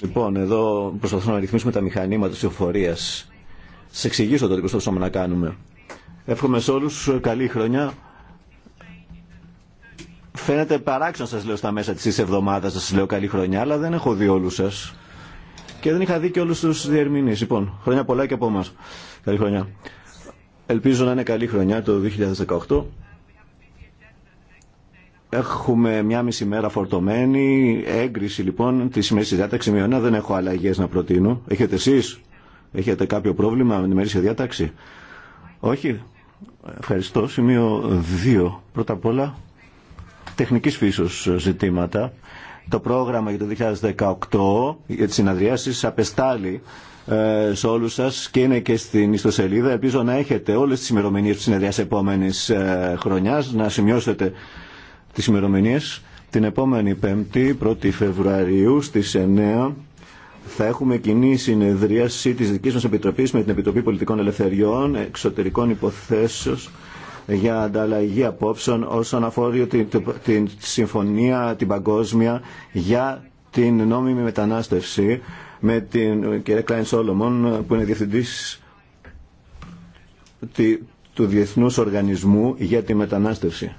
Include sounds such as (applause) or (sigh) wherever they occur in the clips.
Λοιπόν, εδώ προσπαθούμε να ρυθμίσουμε τα μηχανήματα της ψηφοφορίας. Σε εξηγήσω το τι προσπαθούμε να κάνουμε. Εύχομαι σε όλους καλή χρονιά. Φαίνεται παράξενο σας λέω στα μέσα της εβδομάδας σας λέω καλή χρονιά, αλλά δεν έχω δει όλους σας. Και δεν είχα δει και όλους τους διερμηνείς. Λοιπόν, χρόνια πολλά και από εμάς. Καλή χρονιά. Ελπίζω να είναι καλή χρονιά το 2018. Έχουμε μια μισή μέρα φορτωμένη. Έγκριση λοιπόν τη ημερήσια διάταξη. δεν έχω αλλαγέ να προτείνω. Έχετε εσεί, έχετε κάποιο πρόβλημα με την ημερήσια διάταξη. Όχι. Ευχαριστώ. Σημείο 2. Πρώτα απ' όλα, τεχνική φύσεως ζητήματα. Το πρόγραμμα για το 2018 για τι συναδριάσεις απεστάλλει ε, σε όλους σας και είναι και στην ιστοσελίδα. Ελπίζω να έχετε όλες τις ημερομηνίες της συνεδριάς επόμενης ε, να σημειώσετε τις ημερομηνίες. Την επόμενη Πέμπτη, 1η Φεβρουαρίου, στις 9 θα έχουμε κοινή συνεδρίαση της δικής μας Επιτροπής με την Επιτροπή Πολιτικών Ελευθεριών, Εξωτερικών Υποθέσεων για ανταλλαγή απόψεων όσον αφορά την, την συμφωνία την παγκόσμια για την νόμιμη μετανάστευση με την κυρία Κλάιν Σόλομον που είναι διευθυντής του Διεθνούς Οργανισμού για τη Μετανάστευση.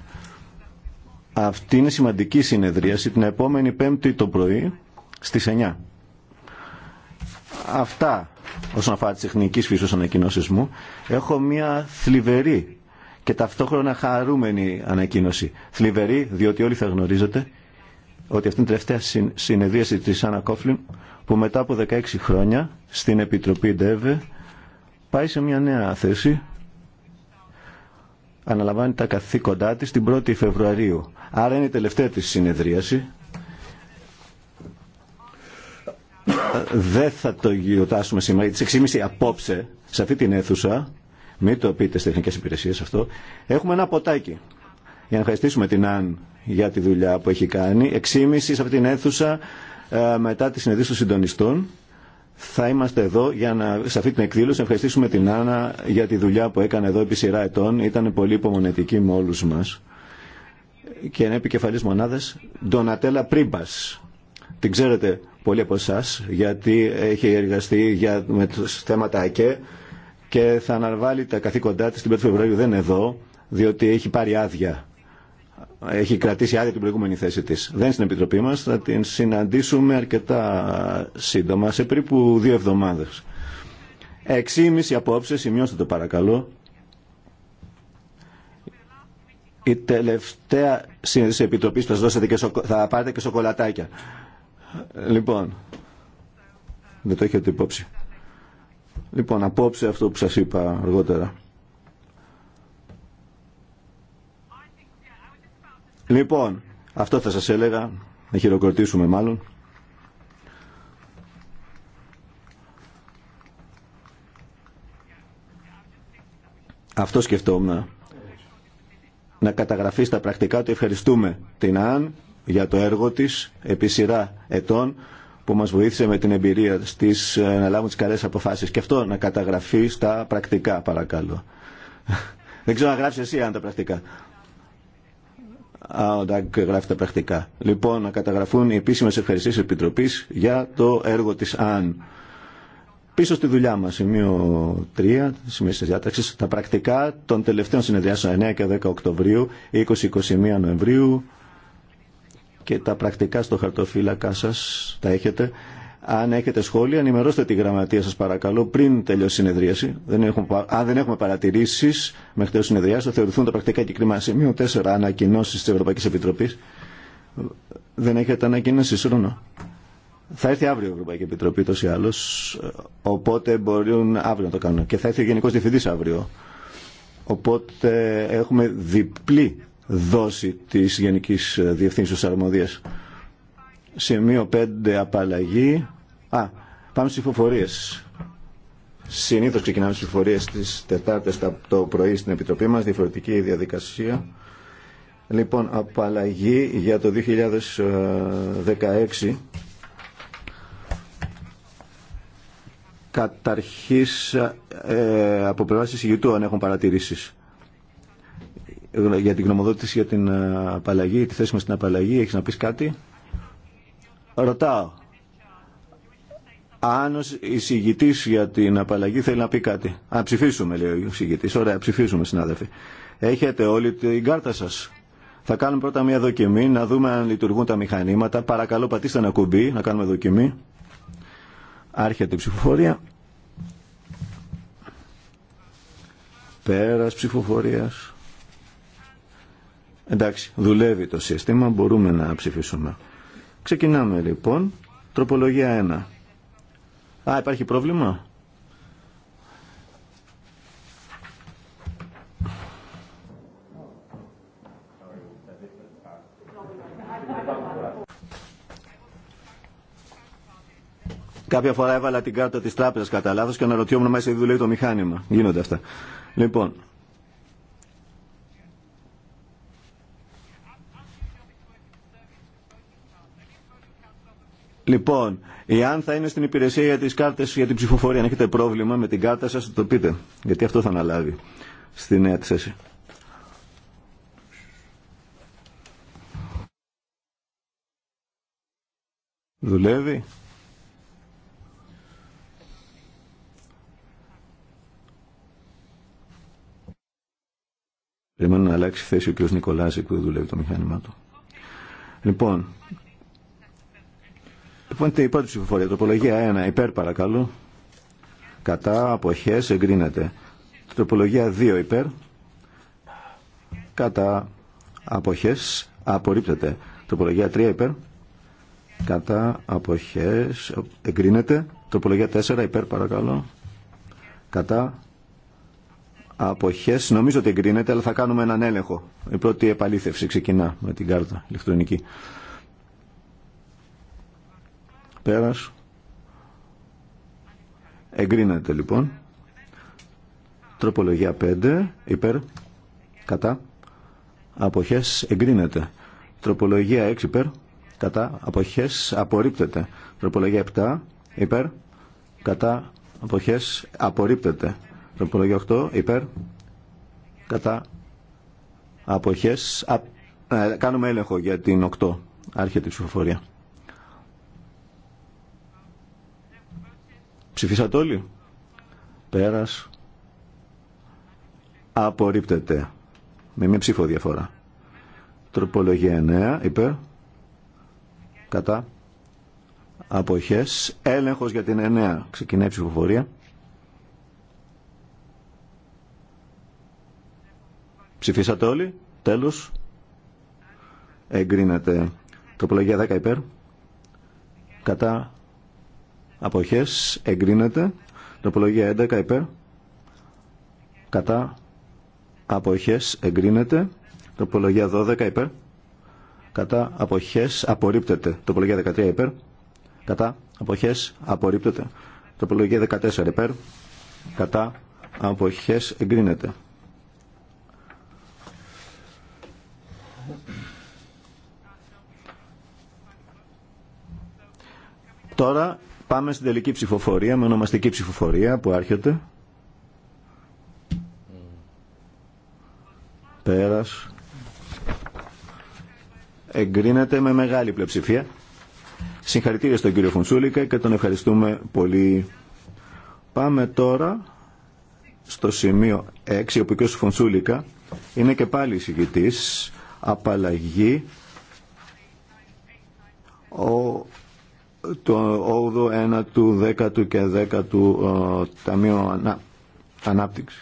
Αυτή είναι σημαντική συνεδρίαση την επόμενη πέμπτη το πρωί στις 9. Αυτά όσον αφορά τις τεχνικής φύσης ανακοινώσεις μου. Έχω μια θλιβερή και ταυτόχρονα χαρούμενη ανακοίνωση. Θλιβερή διότι όλοι θα γνωρίζετε ότι αυτή είναι η τελευταία συνεδρίαση της Άννα Κόφλιν που μετά από 16 χρόνια στην Επιτροπή ΔΕΒΕ πάει σε μια νέα θέση αναλαμβάνει τα καθήκοντά της την 1η Φεβρουαρίου Άρα είναι η τελευταία της συνεδρίαση. Δεν θα το γιορτάσουμε σήμερα. Τι 6.30 απόψε, σε αυτή την αίθουσα, μην το πείτε στις τεχνικές υπηρεσίες αυτό, έχουμε ένα ποτάκι. Για να ευχαριστήσουμε την Αν για τη δουλειά που έχει κάνει. 6.30 σε αυτή την αίθουσα, ε, μετά τη συνεδρίαση των συντονιστών, θα είμαστε εδώ για να, σε αυτή την εκδήλωση να ευχαριστήσουμε την Άννα για τη δουλειά που έκανε εδώ επί σειρά ετών. Ήταν πολύ υπομονετική με όλους μας και ένα επικεφαλής μονάδας, Ντονατέλα Πρίμπα. Την ξέρετε πολλοί από εσά, γιατί έχει εργαστεί για, με θέματα ΑΚΕ και θα αναβάλει τα καθήκοντά τη την 5 Φεβρουαρίου. Δεν είναι εδώ, διότι έχει πάρει άδεια. Έχει κρατήσει άδεια την προηγούμενη θέση τη. Δεν είναι στην Επιτροπή μα θα την συναντήσουμε αρκετά σύντομα, σε περίπου δύο εβδομάδε. Εξήμιση απόψε, σημειώστε το παρακαλώ, η τελευταία σύνδεση επιτροπή Επιτροπής θα, θα πάρετε και σοκολατάκια. Λοιπόν, δεν το έχετε υπόψη. Λοιπόν, απόψε αυτό που σας είπα αργότερα. Λοιπόν, αυτό θα σας έλεγα, να χειροκροτήσουμε μάλλον. Αυτό σκεφτόμουν να καταγραφεί στα πρακτικά ότι ευχαριστούμε την ΑΝ για το έργο της επί σειρά ετών που μας βοήθησε με την εμπειρία στις, ε, να λάβουμε τις καλές αποφάσεις. Και αυτό να καταγραφεί στα πρακτικά παρακαλώ. (laughs) Δεν ξέρω να γράψεις εσύ αν τα πρακτικά. Α, ο γράφει τα πρακτικά. Λοιπόν, να καταγραφούν οι επίσημες ευχαριστήσεις Επιτροπής για το έργο της ΑΝ πίσω στη δουλειά μας. Σημείο 3, σημείο της διάταξης, τα πρακτικά των τελευταίων συνεδριάσεων 9 και 10 Οκτωβρίου, 20-21 Νοεμβρίου και τα πρακτικά στο χαρτοφύλακά σας τα έχετε. Αν έχετε σχόλια, ενημερώστε τη γραμματεία σας παρακαλώ πριν τελειώσει η συνεδρίαση. Δεν έχουμε, αν δεν έχουμε παρατηρήσεις μέχρι τέλος θα θεωρηθούν τα πρακτικά κυκλήμα. Σημείο 4, ανακοινώσεις της Ευρωπαϊκής Επιτροπής. Δεν έχετε ανακοινώσεις, Ρωνο. Θα έρθει αύριο η Ευρωπαϊκή Επιτροπή τόσοι ή άλλω. Οπότε μπορούν αύριο να το κάνουν. Και θα έρθει ο Γενικό Διευθυντή αύριο. Οπότε έχουμε διπλή δόση τη Γενική Διευθύνσεω Αρμοδία. Σημείο 5 απαλλαγή. Α, πάμε στι ψηφοφορίε. Συνήθω ξεκινάμε στι ψηφοφορίε τι Τετάρτε το πρωί στην Επιτροπή μα. Διαφορετική διαδικασία. Λοιπόν, απαλλαγή για το 2016. καταρχής ε, από πλευρά της ηγητού αν έχουν παρατηρήσεις για την γνωμοδότηση για την ε, απαλλαγή, τη θέση μας στην απαλλαγή, έχεις να πεις κάτι. Ρωτάω. Αν ο εισηγητής για την απαλλαγή θέλει να πει κάτι. Α, ψηφίσουμε λέει ο εισηγητής. Ωραία, ψηφίσουμε συνάδελφοι. Έχετε όλη την κάρτα σας. Θα κάνουμε πρώτα μια δοκιμή, να δούμε αν λειτουργούν τα μηχανήματα. Παρακαλώ πατήστε ένα κουμπί, να κάνουμε δοκιμή. Άρχεται η ψηφοφορία. Πέρας ψηφοφορίας. Εντάξει, δουλεύει το σύστημα, μπορούμε να ψηφίσουμε. Ξεκινάμε λοιπόν. Τροπολογία 1. Α, υπάρχει πρόβλημα. Κάποια φορά έβαλα την κάρτα τη τράπεζα κατά λάθο και αναρωτιόμουν μέσα τι δουλεύει το μηχάνημα. Γίνονται αυτά. Λοιπόν. Λοιπόν, εάν θα είναι στην υπηρεσία για τις κάρτες για την ψηφοφορία, αν έχετε πρόβλημα με την κάρτα σας, το πείτε. Γιατί αυτό θα αναλάβει στη νέα τη θέση. Δουλεύει. Περιμένω να αλλάξει θέση ο κ. Νικολάζη που δεν δουλεύει το μηχάνημά του. Λοιπόν, λοιπόν η πρώτη ψηφοφορία, τροπολογία 1, υπέρ παρακαλώ. Κατά, αποχές, εγκρίνεται. Τροπολογία 2, υπέρ. Κατά, αποχές, απορρίπτεται. Τροπολογία 3, υπέρ. Κατά, αποχές, εγκρίνεται. Τροπολογία 4, υπέρ παρακαλώ. Κατά, Αποχές. Νομίζω ότι εγκρίνεται, αλλά θα κάνουμε έναν έλεγχο. Η πρώτη επαλήθευση ξεκινά με την κάρτα ηλεκτρονική. Πέρας. Εγκρίνεται λοιπόν. Τροπολογία 5. Υπέρ. Κατά. Αποχές. Εγκρίνεται. Τροπολογία 6. Υπέρ. Κατά. Αποχές. Απορρίπτεται. Τροπολογία 7. Υπέρ. Κατά. Αποχές. Απορρίπτεται. Τροπολογία 8 υπέρ. Κατά. Αποχές. Α, ε, κάνουμε έλεγχο για την 8. Άρχεται η ψηφοφορία. Ψηφίσατε όλοι. Πέρας. Απορρίπτεται. Με μια ψήφο διαφορά. Τροπολογία 9 υπέρ. Κατά. Αποχές. Έλεγχος για την 9. Ξεκινάει η ψηφοφορία. Ψηφίσατε όλοι. Τέλος. Εγκρίνεται. Τοπολογία 10 υπέρ. Κατά αποχές. Εγκρίνεται. Τροπολογία 11 υπέρ. Κατά αποχές. Εγκρίνεται. Τροπολογία 12 υπέρ. Κατά αποχές. Απορρίπτεται. Τροπολογία 13 υπέρ. Κατά αποχές. Απορρίπτεται. Τροπολογία 14 υπέρ. Κατά αποχές. Εγκρίνεται. Τώρα πάμε στην τελική ψηφοφορία, με ονομαστική ψηφοφορία που άρχεται. Πέρας. Εγκρίνεται με μεγάλη πλειοψηφία. Συγχαρητήρια στον κύριο Φουνσούλικα και τον ευχαριστούμε πολύ. Πάμε τώρα στο σημείο 6, όπου ο κύριος Φουνσούλικα είναι και πάλι εισηγητής, απαλλαγή ο το 8ο, 9 10ο και 10ο ε, Ταμείο Ανά... Ανάπτυξη.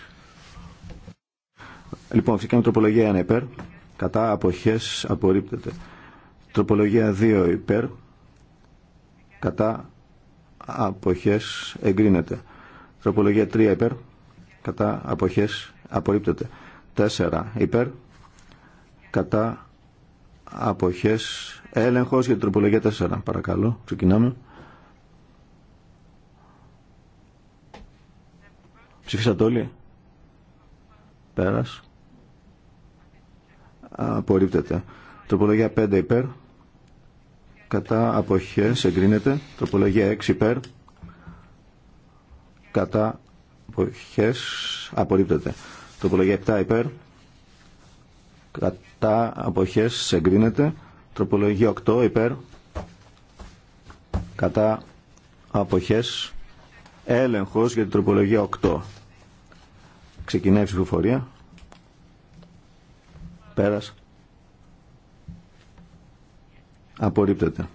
Λοιπόν, ξεκινάμε τροπολογία 1 υπέρ. Κατά αποχές απορρίπτεται. Τροπολογία 2 υπέρ. Κατά αποχές εγκρίνεται. Τροπολογία 3 υπέρ. Κατά αποχές απορρίπτεται. 4 υπέρ. Κατά αποχές έλεγχος για την τροπολογία 4 παρακαλώ ξεκινάμε ψηφίσατε όλοι πέρας απορρίπτεται τροπολογία 5 υπέρ κατά αποχές εγκρίνεται τροπολογία 6 υπέρ κατά αποχές απορρίπτεται τροπολογία 7 υπέρ κατά τα αποχές εγκρίνεται τροπολογία 8 υπέρ κατά αποχές έλεγχος για την τροπολογία 8 ξεκινάει η ψηφοφορία πέρας απορρίπτεται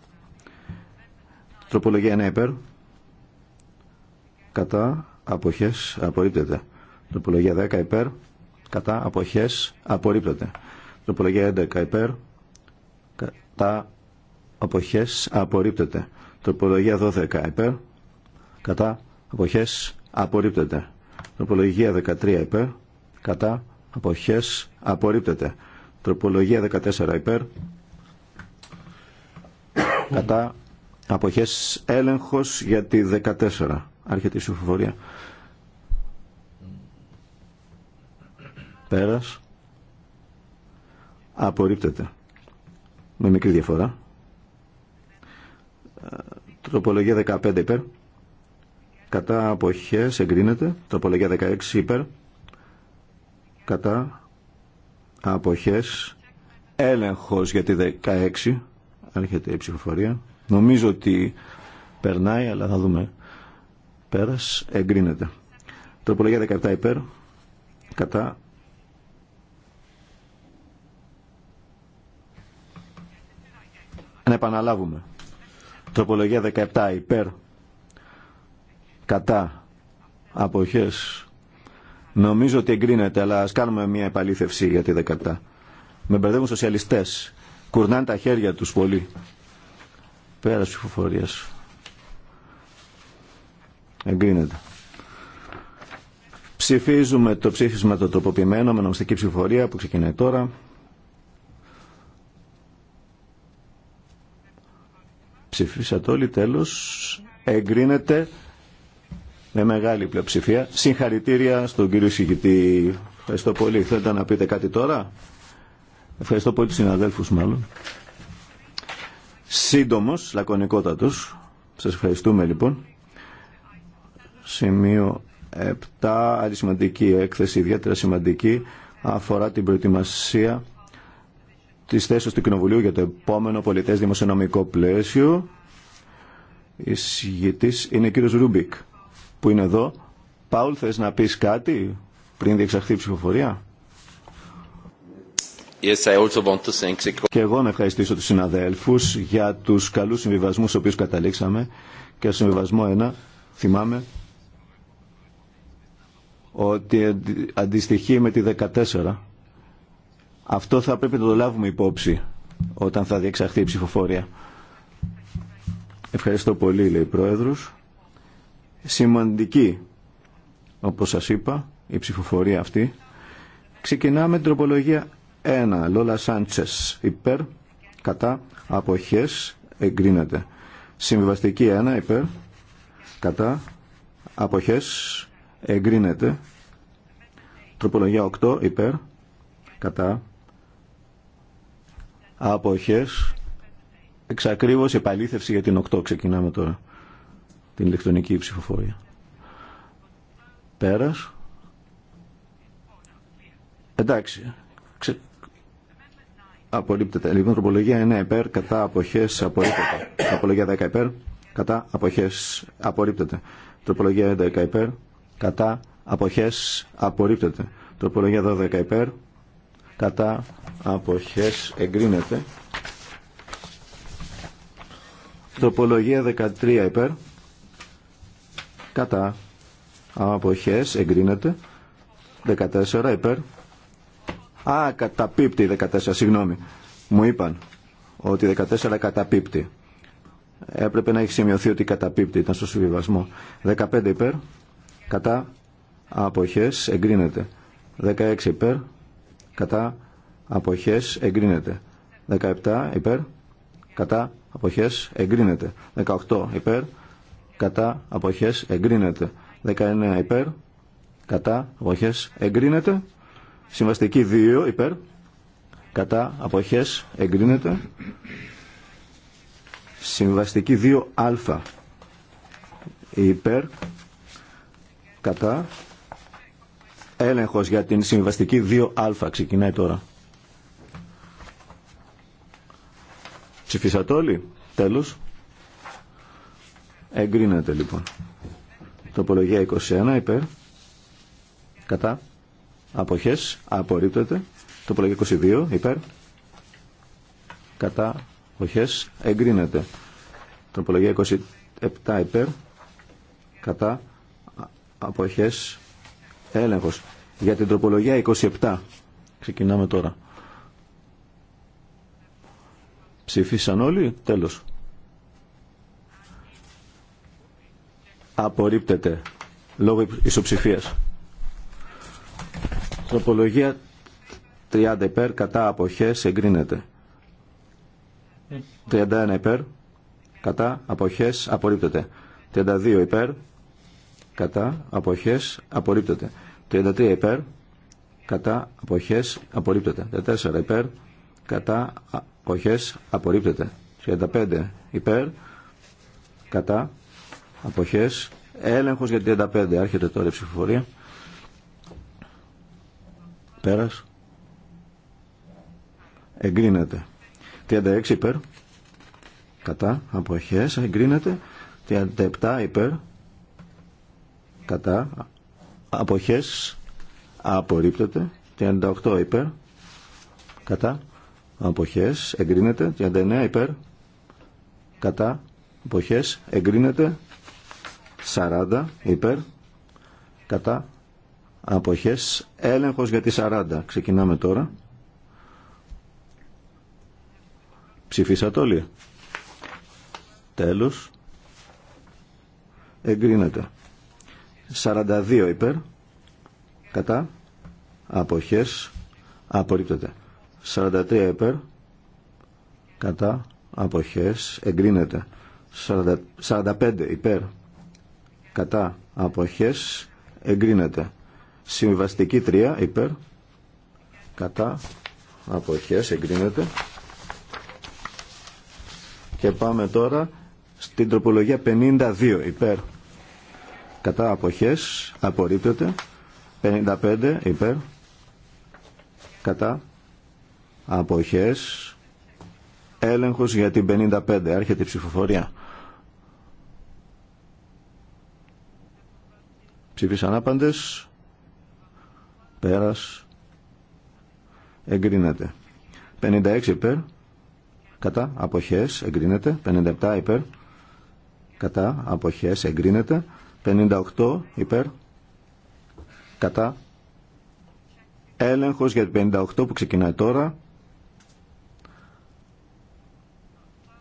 τροπολογία 1 υπέρ κατά αποχές απορρίπτεται τροπολογία 10 υπέρ κατά αποχές απορρίπτεται Τροπολογία 11 υπέρ. Κατά αποχές απορρίπτεται. Τροπολογία 12 υπέρ. Κατά αποχές απορρίπτεται. Τροπολογία 13 υπέρ. Κατά αποχές απορρίπτεται. Τροπολογία 14 υπέρ. Κατά αποχές έλεγχος για τη 14. Άρχεται η συμφοφορία. Πέρας. Απορρίπτεται. Με μικρή διαφορά. Τροπολογία 15 υπέρ. Κατά αποχές εγκρίνεται. Τροπολογία 16 υπέρ. Κατά αποχές έλεγχος για τη 16. Άρχεται η ψηφοφορία. Νομίζω ότι περνάει, αλλά θα δούμε. Πέρας εγκρίνεται. Τροπολογία 17 υπέρ. Κατά Να επαναλάβουμε. Τροπολογία 17 υπέρ κατά αποχές. Νομίζω ότι εγκρίνεται, αλλά ας κάνουμε μια επαλήθευση για τη 17. Με μπερδεύουν σοσιαλιστές. Κουρνάνε τα χέρια τους πολύ. Πέρας ψηφοφορίας. Εγκρίνεται. Ψηφίζουμε το ψήφισμα το τροποποιημένο με νομιστική ψηφοφορία που ξεκινάει τώρα. Ψηφίσατε όλοι τέλος. Εγκρίνεται με μεγάλη πλειοψηφία. Συγχαρητήρια στον κύριο Συγητή. Ευχαριστώ πολύ. Θέλετε να πείτε κάτι τώρα. Ευχαριστώ πολύ τους συναδέλφους μάλλον. Σύντομος, λακωνικότατος. Σας ευχαριστούμε λοιπόν. Σημείο 7, άλλη σημαντική έκθεση, ιδιαίτερα σημαντική, αφορά την προετοιμασία της θέση του Κοινοβουλίου για το επόμενο πολιτέ δημοσιονομικό πλαίσιο. Η είναι ο κύριο Ρούμπικ που είναι εδώ. Παουλ, θες να πεις κάτι πριν διεξαχθεί η ψηφοφορία. Yes, Και εγώ να ευχαριστήσω τους συναδέλφους για τους καλούς συμβιβασμούς στους οποίους καταλήξαμε και στο συμβιβασμό 1 θυμάμαι ότι αντιστοιχεί με τη 14 αυτό θα πρέπει να το λάβουμε υπόψη όταν θα διεξαχθεί η ψηφοφορία. Ευχαριστώ πολύ, λέει η Πρόεδρος. Σημαντική, όπως σας είπα, η ψηφοφορία αυτή. Ξεκινάμε την τροπολογία 1. Λόλα Σάντσες υπέρ, κατά, αποχές, εγκρίνεται. Συμβιβαστική 1 υπέρ, κατά, αποχές, εγκρίνεται. Τροπολογία 8 υπέρ, κατά, αποχές εξακρίβωση επαλήθευση για την 8 ξεκινάμε τώρα την ηλεκτρονική ψηφοφορία πέρας εντάξει ξε... απορρίπτεται λοιπόν τροπολογία 9 υπέρ κατά αποχές απορρίπτεται τροπολογία 10 υπέρ κατά αποχές απορρίπτεται τροπολογία 11 υπέρ κατά αποχές απορρίπτεται τροπολογία 12 υπέρ κατά αποχές εγκρίνεται τροπολογία 13 υπέρ κατά αποχές εγκρίνεται 14 υπέρ α καταπίπτει 14 συγγνώμη μου είπαν ότι 14 καταπίπτει έπρεπε να έχει σημειωθεί ότι καταπίπτει ήταν στο συμβιβασμό 15 υπέρ κατά αποχές εγκρίνεται 16 υπέρ κατά αποχές εγκρίνεται. 17 υπέρ κατά αποχές εγκρίνεται. 18 υπέρ κατά αποχές εγκρίνεται. 19 υπέρ κατά αποχές εγκρίνεται. Συμβαστική 2 υπέρ κατά αποχές εγκρίνεται. Συμβαστική 2α υπέρ κατά Έλεγχος για την συμβαστική 2α ξεκινάει τώρα. Ψηφίσατε όλοι. Τέλος. Εγκρίνεται λοιπόν. Τοπολογία 21 υπέρ. Κατά. Αποχές. Απορρίπτεται. Τοπολογία 22 υπέρ. Κατά. Αποχές. Εγκρίνεται. Τοπολογία 27 υπέρ. Κατά. Αποχές. Έλεγχος. Για την τροπολογία 27. Ξεκινάμε τώρα. Ψήφισαν όλοι. Τέλος. Απορρίπτεται. Λόγω ισοψηφίας. Τροπολογία 30 υπέρ. Κατά αποχές εγκρίνεται. 31 υπέρ. Κατά αποχές απορρίπτεται. 32 υπέρ. Κατά αποχές απορρίπτεται. 33 υπέρ, κατά αποχές απορρίπτεται. 34 υπέρ, κατά αποχές απορρίπτεται. 35 υπέρ, κατά αποχές έλεγχος για 35. Άρχεται τώρα η ψηφοφορία. Πέρας. Εγκρίνεται. 36 υπέρ, κατά αποχές εγκρίνεται. 37 υπέρ, κατά αποχές απορρίπτεται 38 υπέρ κατά αποχές εγκρίνεται 39 υπέρ κατά αποχές εγκρίνεται 40 υπέρ κατά αποχές έλεγχος για τη 40 ξεκινάμε τώρα ψηφίσατε όλοι τέλος εγκρίνεται 42 υπέρ κατά αποχές απορρίπτεται 43 υπέρ κατά αποχές εγκρίνεται 45 υπέρ κατά αποχές εγκρίνεται συμβαστική 3 υπέρ κατά αποχές εγκρίνεται και πάμε τώρα στην τροπολογία 52 υπέρ κατά αποχές απορρίπτεται 55 υπέρ κατά αποχές έλεγχος για την 55 άρχεται η ψηφοφορία ψήφισαν άπαντες πέρας εγκρίνεται 56 υπέρ κατά αποχές εγκρίνεται 57 υπέρ κατά αποχές εγκρίνεται 58 υπέρ κατά έλεγχος για την 58 που ξεκινάει τώρα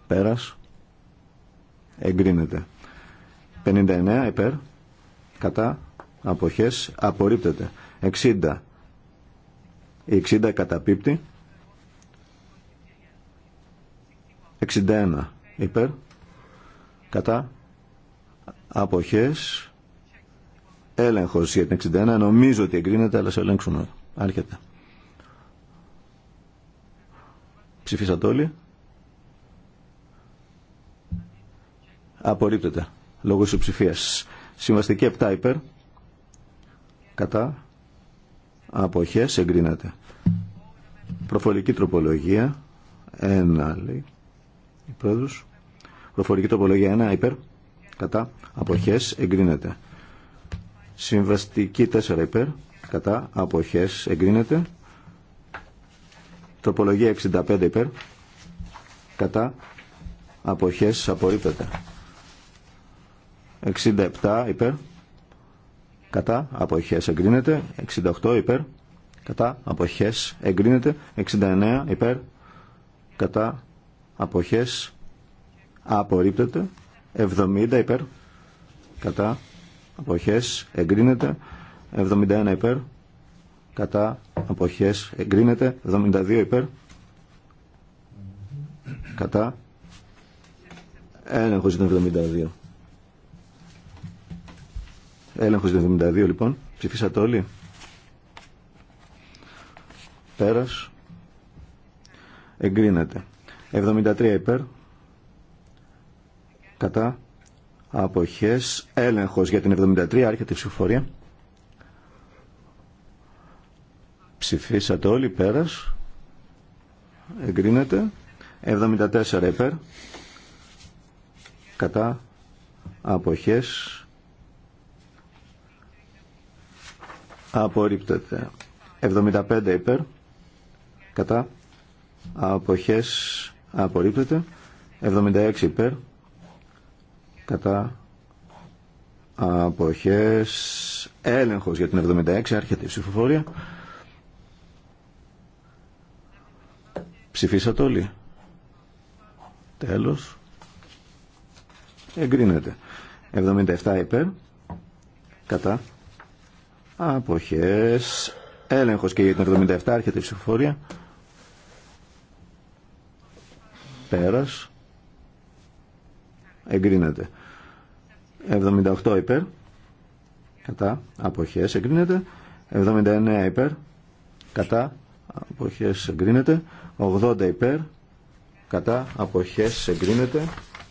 πέρας εγκρίνεται 59 υπέρ κατά αποχές απορρίπτεται 60 η 60 καταπίπτει 61 υπέρ κατά αποχές έλεγχος για την 61 νομίζω ότι εγκρίνεται αλλά σε ελέγξουμε άρχεται ψηφίσατε όλοι απορρίπτεται λόγω ψηφίας. συμβαστική 7 υπέρ κατά αποχές εγκρίνεται προφορική τροπολογία ένα. λέει η πρόεδρος προφορική τροπολογία ένα, υπέρ κατά αποχές εγκρίνεται. Συμβαστική 4 υπέρ κατά αποχές εγκρίνεται. Τροπολογία 65 υπέρ κατά αποχές απορρίπτεται. 67 υπέρ κατά αποχές εγκρίνεται. 68 υπέρ κατά αποχές εγκρίνεται. 69 υπέρ κατά αποχές απορρίπτεται. 70 υπέρ κατά αποχές εγκρίνεται 71 υπέρ κατά αποχές εγκρίνεται 72 υπέρ κατά έλεγχος των 72 έλεγχος των 72 λοιπόν ψηφίσατε όλοι πέρας εγκρίνεται 73 υπέρ κατά αποχές έλεγχος για την 73 άρχεται η ψηφοφορία ψηφίσατε όλοι πέρας εγκρίνεται 74 υπέρ κατά αποχές απορρίπτεται 75 υπέρ κατά αποχές απορρίπτεται 76 υπέρ κατά αποχές έλεγχος για την 76 άρχεται η ψηφοφορία ψηφίσατε όλοι τέλος εγκρίνεται 77 υπέρ κατά αποχές έλεγχος και για την 77 άρχεται η ψηφοφορία πέρας εγκρίνεται. 78 υπέρ, κατά, αποχές, εγκρίνεται. 79 υπέρ, κατά, αποχές, εγκρίνεται. 80 υπέρ, κατά, αποχές, εγκρίνεται.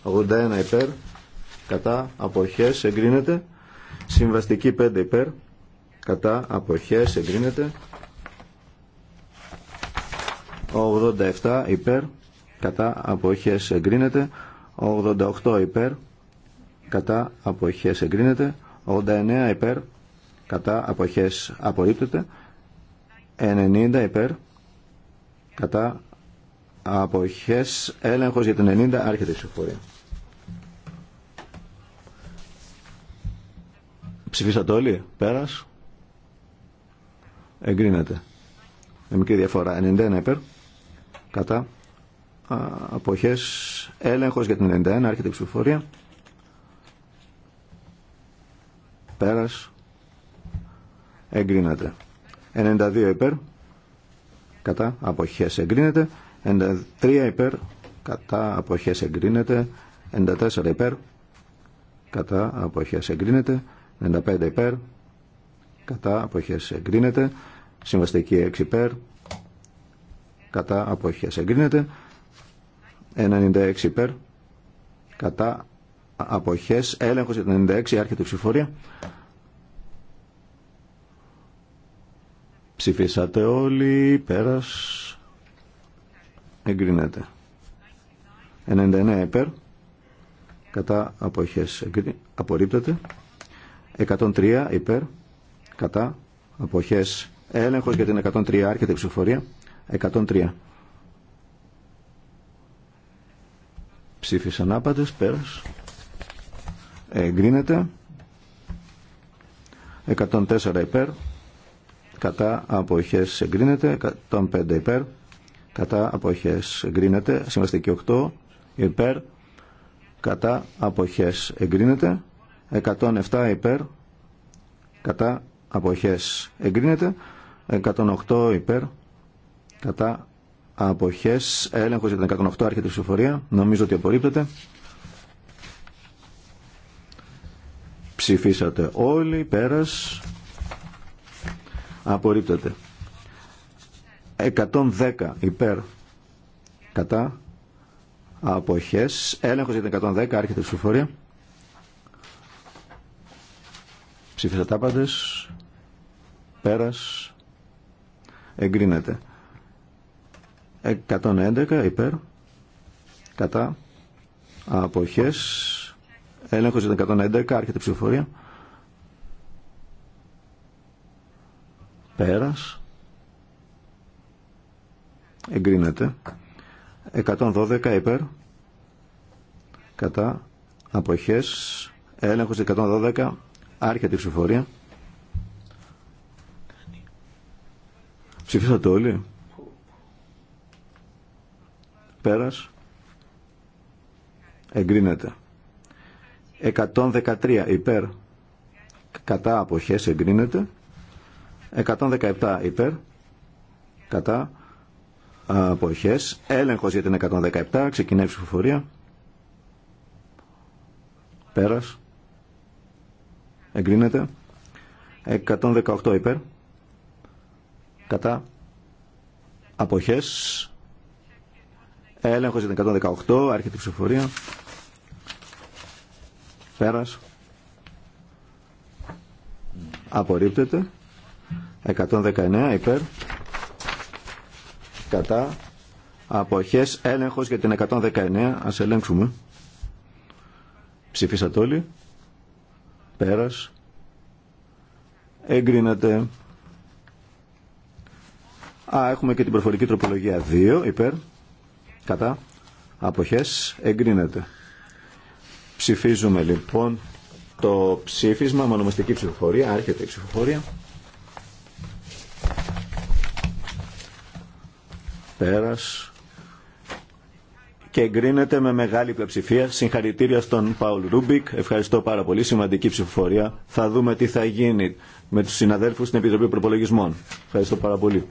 81 υπέρ, κατά, αποχές, εγκρίνεται. Συμβαστική 5 υπέρ, κατά, αποχές, εγκρίνεται. 87 υπέρ, κατά, αποχές, εγκρίνεται. 88 υπέρ κατά αποχές εγκρίνεται 89 υπέρ κατά αποχές απορρίπτεται 90 υπέρ κατά αποχές έλεγχος για την 90 άρχεται η ψηφοφορία ψηφίσατε όλοι πέρας εγκρίνεται με μικρή διαφορά 91 υπέρ κατά αποχές έλεγχος για την 91 άρχεται η ψηφοφορία πέρας εγκρίνεται 92 υπέρ κατά αποχές εγκρίνεται 93 υπέρ κατά αποχές εγκρίνεται 94 υπέρ κατά αποχές εγκρίνεται 95 υπέρ κατά αποχές εγκρίνεται συμβαστική 6 υπέρ κατά αποχές εγκρίνεται 96 υπέρ κατά αποχές έλεγχος για το 96 άρχεται η ψηφορία ψηφίσατε όλοι πέρας εγκρίνεται 99 υπέρ κατά αποχές απορρίπτεται 103 υπέρ κατά αποχές έλεγχος για την 103 άρχεται η ψηφορία 103 Ψήφισαν άπατες, πέρας. Εγκρίνεται. 104 υπέρ. Κατά αποχές εγκρίνεται. 105 υπέρ. Κατά αποχές εγκρίνεται. Συμβαστική 8 υπέρ. Κατά αποχές εγκρίνεται. 107 υπέρ. Κατά αποχές εγκρίνεται. 108 υπέρ. Κατά αποχές, έλεγχο για την 108 άρχεται η ψηφοφορία, νομίζω ότι απορρίπτεται. Ψηφίσατε όλοι, πέρας, απορρίπτεται. 110 υπέρ, κατά, αποχές, έλεγχος για την 110 άρχεται η ψηφοφορία. Ψήφισατε άπαντες, πέρας, εγκρίνεται. 111 υπέρ κατά αποχές έλεγχος 111 άρχεται η ψηφοφορία πέρας εγκρίνεται 112 υπέρ κατά αποχές έλεγχος 112 άρχεται η ψηφοφορία ψηφίσατε όλοι Πέρας. Εγκρίνεται. 113 υπέρ. Κατά αποχές εγκρίνεται. 117 υπέρ. Κατά αποχές. Έλεγχος για την 117. Ξεκινάει η ψηφοφορία. Πέρας. Εγκρίνεται. 118 υπέρ. Κατά αποχές Έλεγχο για την 118, άρχεται η ψηφοφορία. Πέρα. Απορρίπτεται. 119 υπέρ. Κατά. Αποχές. Έλεγχος για την 119. Ας ελέγξουμε. Ψηφίσατε όλοι. πέρα. Εγκρίνεται. Α, έχουμε και την προφορική τροπολογία 2 υπέρ κατά αποχές εγκρίνεται. Ψηφίζουμε λοιπόν το ψήφισμα με ονομαστική ψηφοφορία, άρχεται η ψηφοφορία. Πέρας. Και εγκρίνεται με μεγάλη πλειοψηφία. Συγχαρητήρια στον Παουλ Ρούμπικ. Ευχαριστώ πάρα πολύ. Σημαντική ψηφοφορία. Θα δούμε τι θα γίνει με τους συναδέλφους στην Επιτροπή Προπολογισμών. Ευχαριστώ πάρα πολύ.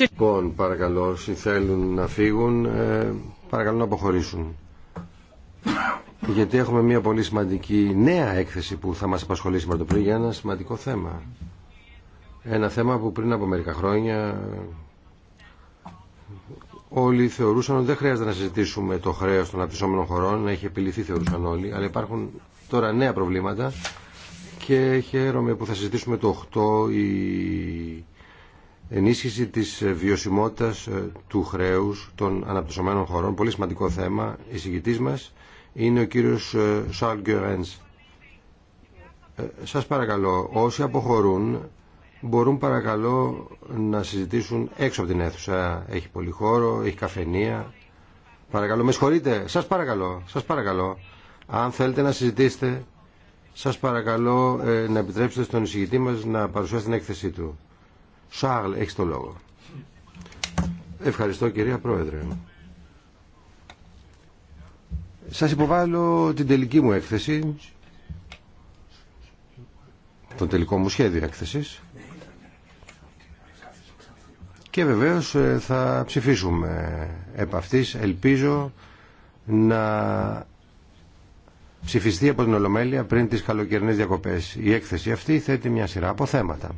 Λοιπόν, παρακαλώ, όσοι θέλουν να φύγουν, ε, παρακαλώ να αποχωρήσουν. Γιατί έχουμε μια πολύ σημαντική νέα έκθεση που θα μας απασχολήσει με το πριν για ένα σημαντικό θέμα. Ένα θέμα που πριν από μερικά χρόνια όλοι θεωρούσαν ότι δεν χρειάζεται να συζητήσουμε το χρέος των αναπτυσσόμενων χωρών, να έχει επιληθεί θεωρούσαν όλοι, αλλά υπάρχουν τώρα νέα προβλήματα και χαίρομαι που θα συζητήσουμε το 8 η ενίσχυση της βιωσιμότητας ε, του χρέους των αναπτυσσομένων χωρών. Πολύ σημαντικό θέμα. Η μας είναι ο κύριος Σαλ ε, Γκερένς. Σας παρακαλώ, όσοι αποχωρούν μπορούν παρακαλώ να συζητήσουν έξω από την αίθουσα. Έχει πολύ χώρο, έχει καφενεία. Παρακαλώ, με συγχωρείτε. Σας παρακαλώ, σας παρακαλώ. Αν θέλετε να συζητήσετε, σας παρακαλώ ε, να επιτρέψετε στον εισηγητή μας να παρουσιάσει την έκθεσή του. Σάρλ, έχει το λόγο. Ευχαριστώ κυρία Πρόεδρε. Σας υποβάλλω την τελική μου έκθεση, τον τελικό μου σχέδιο έκθεσης και βεβαίως ε, θα ψηφίσουμε επ' αυτής. Ελπίζω να ψηφιστεί από την Ολομέλεια πριν τις καλοκαιρινές διακοπές. Η έκθεση αυτή θέτει μια σειρά από θέματα.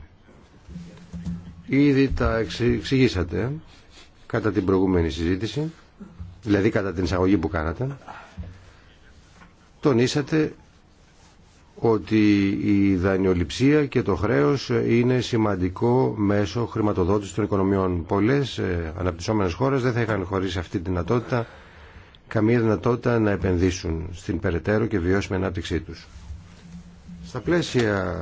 Ήδη τα εξηγήσατε κατά την προηγούμενη συζήτηση, δηλαδή κατά την εισαγωγή που κάνατε. Τονίσατε ότι η δανειοληψία και το χρέος είναι σημαντικό μέσο χρηματοδότησης των οικονομιών. Πολλές ε, αναπτυσσόμενες χώρες δεν θα είχαν χωρίς αυτή τη δυνατότητα καμία δυνατότητα να επενδύσουν στην περαιτέρω και βιώσιμη ανάπτυξή τους. Στα πλαίσια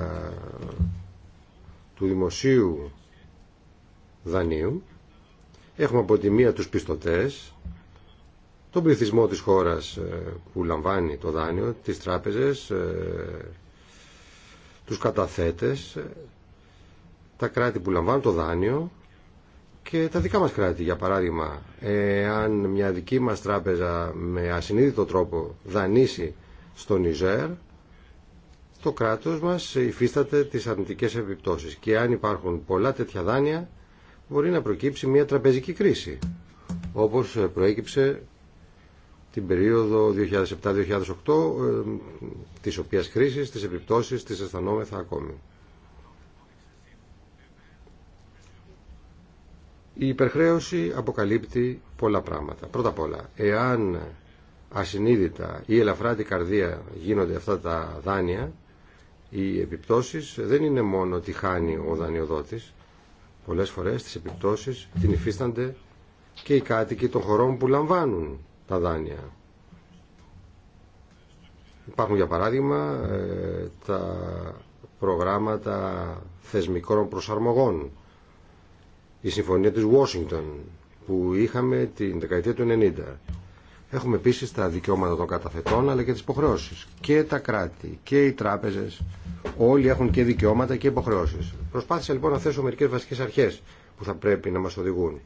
του δημοσίου δανείου. Έχουμε από τη μία τους πιστωτές, τον πληθυσμό της χώρας ε, που λαμβάνει το δάνειο, τις τράπεζες, ε, τους καταθέτες, ε, τα κράτη που λαμβάνουν το δάνειο και τα δικά μας κράτη. Για παράδειγμα, αν μια δική μας τράπεζα με ασυνείδητο τρόπο δανείσει στο Νιζέρ, το κράτος μας υφίσταται τις αρνητικές επιπτώσεις. Και αν υπάρχουν πολλά τέτοια δάνεια, μπορεί να προκύψει μια τραπεζική κρίση, όπως ε, προέκυψε την περίοδο 2007-2008, ε, της οποίας κρίσης, τις επιπτώσεις, τις αισθανόμεθα ακόμη. Η υπερχρέωση αποκαλύπτει πολλά πράγματα. Πρώτα απ' όλα, εάν ασυνείδητα ή ελαφρά την καρδία γίνονται αυτά τα δάνεια, οι επιπτώσεις δεν είναι μόνο ότι χάνει ο δανειοδότης, Πολλές φορές τις επιπτώσεις την υφίστανται και οι κάτοικοι των χωρών που λαμβάνουν τα δάνεια. Υπάρχουν για παράδειγμα ε, τα προγράμματα θεσμικών προσαρμογών. Η συμφωνία της Washington που είχαμε την δεκαετία του 90 Έχουμε επίση τα δικαιώματα των καταθετών αλλά και τις υποχρεώσει. Και τα κράτη και οι τράπεζες όλοι έχουν και δικαιώματα και υποχρεώσει. Προσπάθησα λοιπόν να θέσω μερικέ βασικές αρχές που θα πρέπει να μας οδηγούν.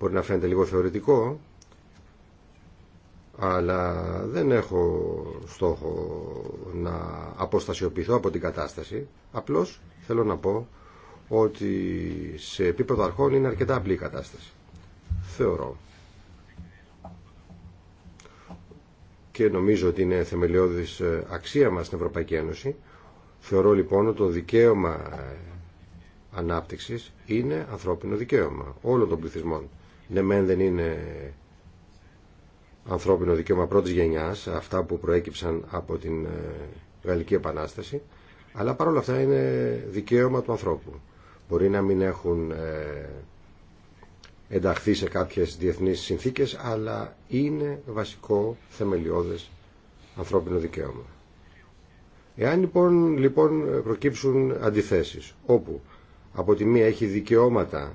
Μπορεί να φαίνεται λίγο θεωρητικό αλλά δεν έχω στόχο να αποστασιοποιηθώ από την κατάσταση. Απλώ θέλω να πω ότι σε επίπεδο αρχών είναι αρκετά απλή η κατάσταση. Θεωρώ και νομίζω ότι είναι θεμελιώδης ε, αξία μας στην Ευρωπαϊκή Ένωση. Θεωρώ λοιπόν ότι το δικαίωμα ε, ανάπτυξης είναι ανθρώπινο δικαίωμα όλων των πληθυσμών. Ναι μεν δεν είναι ανθρώπινο δικαίωμα πρώτης γενιάς, αυτά που προέκυψαν από την ε, Γαλλική Επανάσταση, αλλά παρόλα αυτά είναι δικαίωμα του ανθρώπου. Μπορεί να μην έχουν ενταχθεί σε κάποιες διεθνείς συνθήκες, αλλά είναι βασικό θεμελιώδες ανθρώπινο δικαίωμα. Εάν λοιπόν, λοιπόν προκύψουν αντιθέσεις, όπου από τη μία έχει δικαιώματα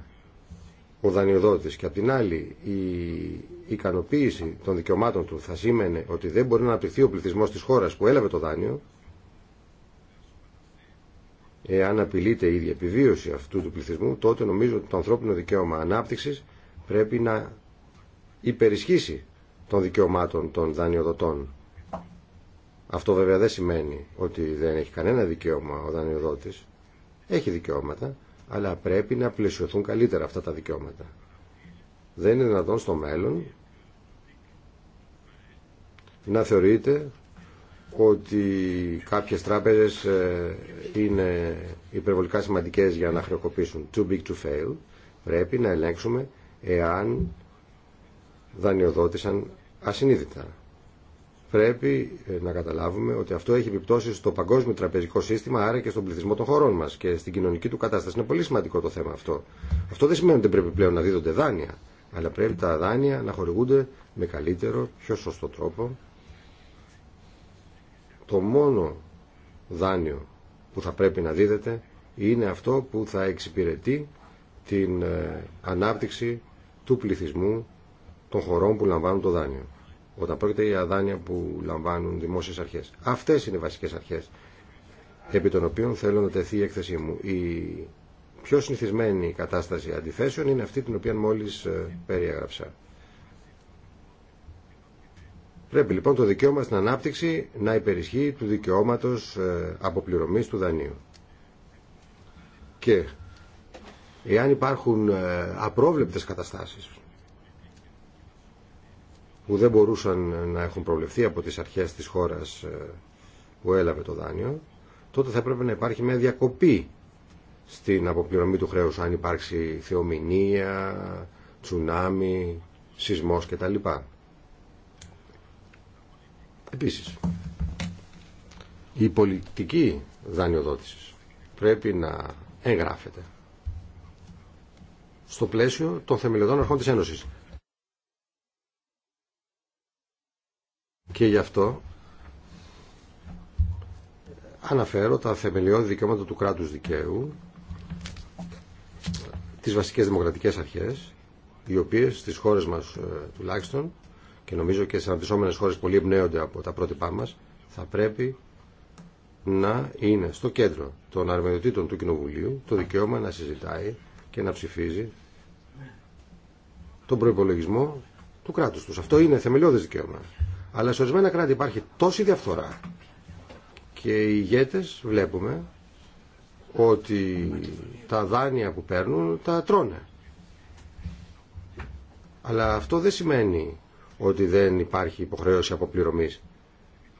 ο δανειοδότης και από την άλλη η ικανοποίηση των δικαιωμάτων του θα σήμαινε ότι δεν μπορεί να αναπτυχθεί ο πληθυσμός της χώρας που έλαβε το δάνειο, Εάν απειλείται η ίδια επιβίωση αυτού του πληθυσμού, τότε νομίζω ότι το ανθρώπινο δικαίωμα ανάπτυξη πρέπει να υπερισχύσει των δικαιωμάτων των δανειοδοτών. Αυτό βέβαια δεν σημαίνει ότι δεν έχει κανένα δικαίωμα ο δανειοδότης. Έχει δικαιώματα, αλλά πρέπει να πλαισιωθούν καλύτερα αυτά τα δικαιώματα. Δεν είναι δυνατόν στο μέλλον να θεωρείται ότι κάποιες τράπεζες ε, είναι υπερβολικά σημαντικές για να χρεοκοπήσουν. Too big to fail. Πρέπει να ελέγξουμε εάν δανειοδότησαν ασυνείδητα. Πρέπει ε, να καταλάβουμε ότι αυτό έχει επιπτώσει στο παγκόσμιο τραπεζικό σύστημα, άρα και στον πληθυσμό των χωρών μα και στην κοινωνική του κατάσταση. Είναι πολύ σημαντικό το θέμα αυτό. Αυτό δεν σημαίνει ότι πρέπει πλέον να δίδονται δάνεια, αλλά πρέπει τα δάνεια να χορηγούνται με καλύτερο, πιο σωστό τρόπο το μόνο δάνειο που θα πρέπει να δίδεται είναι αυτό που θα εξυπηρετεί την ε, ανάπτυξη του πληθυσμού των χωρών που λαμβάνουν το δάνειο. Όταν πρόκειται για δάνεια που λαμβάνουν δημόσιες αρχές. Αυτές είναι οι βασικές αρχές επί των οποίων θέλω να τεθεί η έκθεσή μου. Η πιο συνηθισμένη κατάσταση αντιθέσεων είναι αυτή την οποία μόλις ε, περιέγραψα. Πρέπει λοιπόν το δικαίωμα στην ανάπτυξη να υπερισχύει του δικαιώματος ε, αποπληρωμής του δανείου. Και εάν υπάρχουν ε, απρόβλεπτες καταστάσεις που δεν μπορούσαν να έχουν προβλεφθεί από τις αρχές της χώρας ε, που έλαβε το δάνειο, τότε θα έπρεπε να υπάρχει μια διακοπή στην αποπληρωμή του χρέους αν υπάρξει θεομηνία, τσουνάμι, σεισμός κτλ. Επίσης, η πολιτική δανειοδότηση πρέπει να εγγράφεται στο πλαίσιο των θεμελιωδών αρχών της Ένωσης. Και γι' αυτό αναφέρω τα θεμελιώδη δικαιώματα του κράτους δικαίου, τις βασικές δημοκρατικές αρχές, οι οποίες στις χώρες μας ε, τουλάχιστον και νομίζω και σε αναπτυσσόμενες χώρες πολύ εμπνέονται από τα πρότυπά μας, θα πρέπει να είναι στο κέντρο των αρμοδιοτήτων του Κοινοβουλίου το δικαίωμα να συζητάει και να ψηφίζει τον προπολογισμό του κράτους τους. Αυτό είναι θεμελιώδες δικαίωμα. Αλλά σε ορισμένα κράτη υπάρχει τόση διαφθορά και οι ηγέτες βλέπουμε ότι τα δάνεια που παίρνουν τα τρώνε. Αλλά αυτό δεν σημαίνει ότι δεν υπάρχει υποχρέωση αποπληρωμής.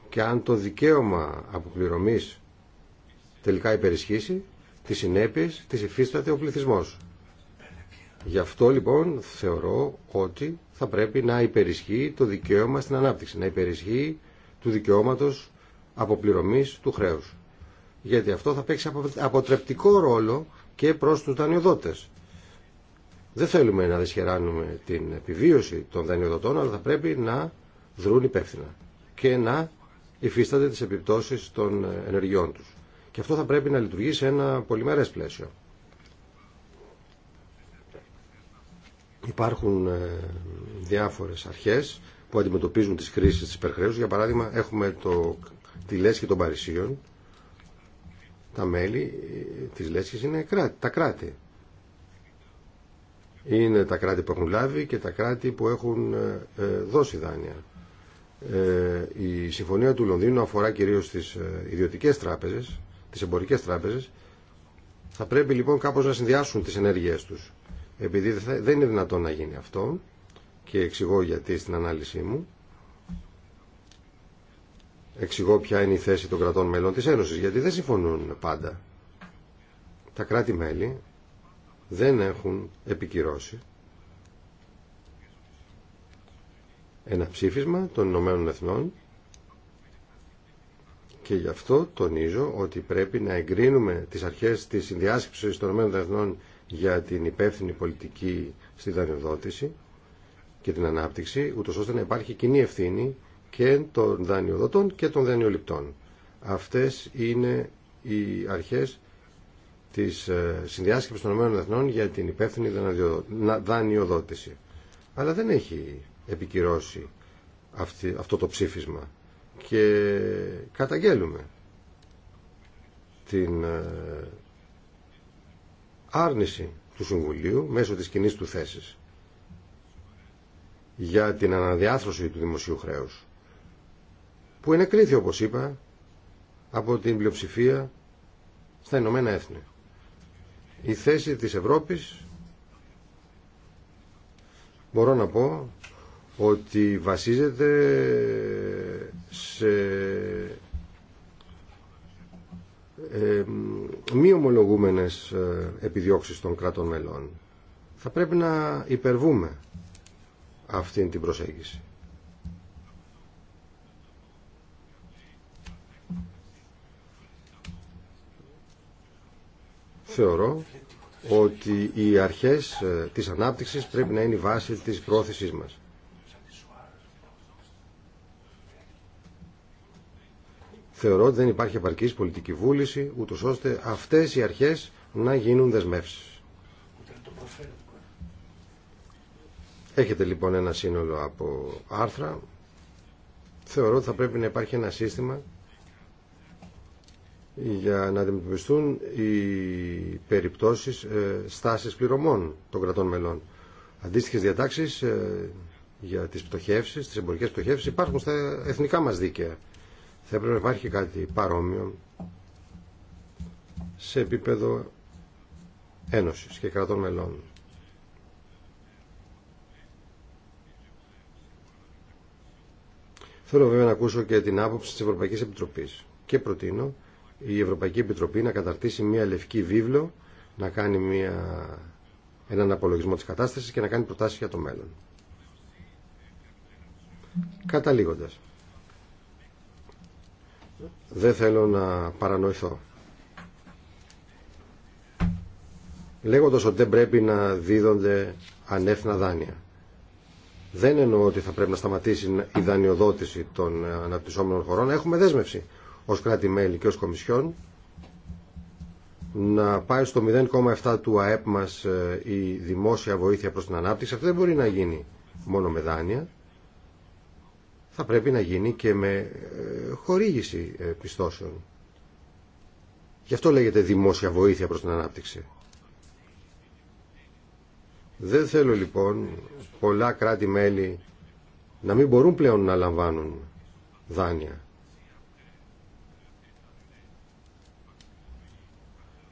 Και αν το δικαίωμα αποπληρωμής τελικά υπερισχύσει, τις συνέπειες τις υφίσταται ο πληθυσμός. Γι' αυτό λοιπόν θεωρώ ότι θα πρέπει να υπερισχύει το δικαίωμα στην ανάπτυξη, να υπερισχύει του δικαιώματος αποπληρωμής του χρέους. Γιατί αυτό θα παίξει αποτρεπτικό ρόλο και προς τους δανειοδότες. Δεν θέλουμε να δυσχεράνουμε την επιβίωση των δανειοδοτών, αλλά θα πρέπει να δρούν υπεύθυνα και να υφίστανται τις επιπτώσεις των ενεργειών τους. Και αυτό θα πρέπει να λειτουργεί σε ένα πολυμερές πλαίσιο. Υπάρχουν ε, διάφορες αρχές που αντιμετωπίζουν τις κρίσεις της υπερχρέωσης. Για παράδειγμα, έχουμε το, τη Λέσχη των Παρισίων. Τα μέλη ε, της Λέσχης είναι τα κράτη είναι τα κράτη που έχουν λάβει και τα κράτη που έχουν ε, ε, δώσει δάνεια. Ε, η συμφωνία του Λονδίνου αφορά κυρίως τις ιδιωτικές τράπεζες, τις εμπορικές τράπεζες. Θα πρέπει λοιπόν κάπως να συνδυάσουν τις ενέργειές τους. Επειδή δεν είναι δυνατόν να γίνει αυτό και εξηγώ γιατί στην ανάλυση μου εξηγώ ποια είναι η θέση των κρατών μελών της Ένωσης γιατί δεν συμφωνούν πάντα. Τα κράτη-μέλη δεν έχουν επικυρώσει ένα ψήφισμα των Ηνωμένων Εθνών και γι' αυτό τονίζω ότι πρέπει να εγκρίνουμε τις αρχές της συνδιάσκεψης των Ηνωμένων Εθνών για την υπεύθυνη πολιτική στη δανειοδότηση και την ανάπτυξη, ούτω ώστε να υπάρχει κοινή ευθύνη και των δανειοδοτών και των δανειοληπτών. Αυτές είναι οι αρχές Τη ε, συνδιάσκεψη των Εθνών για την υπεύθυνη δανειοδότηση. Αλλά δεν έχει επικυρώσει αυτό το ψήφισμα και καταγγέλουμε την ε, άρνηση του Συμβουλίου μέσω της κοινή του θέσης για την αναδιάθρωση του δημοσίου χρέους που είναι κρίθη, όπως είπα από την πλειοψηφία στα Ηνωμένα Έθνη. Η θέση της Ευρώπης μπορώ να πω ότι βασίζεται σε μη ομολογούμενες ε, επιδιώξεις των κρατών μελών. Θα πρέπει να υπερβούμε αυτήν την προσέγγιση. θεωρώ ότι οι αρχές ε, της ανάπτυξης πρέπει να είναι η βάση της πρόθεσής μας. Θεωρώ ότι δεν υπάρχει επαρκής πολιτική βούληση, ούτως ώστε αυτές οι αρχές να γίνουν δεσμεύσεις. Έχετε λοιπόν ένα σύνολο από άρθρα. Θεωρώ ότι θα πρέπει να υπάρχει ένα σύστημα για να αντιμετωπιστούν οι περιπτώσεις ε, στάσεις πληρωμών των κρατών μελών. Αντίστοιχες διατάξεις ε, για τις πτωχεύσεις, τις εμπορικές πτωχεύσεις υπάρχουν στα εθνικά μας δίκαια. Θα έπρεπε να υπάρχει κάτι παρόμοιο σε επίπεδο ένωσης και κρατών μελών. Θέλω βέβαια να ακούσω και την άποψη της Ευρωπαϊκής Επιτροπής και προτείνω η Ευρωπαϊκή Επιτροπή να καταρτήσει μια λευκή βίβλο, να κάνει μια, έναν απολογισμό της κατάστασης και να κάνει προτάσεις για το μέλλον. Καταλήγοντας. Δεν θέλω να παρανοηθώ. Λέγοντας ότι δεν πρέπει να δίδονται ανεύθυνα δάνεια. Δεν εννοώ ότι θα πρέπει να σταματήσει η δανειοδότηση των αναπτυσσόμενων χωρών. Έχουμε δέσμευση ως κράτη-μέλη και ως Κομισιόν να πάει στο 0,7 του ΑΕΠ μας ε, η δημόσια βοήθεια προς την ανάπτυξη. Αυτό δεν μπορεί να γίνει μόνο με δάνεια. Θα πρέπει να γίνει και με ε, χορήγηση ε, πιστώσεων. Γι' αυτό λέγεται δημόσια βοήθεια προς την ανάπτυξη. Δεν θέλω λοιπόν πολλά κράτη-μέλη να μην μπορούν πλέον να λαμβάνουν δάνεια.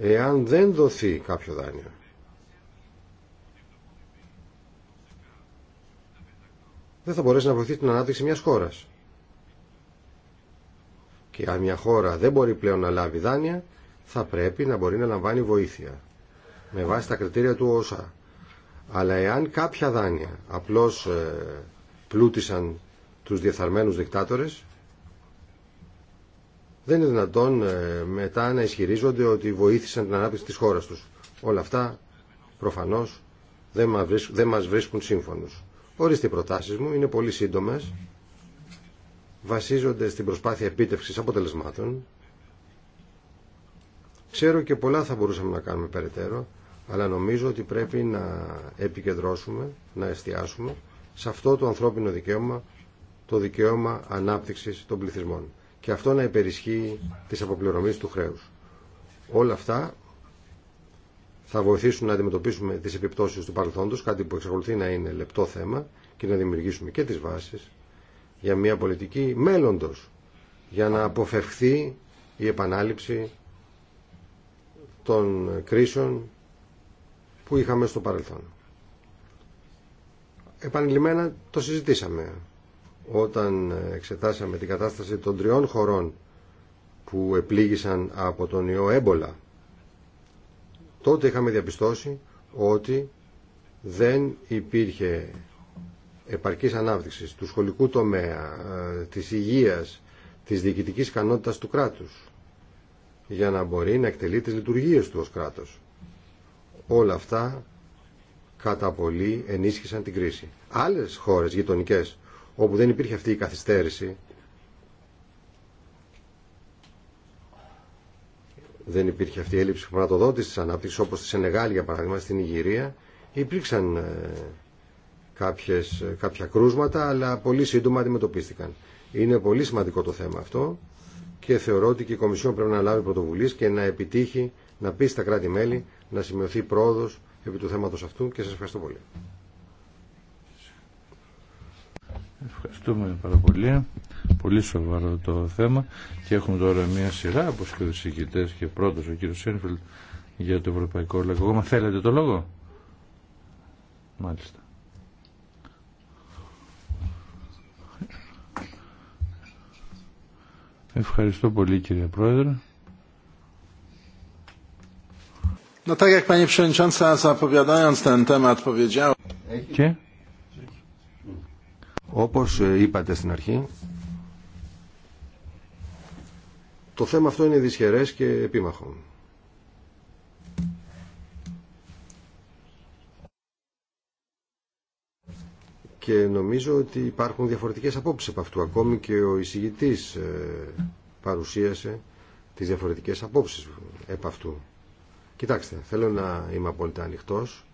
εάν δεν δοθεί κάποιο δάνειο. Δεν θα μπορέσει να βοηθήσει την ανάπτυξη μιας χώρας. Και αν μια χώρα δεν μπορεί πλέον να λάβει δάνεια, θα πρέπει να μπορεί να λαμβάνει βοήθεια. Με βάση τα κριτήρια του ΩΣΑ. Αλλά εάν κάποια δάνεια απλώς ε, πλούτησαν τους διεθαρμένους δικτάτορες, δεν είναι δυνατόν ε, μετά να ισχυρίζονται ότι βοήθησαν την ανάπτυξη της χώρας τους. Όλα αυτά προφανώς δεν μας βρίσκουν σύμφωνους. Ορίστε οι προτάσεις μου, είναι πολύ σύντομες, βασίζονται στην προσπάθεια επίτευξης αποτελεσμάτων. Ξέρω και πολλά θα μπορούσαμε να κάνουμε περαιτέρω, αλλά νομίζω ότι πρέπει να επικεντρώσουμε, να εστιάσουμε σε αυτό το ανθρώπινο δικαίωμα, το δικαίωμα ανάπτυξης των πληθυσμών και αυτό να υπερισχύει της αποπληρωμής του χρέους. Όλα αυτά θα βοηθήσουν να αντιμετωπίσουμε τις επιπτώσεις του παρελθόντος, κάτι που εξακολουθεί να είναι λεπτό θέμα και να δημιουργήσουμε και τις βάσεις για μια πολιτική μέλλοντος, για να αποφευχθεί η επανάληψη των κρίσεων που είχαμε στο παρελθόν. Επανειλημμένα το συζητήσαμε όταν εξετάσαμε την κατάσταση των τριών χωρών που επλήγησαν από τον ιό έμπολα, τότε είχαμε διαπιστώσει ότι δεν υπήρχε επαρκής ανάπτυξης του σχολικού τομέα, ε, της υγείας, της διοικητικής ικανότητας του κράτους για να μπορεί να εκτελεί τις λειτουργίες του ως κράτος. Όλα αυτά κατά πολύ ενίσχυσαν την κρίση. Άλλες χώρες γειτονικές όπου δεν υπήρχε αυτή η καθυστέρηση, δεν υπήρχε αυτή η έλλειψη χρηματοδότηση τη ανάπτυξη, όπω στη Σενεγάλη για παράδειγμα, στην Ιγυρία, υπήρξαν ε, κάποιες, ε, κάποια κρούσματα, αλλά πολύ σύντομα αντιμετωπίστηκαν. Είναι πολύ σημαντικό το θέμα αυτό και θεωρώ ότι και η Κομισιόν πρέπει να λάβει πρωτοβουλίε και να επιτύχει να πει στα κράτη-μέλη να σημειωθεί πρόοδο επί του θέματο αυτού και σα ευχαριστώ πολύ. Ευχαριστούμε πάρα πολύ. Πολύ σοβαρό το θέμα και έχουμε τώρα μια σειρά από σκοδησικητές και πρώτος ο κύριος Σένφιλ για το Ευρωπαϊκό Λαϊκό Κόμμα. Θέλετε το λόγο? Μάλιστα. Ευχαριστώ πολύ κύριε Πρόεδρε. No tak jak Pani Przewodnicząca zapowiadając ten temat powiedziała. Και... Όπως ε, είπατε στην αρχή, το θέμα αυτό είναι δυσχερές και επίμαχο. Και νομίζω ότι υπάρχουν διαφορετικές απόψεις από αυτού. Ακόμη και ο εισηγητής ε, παρουσίασε τις διαφορετικές απόψεις επαυτού. αυτού. Κοιτάξτε, θέλω να είμαι απόλυτα ανοιχτός.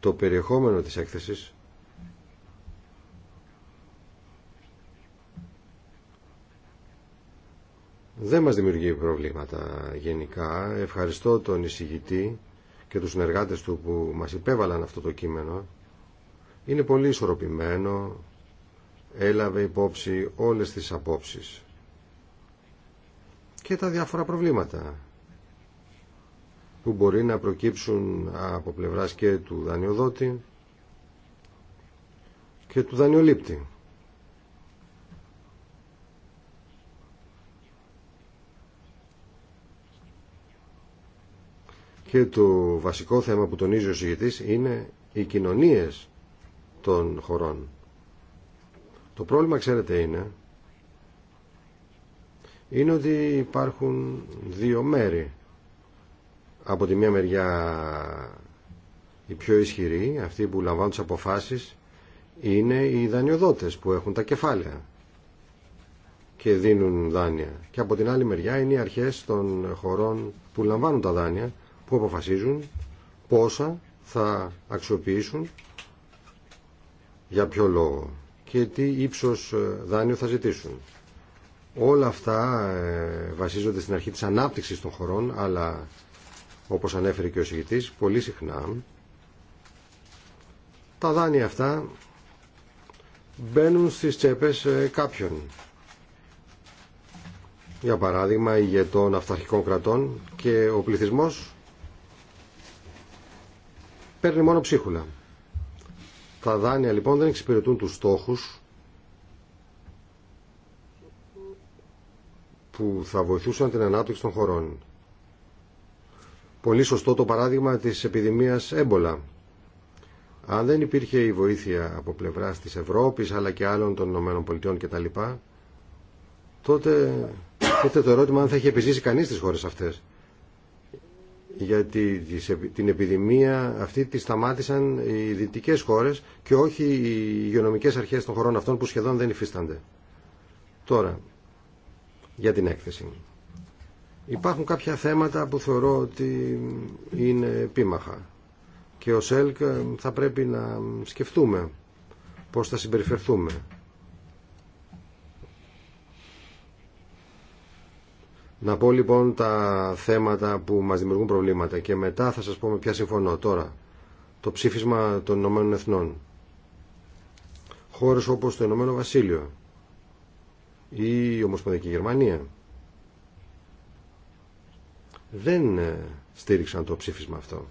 Το περιεχόμενο της έκθεσης δεν μας δημιουργεί προβλήματα γενικά. Ευχαριστώ τον εισηγητή και τους συνεργάτες του που μας υπέβαλαν αυτό το κείμενο. Είναι πολύ ισορροπημένο, έλαβε υπόψη όλες τις απόψεις και τα διάφορα προβλήματα που μπορεί να προκύψουν από πλευράς και του δανειοδότη και του δανειολήπτη. Και το βασικό θέμα που τονίζει ο συγητής είναι οι κοινωνίες των χωρών. Το πρόβλημα, ξέρετε, είναι, είναι ότι υπάρχουν δύο μέρη. Από τη μία μεριά οι πιο ισχυροί, αυτοί που λαμβάνουν τις αποφάσεις, είναι οι δανειοδότες που έχουν τα κεφάλαια και δίνουν δάνεια. Και από την άλλη μεριά είναι οι αρχές των χωρών που λαμβάνουν τα δάνεια που αποφασίζουν πόσα θα αξιοποιήσουν, για ποιο λόγο και τι ύψος ε, δάνειο θα ζητήσουν. Όλα αυτά ε, βασίζονται στην αρχή της ανάπτυξης των χωρών, αλλά όπως ανέφερε και ο συγητής, πολύ συχνά τα δάνεια αυτά μπαίνουν στις τσέπες ε, κάποιων. Για παράδειγμα, ηγετών αυταρχικών κρατών και ο πληθυσμός παίρνει μόνο ψίχουλα. Τα δάνεια λοιπόν δεν εξυπηρετούν τους στόχους που θα βοηθούσαν την ανάπτυξη των χωρών. Πολύ σωστό το παράδειγμα της επιδημίας έμπολα. Αν δεν υπήρχε η βοήθεια από πλευράς της Ευρώπης αλλά και άλλων των ΗΠΑ κτλ τότε, τότε το ερώτημα αν θα είχε επιζήσει κανείς στις χώρες αυτές γιατί την επιδημία αυτή τη σταμάτησαν οι δυτικέ χώρες και όχι οι υγειονομικές αρχές των χωρών αυτών που σχεδόν δεν υφίστανται. Τώρα, για την έκθεση. Υπάρχουν κάποια θέματα που θεωρώ ότι είναι επίμαχα και ο Σέλκ θα πρέπει να σκεφτούμε πώς θα συμπεριφερθούμε Να πω λοιπόν τα θέματα που μας δημιουργούν προβλήματα και μετά θα σας πω με ποια συμφωνώ. Τώρα, το ψήφισμα των Ηνωμένων Εθνών. Χώρες όπως το Ηνωμένο Βασίλειο ή η Ομοσπονδική Γερμανία δεν ε, στήριξαν το ψήφισμα αυτό.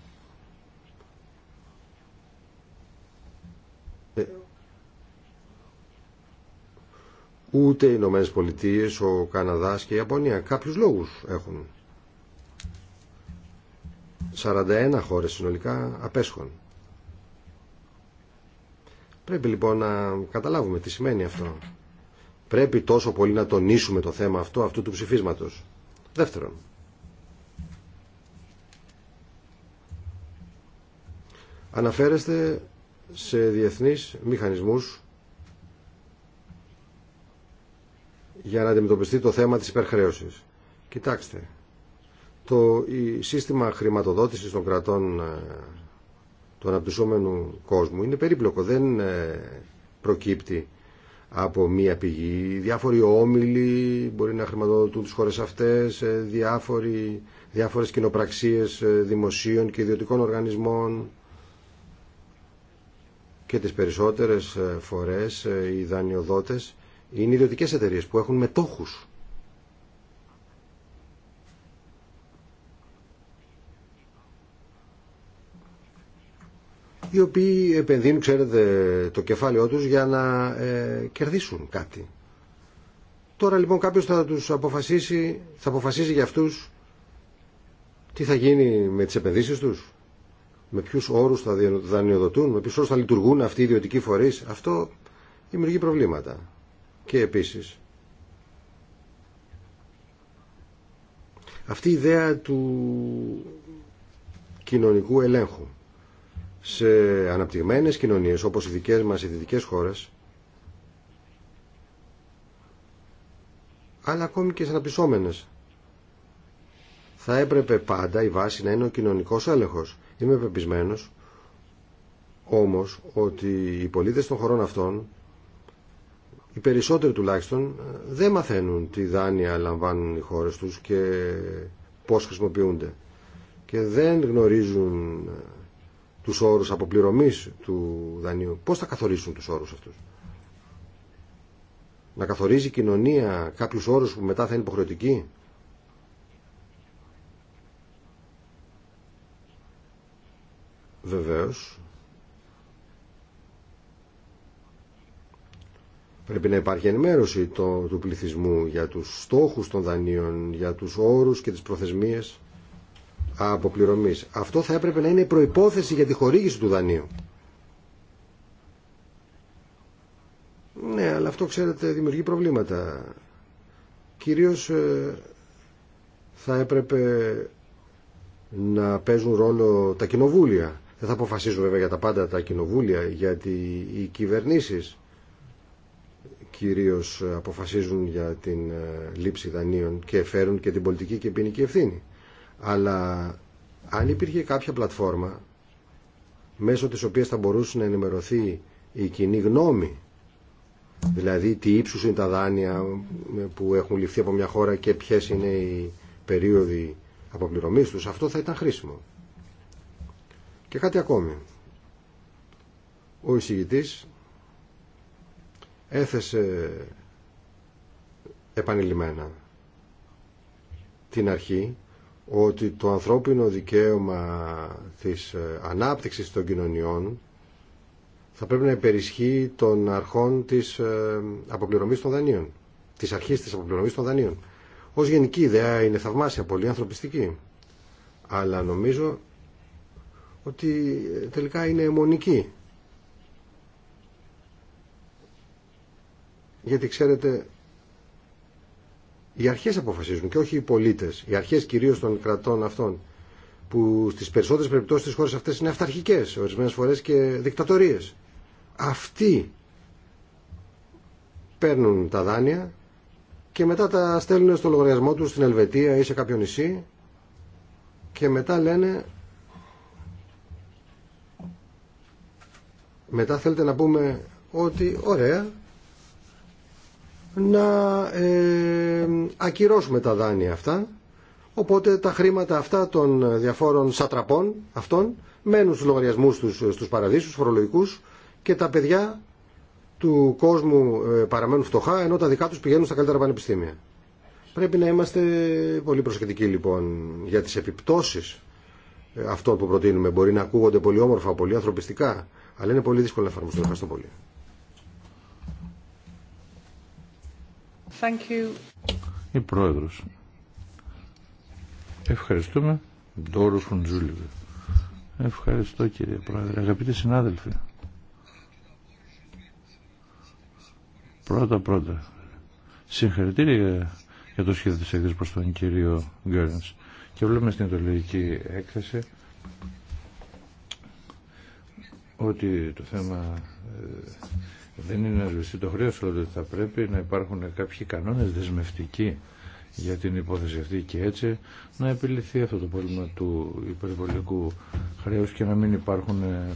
ούτε οι Ηνωμένε Πολιτείε, ο Καναδάς και η Ιαπωνία. Κάποιους λόγους έχουν. 41 χώρες συνολικά απέσχον. Πρέπει λοιπόν να καταλάβουμε τι σημαίνει αυτό. Πρέπει τόσο πολύ να τονίσουμε το θέμα αυτό, αυτού του ψηφίσματος. Δεύτερον, αναφέρεστε σε διεθνείς μηχανισμούς για να αντιμετωπιστεί το θέμα της υπερχρέωσης. Κοιτάξτε, το η σύστημα χρηματοδότησης των κρατών ε, του αναπτυσσόμενου κόσμου είναι περίπλοκο, δεν ε, προκύπτει από μία πηγή. Διάφοροι όμιλοι μπορεί να χρηματοδοτούν τις χώρες αυτές, ε, διάφοροι, διάφορες κοινοπραξίες δημοσίων και ιδιωτικών οργανισμών και τις περισσότερες φορές οι δανειοδότες είναι ιδιωτικέ εταιρείε που έχουν μετόχους. οι οποίοι επενδύουν, ξέρετε, το κεφάλαιό τους για να ε, κερδίσουν κάτι. Τώρα λοιπόν κάποιος θα τους αποφασίσει, θα αποφασίσει για αυτούς τι θα γίνει με τις επενδύσεις τους, με ποιους όρους θα δανειοδοτούν, με ποιους όρους θα λειτουργούν αυτοί οι ιδιωτικοί φορείς. Αυτό δημιουργεί προβλήματα. Και επίσης, αυτή η ιδέα του κοινωνικού ελέγχου σε αναπτυγμένες κοινωνίες όπως οι δικές μας οι δυτικές χώρες αλλά ακόμη και σε αναπτυσσόμενες θα έπρεπε πάντα η βάση να είναι ο κοινωνικός έλεγχος. Είμαι πεπισμένος όμως ότι οι πολίτες των χωρών αυτών οι περισσότεροι τουλάχιστον ε, δεν μαθαίνουν τι δάνεια λαμβάνουν οι χώρες τους και πώς χρησιμοποιούνται και δεν γνωρίζουν ε, τους όρους αποπληρωμής του δανείου. Πώς θα καθορίσουν τους όρους αυτούς. Να καθορίζει η κοινωνία κάποιους όρους που μετά θα είναι υποχρεωτικοί. Βεβαίως, Πρέπει να υπάρχει ενημέρωση το, του πληθυσμού για τους στόχους των δανείων, για τους όρους και τις προθεσμίες αποπληρωμής. Αυτό θα έπρεπε να είναι προϋπόθεση για τη χορήγηση του δανείου. Ναι, αλλά αυτό ξέρετε δημιουργεί προβλήματα. Κυρίως ε, θα έπρεπε να παίζουν ρόλο τα κοινοβούλια. Δεν θα αποφασίζουν βέβαια για τα πάντα τα κοινοβούλια, γιατί οι κυβερνήσεις κυρίως αποφασίζουν για την ε, λήψη δανείων και φέρουν και την πολιτική και ποινική ευθύνη. Αλλά αν υπήρχε κάποια πλατφόρμα μέσω της οποίας θα μπορούσε να ενημερωθεί η κοινή γνώμη δηλαδή τι ύψους είναι τα δάνεια που έχουν ληφθεί από μια χώρα και ποιες είναι οι περίοδοι αποπληρωμής τους, αυτό θα ήταν χρήσιμο. Και κάτι ακόμη. Ο εισηγητής έθεσε επανειλημμένα την αρχή ότι το ανθρώπινο δικαίωμα της ε, ανάπτυξης των κοινωνιών θα πρέπει να υπερισχύει των αρχών της ε, αποπληρωμής των δανείων, της αρχής της αποπληρωμής των δανείων. Ως γενική ιδέα είναι θαυμάσια, πολύ ανθρωπιστική, αλλά νομίζω ότι τελικά είναι αιμονική γιατί ξέρετε οι αρχές αποφασίζουν και όχι οι πολίτες, οι αρχές κυρίως των κρατών αυτών που στις περισσότερες περιπτώσεις τη χώρες αυτές είναι αυταρχικές, ορισμένες φορές και δικτατορίες. Αυτοί παίρνουν τα δάνεια και μετά τα στέλνουν στο λογαριασμό τους στην Ελβετία ή σε κάποιο νησί και μετά λένε μετά θέλετε να πούμε ότι ωραία να ε, ακυρώσουμε τα δάνεια αυτά. Οπότε τα χρήματα αυτά των διαφόρων σατραπών αυτών μένουν στους λογαριασμούς τους, ε, στους παραδείσους φορολογικούς και τα παιδιά του κόσμου ε, παραμένουν φτωχά ενώ τα δικά τους πηγαίνουν στα καλύτερα πανεπιστήμια. Πρέπει να είμαστε πολύ προσεκτικοί λοιπόν για τις επιπτώσεις ε, αυτών που προτείνουμε. Μπορεί να ακούγονται πολύ όμορφα, πολύ ανθρωπιστικά, αλλά είναι πολύ δύσκολο να εφαρμοστούν. Ευχαριστώ πολύ. Thank you. Η Πρόεδρος. Ευχαριστούμε. Ντόρο Φουντζούλιβε. Ευχαριστώ κύριε Πρόεδρε. Αγαπητοί συνάδελφοι. Πρώτα πρώτα. Συγχαρητήρια για το σχέδιο της έκθεσης προς τον κύριο Γκέρνς. Και βλέπουμε στην ιδεολογική έκθεση ότι το θέμα ε, δεν είναι αργιστή το χρέος, αλλά θα πρέπει να υπάρχουν κάποιοι κανόνες δεσμευτικοί για την υπόθεση αυτή και έτσι να επιληθεί αυτό το πρόβλημα του υπερβολικού χρέους και να μην υπάρχουν ε,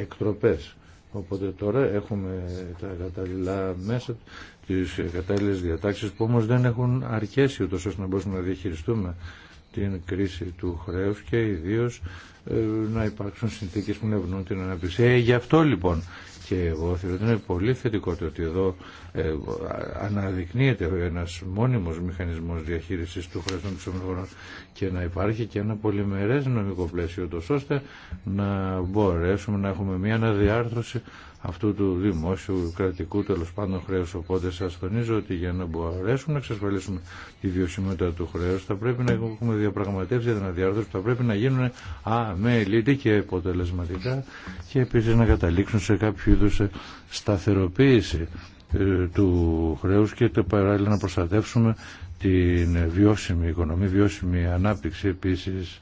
εκτροπές. Οπότε τώρα έχουμε τα κατάλληλα μέσα, τις κατάλληλες διατάξεις που όμως δεν έχουν αρκέσει ούτως ώστε να μπορούμε να διαχειριστούμε την κρίση του χρέους και ιδίως ε, να υπάρξουν συνθήκες που να ευνοούν την ανάπτυξη. Ε, γι' αυτό λοιπόν και εγώ θεωρώ ότι είναι πολύ θετικό το ότι εδώ ε, αναδεικνύεται ένας μόνιμος μηχανισμός διαχείρισης του χρέου των χωρών και να υπάρχει και ένα πολυμερές νομικό πλαίσιο ώστε να μπορέσουμε να έχουμε μια αναδιάρθρωση αυτού του δημόσιου κρατικού τέλο πάντων χρέου. Οπότε σα τονίζω ότι για να μπορέσουμε να εξασφαλίσουμε τη βιωσιμότητα του χρέου θα πρέπει να έχουμε διαπραγματεύσει για την που θα πρέπει να γίνουν αμελητή και αποτελεσματικά και επίση να καταλήξουν σε κάποιο είδου σταθεροποίηση ε, του χρέους και το παράλληλα να προστατεύσουμε την βιώσιμη οικονομία, βιώσιμη ανάπτυξη επίσης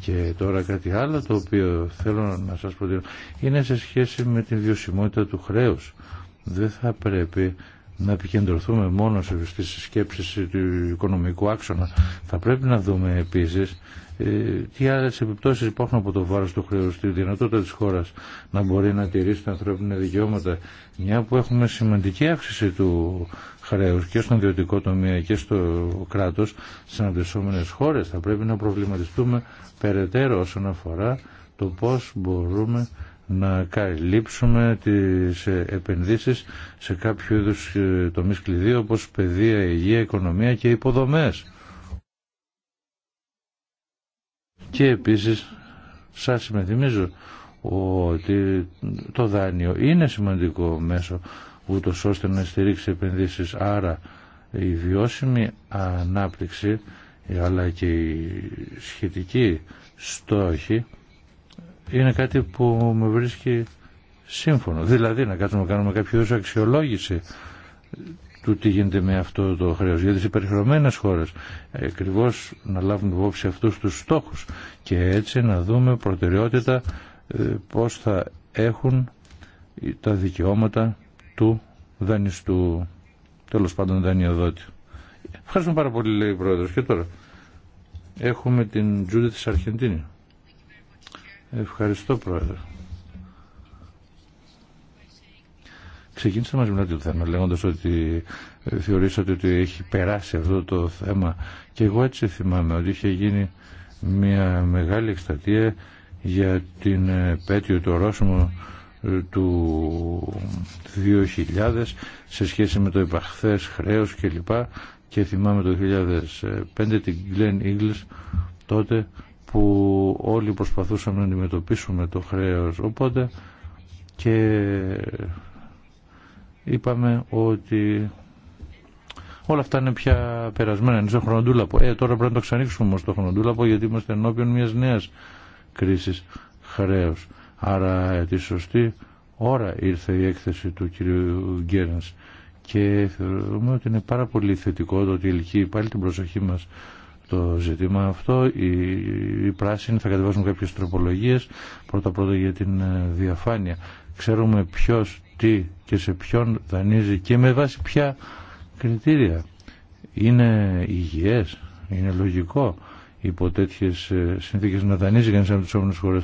και τώρα κάτι άλλο το οποίο θέλω να σας προτείνω είναι σε σχέση με την βιωσιμότητα του χρέους. Δεν θα πρέπει να επικεντρωθούμε μόνο στις σκέψεις του οικονομικού άξονα. Θα πρέπει να δούμε επίσης ε, τι άλλε επιπτώσει υπάρχουν από το βάρος του χρέους, τη δυνατότητα τη χώρα να μπορεί να τηρήσει τα ανθρώπινα δικαιώματα, μια που έχουμε σημαντική αύξηση του χρέου και στον ιδιωτικό τομέα και στο κράτος στι αναπτυσσόμενε χώρες. Θα πρέπει να προβληματιστούμε περαιτέρω όσον αφορά το πώς μπορούμε να καλύψουμε τις επενδύσεις σε κάποιο είδους ε, τομείς κλειδί όπως παιδεία, υγεία, οικονομία και υποδομές. Και επίσης σας υπενθυμίζω ότι το δάνειο είναι σημαντικό μέσο ούτω ώστε να στηρίξει επενδύσεις. Άρα η βιώσιμη ανάπτυξη αλλά και η σχετική στόχη είναι κάτι που με βρίσκει σύμφωνο. Δηλαδή να κάτσουμε να κάνουμε κάποιο αξιολόγηση του τι γίνεται με αυτό το χρέος για τις υπερχρεωμένε χώρες ακριβώ να λάβουν υπόψη αυτούς τους στόχους και έτσι να δούμε προτεραιότητα ε, πώς θα έχουν τα δικαιώματα του δανειστού, τέλος πάντων δανειοδότη. Ευχαριστούμε πάρα πολύ, λέει η Πρόεδρος. Και τώρα έχουμε την Τζούντι τη Αρχεντίνη. Ευχαριστώ, Πρόεδρε. Ξεκίνησα μαζί με το θέμα λέγοντας ότι ε, θεωρήσατε ότι έχει περάσει αυτό το θέμα και εγώ έτσι θυμάμαι ότι είχε γίνει μια μεγάλη εκστατεία για την ε, πέτειο του ορόσημου του 2000 σε σχέση με το υπαχθές χρέος κλπ. Και θυμάμαι το 2005 την Glen Eagles τότε που όλοι προσπαθούσαμε να αντιμετωπίσουμε το χρέος. Οπότε και είπαμε ότι όλα αυτά είναι πια περασμένα, είναι στο χρονοτούλαπο. Ε, τώρα πρέπει να το ξανοίξουμε το χρονοτούλαπο γιατί είμαστε ενώπιον μιας νέας κρίσης χρέους. Άρα τη σωστή ώρα ήρθε η έκθεση του κύριου Γκέρνς και θεωρούμε ότι είναι πάρα πολύ θετικό το ότι ελκύει πάλι την προσοχή μας το ζήτημα αυτό. Οι, οι πράσινοι θα κατεβάσουν κάποιες τροπολογίες πρώτα-πρώτα για την ε, διαφάνεια. Ξέρουμε ποιος, τι και σε ποιον δανείζει και με βάση ποια κριτήρια. Είναι υγιές, είναι λογικό υπό τέτοιε συνθήκε να δανείζει κανεί από τι χώρε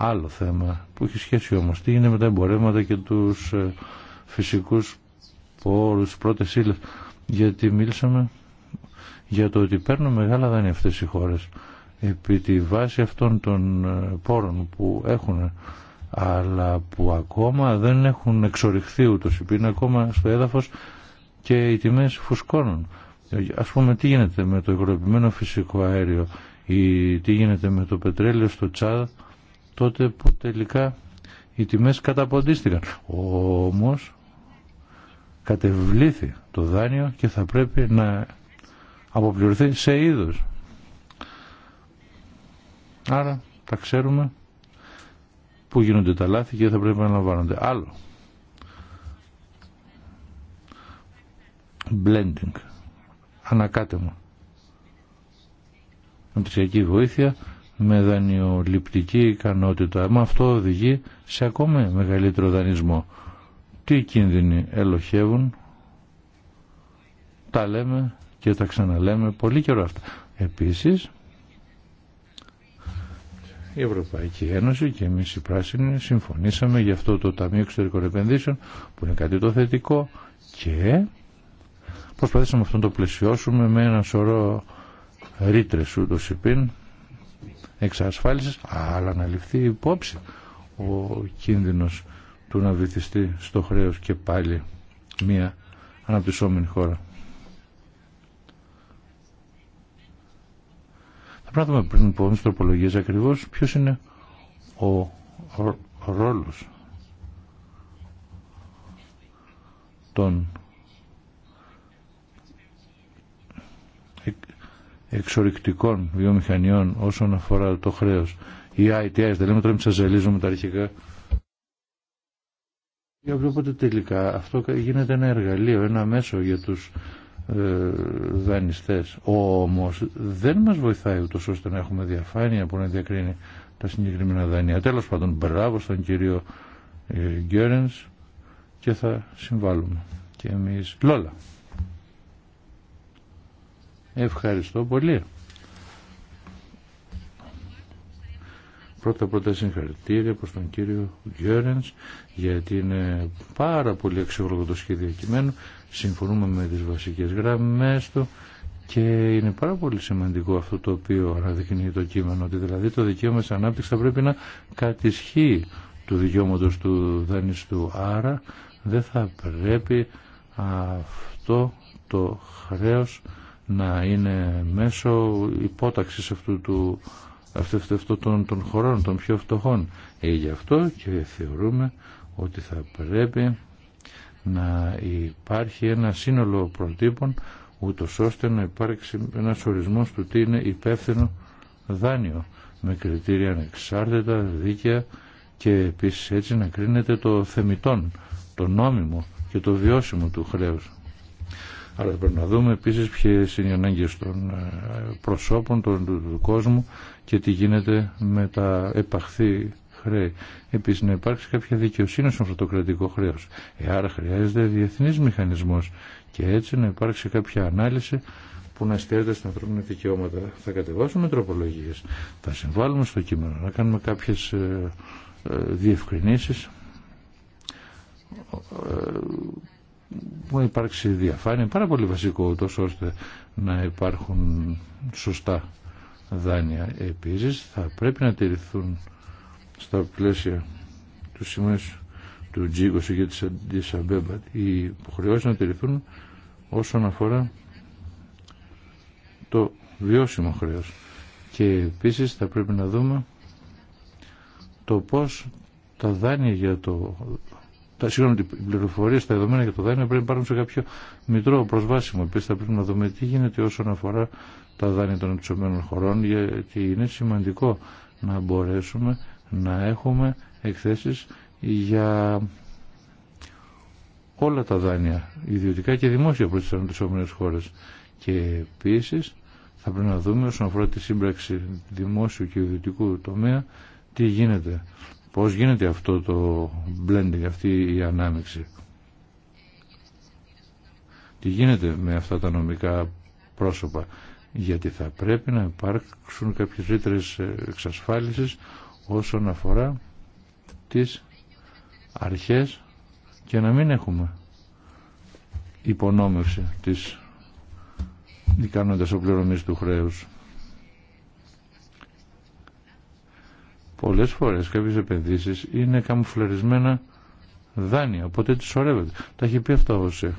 άλλο θέμα που έχει σχέση όμως τι γίνεται με τα εμπορεύματα και τους ε, φυσικούς πόρους, πρώτες ύλες γιατί μίλησαμε για το ότι παίρνουν μεγάλα δάνεια αυτές οι χώρες επί τη βάση αυτών των ε, πόρων που έχουν αλλά που ακόμα δεν έχουν εξοριχθεί ούτως είναι ακόμα στο έδαφος και οι τιμές φουσκώνουν ας πούμε τι γίνεται με το υγροποιημένο φυσικό αέριο ή τι γίνεται με το πετρέλαιο στο τσάδ τότε που τελικά οι τιμές καταποντίστηκαν. Όμως κατεβλήθη το δάνειο και θα πρέπει να αποπληρωθεί σε είδος. Άρα τα ξέρουμε που γίνονται τα λάθη και θα πρέπει να λαμβάνονται. Άλλο. Blending. Ανακάτεμα. Με βοήθεια με δανειοληπτική ικανότητα. Μα αυτό οδηγεί σε ακόμα μεγαλύτερο δανεισμό. Τι κίνδυνοι ελοχεύουν, τα λέμε και τα ξαναλέμε πολύ καιρό αυτά. Επίσης, η Ευρωπαϊκή Ένωση και εμείς οι πράσινοι συμφωνήσαμε για αυτό το Ταμείο Εξωτερικών Επενδύσεων που είναι κάτι το θετικό και προσπαθήσαμε αυτό να το πλαισιώσουμε με ένα σωρό ρήτρες ούτως υπήν εξασφάλισης, αλλά να ληφθεί υπόψη ο κίνδυνος του να βυθιστεί στο χρέος και πάλι μία αναπτυσσόμενη χώρα. Θα πρέπει να δούμε πριν από τις τροπολογίες ακριβώς ποιος είναι ο ρόλος των εξορυκτικών βιομηχανιών όσον αφορά το χρέος. ή ITS, δεν λέμε τώρα μην σας ζελίζουμε τα αρχικά. Οπότε τελικά αυτό γίνεται ένα εργαλείο, ένα μέσο για τους ε, δανειστές. Όμως δεν μας βοηθάει ούτως ώστε να έχουμε διαφάνεια που να διακρίνει τα συγκεκριμένα δανεία. Τέλος πάντων, μπράβο στον κύριο ε, Γκέρενς και θα συμβάλλουμε και εμείς. Λόλα. Ευχαριστώ πολύ. Πρώτα πρώτα συγχαρητήρια προς τον κύριο Γκέρενς γιατί είναι πάρα πολύ αξιόλογο το σχέδιο κειμένου. Συμφωνούμε με τις βασικές γραμμές του και είναι πάρα πολύ σημαντικό αυτό το οποίο αναδεικνύει το κείμενο ότι δηλαδή το δικαίωμα της ανάπτυξης θα πρέπει να κατησχύει του δικαιώματος του δανειστού. Άρα δεν θα πρέπει αυτό το χρέος να είναι μέσω υπόταξης αυτού του των, των χωρών, των πιο φτωχών. Ε, γι' αυτό και θεωρούμε ότι θα πρέπει να υπάρχει ένα σύνολο προτύπων ούτω ώστε να υπάρξει ένας ορισμός του τι είναι υπεύθυνο δάνειο με κριτήρια ανεξάρτητα, δίκαια και επίσης έτσι να κρίνεται το θεμητόν, το νόμιμο και το βιώσιμο του χρέους αλλά πρέπει να δούμε επίση ποιε είναι οι ανάγκε των ε, προσώπων, των, του, κόσμου και τι γίνεται με τα επαχθή χρέη. Επίση να υπάρξει κάποια δικαιοσύνη στον αυτοκρατικό χρέο. Ε, άρα χρειάζεται διεθνή μηχανισμό και έτσι να υπάρξει κάποια ανάλυση που να εστιάζεται στα ανθρώπινα δικαιώματα. Θα κατεβάσουμε τροπολογίε. θα συμβάλλουμε στο κείμενο, να κάνουμε κάποιες ε, ε, διευκρινήσει που υπάρξει διαφάνεια, πάρα πολύ βασικό, τόσο ώστε να υπάρχουν σωστά δάνεια. Επίσης θα πρέπει να τηρηθούν στα πλαίσια του σημείου του g και της Αντισαμπέμπα οι υποχρεώσεις να τηρηθούν όσον αφορά το βιώσιμο χρέος. Και επίσης θα πρέπει να δούμε το πώς τα δάνεια για το τα συγγνώμη, οι πληροφορίε, τα δεδομένα για το δάνειο πρέπει να πάρουν σε κάποιο μητρό προσβάσιμο. Επίση, θα πρέπει να δούμε τι γίνεται όσον αφορά τα δάνεια των εξωμένων χωρών, γιατί είναι σημαντικό να μπορέσουμε να έχουμε εκθέσει για όλα τα δάνεια, ιδιωτικά και δημόσια προ τι αναπτυσσόμενε χώρε. Και επίση, θα πρέπει να δούμε όσον αφορά τη σύμπραξη δημόσιου και ιδιωτικού τομέα τι γίνεται. Πώς γίνεται αυτό το blending, αυτή η ανάμειξη. Τι γίνεται με αυτά τα νομικά πρόσωπα. Γιατί θα πρέπει να υπάρξουν κάποιες ρήτρες εξασφάλισης όσον αφορά τις αρχές και να μην έχουμε υπονόμευση της ο πληρωμής του χρέους. Πολλές φορές κάποιες επενδύσεις είναι καμουφλαρισμένα δάνεια, οπότε τις σωρεύεται. Τα έχει πει αυτό ο ΣΕ.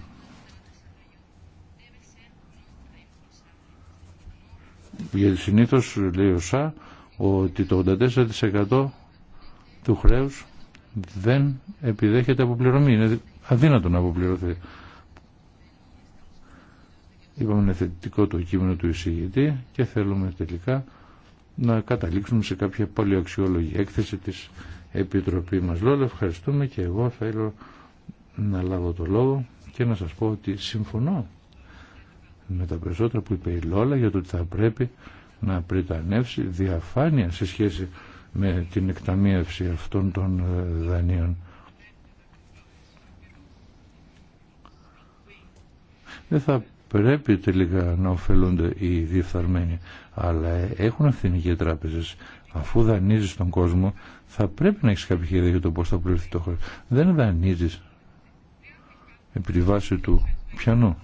Γιατί συνήθως λέει ο ΣΑ ότι το 84% του χρέους δεν επιδέχεται αποπληρωμή. Είναι αδύνατο να αποπληρωθεί. Είπαμε είναι θετικό το κείμενο του εισηγητή και θέλουμε τελικά να καταλήξουμε σε κάποια πολυαξιόλογη έκθεση της Επιτροπή μας. Λόλα, ευχαριστούμε και εγώ θέλω να λάβω το λόγο και να σας πω ότι συμφωνώ με τα περισσότερα που είπε η Λόλα για το ότι θα πρέπει να πριτανεύσει διαφάνεια σε σχέση με την εκταμείευση αυτών των ε, δανείων. Δεν πρέπει τελικά να ωφελούνται οι διεφθαρμένοι. Αλλά έχουν ευθύνη και οι τράπεζε. Αφού δανείζει τον κόσμο, θα πρέπει να έχει κάποια ιδέα για το πώ θα πληρωθεί το χρόνο. Δεν δανείζει επί τη βάση του πιανού.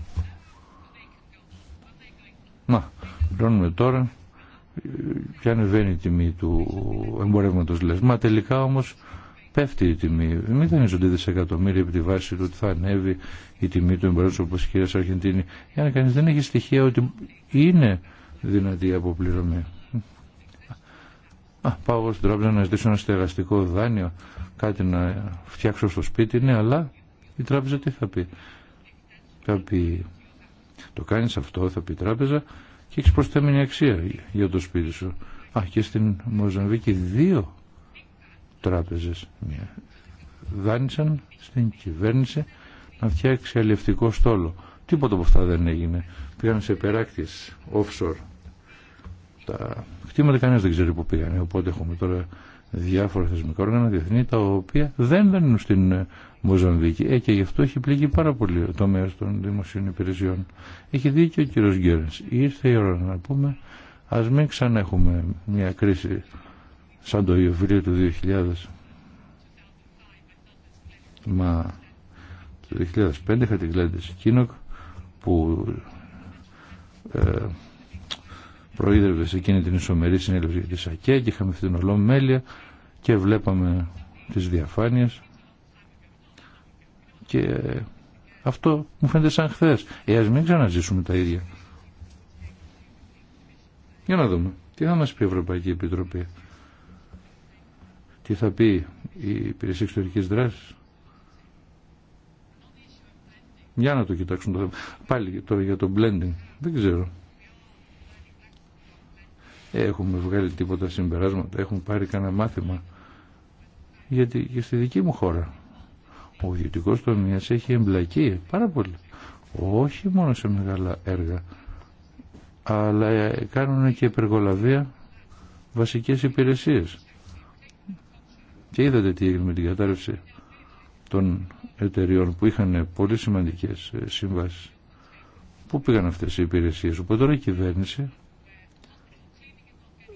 Μα, πληρώνουμε τώρα και ανεβαίνει η τιμή του εμπορεύματος λες. Μα τελικά όμως πέφτει η τιμή. Μην δανείζονται δισεκατομμύρια επί τη βάση του ότι θα ανέβει η τιμή του εμπρόσωπου, όπως η κυρία Σαρχεντίνη. να κανεί δεν έχει στοιχεία ότι είναι δυνατή η αποπληρωμή. Α, πάω στην τράπεζα να ζητήσω ένα στεγαστικό δάνειο, κάτι να φτιάξω στο σπίτι, ναι, αλλά η τράπεζα τι θα πει. Θα πει, το κάνεις αυτό, θα πει η τράπεζα, και έχει προσθέμενη αξία για το σπίτι σου. Α, και στην Μοζαμβίκη δύο τράπεζες. Δάνεισαν στην κυβέρνηση να φτιάξει αλληλευτικό στόλο. Τίποτα από αυτά δεν έγινε. Πήγαν σε περάκτης offshore. Τα κτήματα κανένας δεν ξέρει που πήγαν. Οπότε έχουμε τώρα διάφορα θεσμικά όργανα διεθνή τα οποία δεν δένουν στην μοζανδική Ε, και γι' αυτό έχει πληγεί πάρα πολύ το μέρο των δημοσίων υπηρεσιών. Έχει δίκιο ο κύριο Γκέρνς. Ήρθε η ώρα να πούμε, α μην ξανά έχουμε μια κρίση σαν το Ιωβρίο του 2000. Μα το 2005 είχα την Κίνοκ που ε, προείδρευε σε εκείνη την ισομερή συνέλευση για τη ΣΑΚΕ και είχαμε αυτή την ολομέλεια και βλέπαμε τις διαφάνειες και αυτό μου φαίνεται σαν χθε. Ε, ας μην ξαναζήσουμε τα ίδια. Για να δούμε. Τι θα μας πει η Ευρωπαϊκή Επιτροπή τι θα πει η υπηρεσία εξωτερική δράση. Για να το κοιτάξουν το Πάλι τώρα για το blending. Δεν ξέρω. Έχουμε βγάλει τίποτα συμπεράσματα. Έχουν πάρει κανένα μάθημα. Γιατί και στη δική μου χώρα ο ιδιωτικό τομέα έχει εμπλακεί πάρα πολύ. Όχι μόνο σε μεγάλα έργα, αλλά κάνουν και υπεργολαβία βασικές υπηρεσίες. Και είδατε τι έγινε με την κατάρρευση των εταιριών που είχαν πολύ σημαντικές ε, συμβάσεις. Πού πήγαν αυτές οι υπηρεσίες. Οπότε τώρα η κυβέρνηση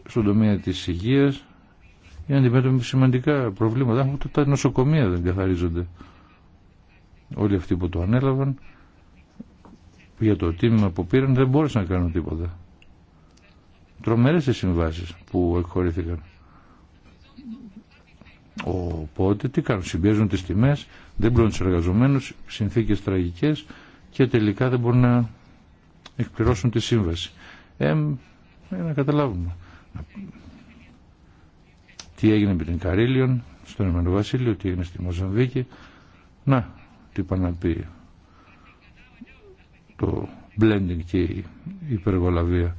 στον τομέα της υγείας είναι αντιμέτωπη σημαντικά προβλήματα. Τα νοσοκομεία δεν καθαρίζονται. Όλοι αυτοί που το ανέλαβαν για το τίμημα που πήραν δεν μπόρεσαν να κάνουν τίποτα. Τρομερές οι συμβάσεις που εκχωρήθηκαν. Οπότε τι κάνουν, συμπιέζουν τις τιμές, δεν μπορούν τους εργαζομένους, συνθήκες τραγικές και τελικά δεν μπορούν να εκπληρώσουν τη σύμβαση. Ε, ε να καταλάβουμε. Τι έγινε με την Καρίλιον, στον Ιωμένο Βασίλειο, τι έγινε στη Μοζαμβίκη. Να, τι είπα να πει το blending και η υπεργολαβία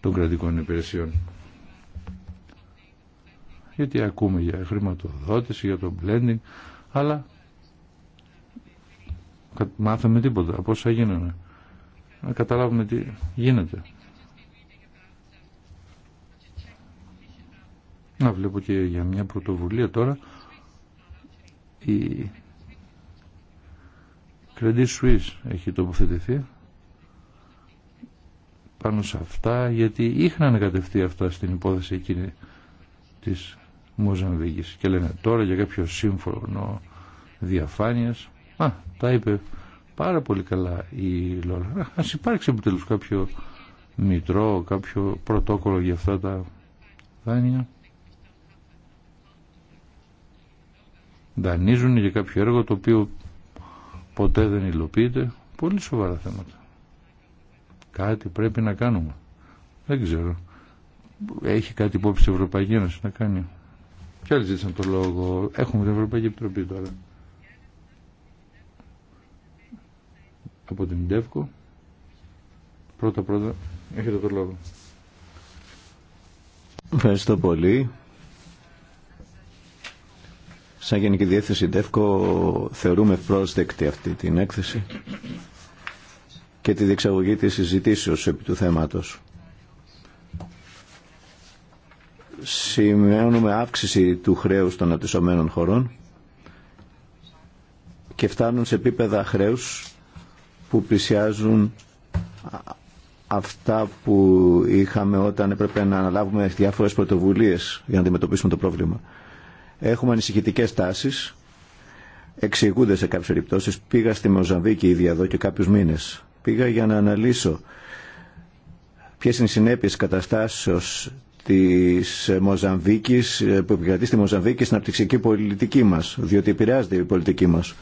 των κρατικών υπηρεσιών γιατί ακούμε για χρηματοδότηση, για το blending, αλλά μάθαμε τίποτα από όσα γίνανε. Να καταλάβουμε τι γίνεται. Να βλέπω και για μια πρωτοβουλία τώρα η Credit Suisse έχει τοποθετηθεί πάνω σε αυτά γιατί είχαν ανακατευτεί αυτά στην υπόθεση εκείνη της και λένε τώρα για κάποιο σύμφωνο διαφάνειας α, τα είπε πάρα πολύ καλά η Λόρα ας υπάρξει επιτέλους κάποιο μητρό, κάποιο πρωτόκολλο για αυτά τα δάνεια δανείζουν για κάποιο έργο το οποίο ποτέ δεν υλοποιείται πολύ σοβαρά θέματα κάτι πρέπει να κάνουμε δεν ξέρω έχει κάτι υπόψη η Ευρωπαϊκή Ένωση να κάνει Ποιο άλλοι ζήτησαν το λόγο. Έχουμε την Ευρωπαϊκή Επιτροπή τώρα. Από την Ντεύκο. Πρώτα πρώτα έχετε το λόγο. Ευχαριστώ πολύ. Σαν Γενική Διεύθυνση ΔΕΦΚΟ θεωρούμε πρόσδεκτη αυτή την έκθεση και τη διεξαγωγή της συζητήσεως επί του θέματος. σημαίνουμε αύξηση του χρέους των αναπτυσσομένων χωρών και φτάνουν σε επίπεδα χρέους που πλησιάζουν αυτά που είχαμε όταν έπρεπε να αναλάβουμε διάφορες πρωτοβουλίες για να αντιμετωπίσουμε το πρόβλημα. Έχουμε ανησυχητικέ τάσεις, εξηγούνται σε κάποιες περιπτώσεις. Πήγα στη Μοζαμβίκη ήδη εδώ και κάποιους μήνες. Πήγα για να αναλύσω ποιες είναι οι συνέπειες καταστάσεως της Μοζαμβίκης, που επικρατεί στη Μοζαμβίκη στην απτυξιακή πολιτική μας, διότι επηρεάζεται η πολιτική μας.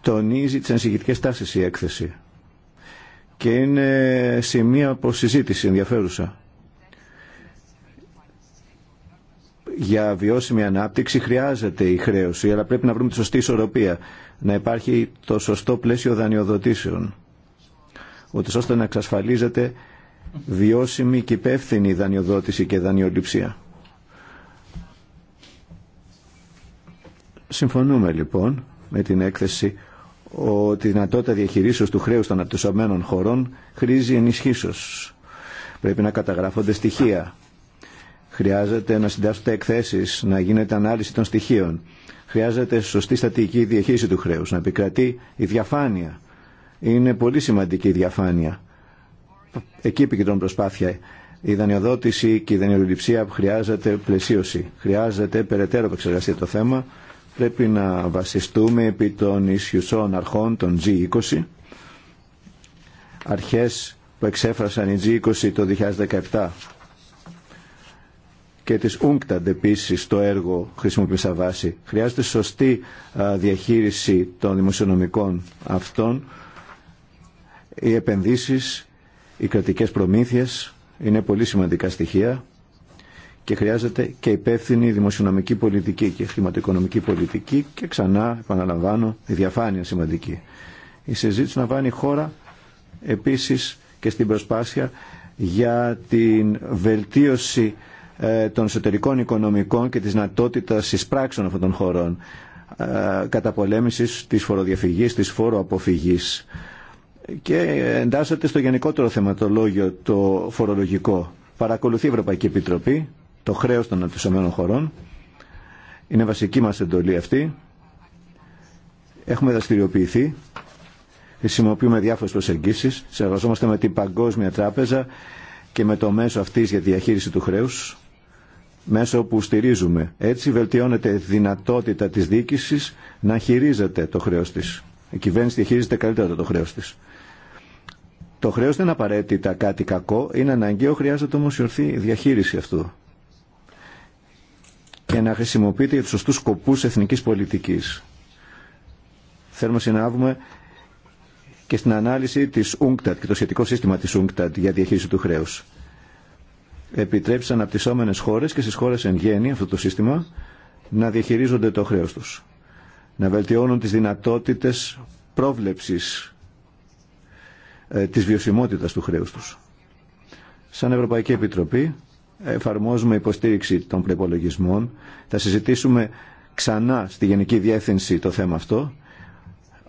Τονίζει τις ανησυχητικέ τάσεις η έκθεση και είναι σημεία από συζήτηση ενδιαφέρουσα. για βιώσιμη ανάπτυξη χρειάζεται η χρέωση, αλλά πρέπει να βρούμε τη σωστή ισορροπία. Να υπάρχει το σωστό πλαίσιο δανειοδοτήσεων. Οτι ώστε να εξασφαλίζεται βιώσιμη και υπεύθυνη δανειοδότηση και δανειοληψία. Συμφωνούμε λοιπόν με την έκθεση ότι η δυνατότητα διαχειρίσεως του χρέους των αναπτυσσομένων χωρών χρήζει ενισχύσεως. Πρέπει να καταγράφονται στοιχεία. Χρειάζεται να συντάσσονται εκθέσεις, να γίνεται ανάλυση των στοιχείων. Χρειάζεται σωστή στατική διαχείριση του χρέους, να επικρατεί η διαφάνεια είναι πολύ σημαντική η διαφάνεια. Εκεί επικεντρώνουν προσπάθεια. Η δανειοδότηση και η δανειοληψία χρειάζεται πλαισίωση. Χρειάζεται περαιτέρω επεξεργασία το θέμα. Πρέπει να βασιστούμε επί των ισχυουσών αρχών των G20. Αρχές που εξέφρασαν οι G20 το 2017 και τις UNCTAD επίση το έργο χρησιμοποιεί βάση. Χρειάζεται σωστή διαχείριση των δημοσιονομικών αυτών οι επενδύσεις, οι κρατικές προμήθειες είναι πολύ σημαντικά στοιχεία και χρειάζεται και υπεύθυνη δημοσιονομική πολιτική και χρηματοοικονομική πολιτική και ξανά, επαναλαμβάνω, η διαφάνεια σημαντική. Η συζήτηση να βάνει χώρα επίσης και στην προσπάθεια για την βελτίωση ε, των εσωτερικών οικονομικών και της δυνατότητα εισπράξεων αυτών των χωρών ε, καταπολέμησης της φοροδιαφυγής, της φοροαποφυγής και εντάσσεται στο γενικότερο θεματολόγιο το φορολογικό. Παρακολουθεί η Ευρωπαϊκή Επιτροπή το χρέος των αντισωμένων χωρών. Είναι βασική μας εντολή αυτή. Έχουμε δραστηριοποιηθεί. Χρησιμοποιούμε διάφορες προσεγγίσεις. Συνεργαζόμαστε με την Παγκόσμια Τράπεζα και με το μέσο αυτής για τη διαχείριση του χρέους. Μέσο που στηρίζουμε. Έτσι βελτιώνεται η δυνατότητα της διοίκησης να χειρίζεται το χρέος της. Η κυβέρνηση διαχειρίζεται καλύτερα το χρέος της. Το χρέο δεν είναι απαραίτητα κάτι κακό, είναι αναγκαίο, χρειάζεται όμω η ορθή διαχείριση αυτού. Και να χρησιμοποιείται για του σωστού σκοπού εθνική πολιτική. Θέλουμε να συνάβουμε και στην ανάλυση τη UNCTAD και το σχετικό σύστημα τη UNCTAD για διαχείριση του χρέου. Επιτρέψει αναπτυσσόμενε χώρε και στι χώρε εν γέννη αυτό το σύστημα να διαχειρίζονται το χρέο του. Να βελτιώνουν τι δυνατότητε πρόβλεψη ε, της βιωσιμότητας του χρέους τους. Σαν Ευρωπαϊκή Επιτροπή εφαρμόζουμε υποστήριξη των προπολογισμών. Θα συζητήσουμε ξανά στη Γενική Διεύθυνση το θέμα αυτό.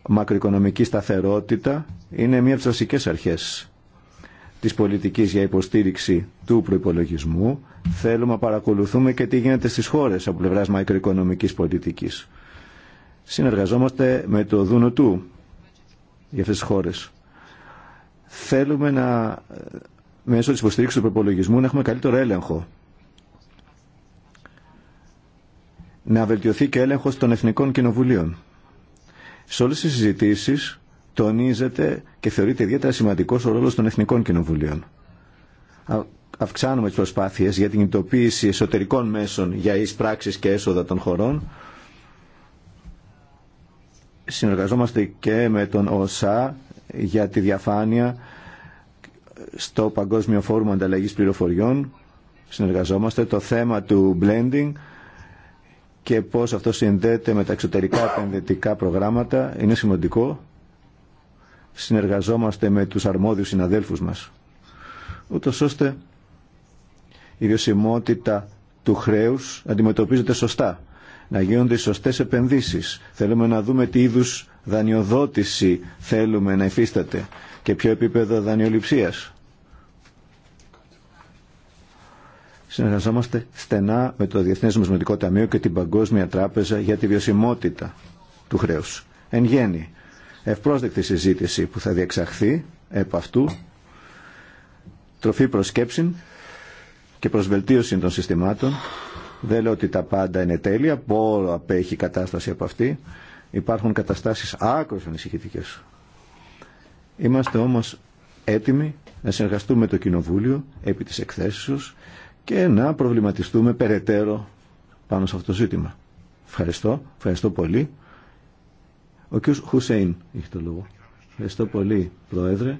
Μακροοικονομική σταθερότητα είναι μία από τι βασικέ αρχέ της πολιτικής για υποστήριξη του προϋπολογισμού. Θέλουμε να παρακολουθούμε και τι γίνεται στις χώρες από πλευράς μακροοικονομικής πολιτικής. Συνεργαζόμαστε με το Δούνο του για χώρες. Θέλουμε να, μέσω της υποστήριξης του προπολογισμού να έχουμε καλύτερο έλεγχο. Να βελτιωθεί και έλεγχος των εθνικών κοινοβουλίων. Σε όλες τις συζητήσεις τονίζεται και θεωρείται ιδιαίτερα σημαντικός ο ρόλος των εθνικών κοινοβουλίων. Αυξάνουμε τις προσπάθειες για την κινητοποίηση εσωτερικών μέσων για πράξεις και έσοδα των χωρών. Συνεργαζόμαστε και με τον ΟΣΑ για τη διαφάνεια στο Παγκόσμιο Φόρουμ Ανταλλαγής Πληροφοριών. Συνεργαζόμαστε το θέμα του blending και πώς αυτό συνδέεται με τα εξωτερικά επενδυτικά προγράμματα είναι σημαντικό. Συνεργαζόμαστε με τους αρμόδιους συναδέλφους μας. Ούτως ώστε η βιωσιμότητα του χρέους αντιμετωπίζεται σωστά να γίνονται σωστέ σωστές επενδύσεις. Θέλουμε να δούμε τι είδους δανειοδότηση θέλουμε να υφίσταται και ποιο επίπεδο δανειοληψίας. Συνεργαζόμαστε στενά με το Διεθνές Νομισματικό Ταμείο και την Παγκόσμια Τράπεζα για τη βιωσιμότητα του χρέους. Εν γέννη, ευπρόσδεκτη συζήτηση που θα διεξαχθεί επ' αυτού, τροφή προσκέψη και προσβελτίωση των συστημάτων δεν λέω ότι τα πάντα είναι τέλεια, πόρο απέχει η κατάσταση από αυτή. Υπάρχουν καταστάσεις άκρως ανησυχητικέ. Είμαστε όμως έτοιμοι να συνεργαστούμε το Κοινοβούλιο επί της εκθέσεως και να προβληματιστούμε περαιτέρω πάνω σε αυτό το ζήτημα. Ευχαριστώ, ευχαριστώ πολύ. Ο κ. Χουσέιν έχει το λόγο. Ευχαριστώ πολύ, Πρόεδρε.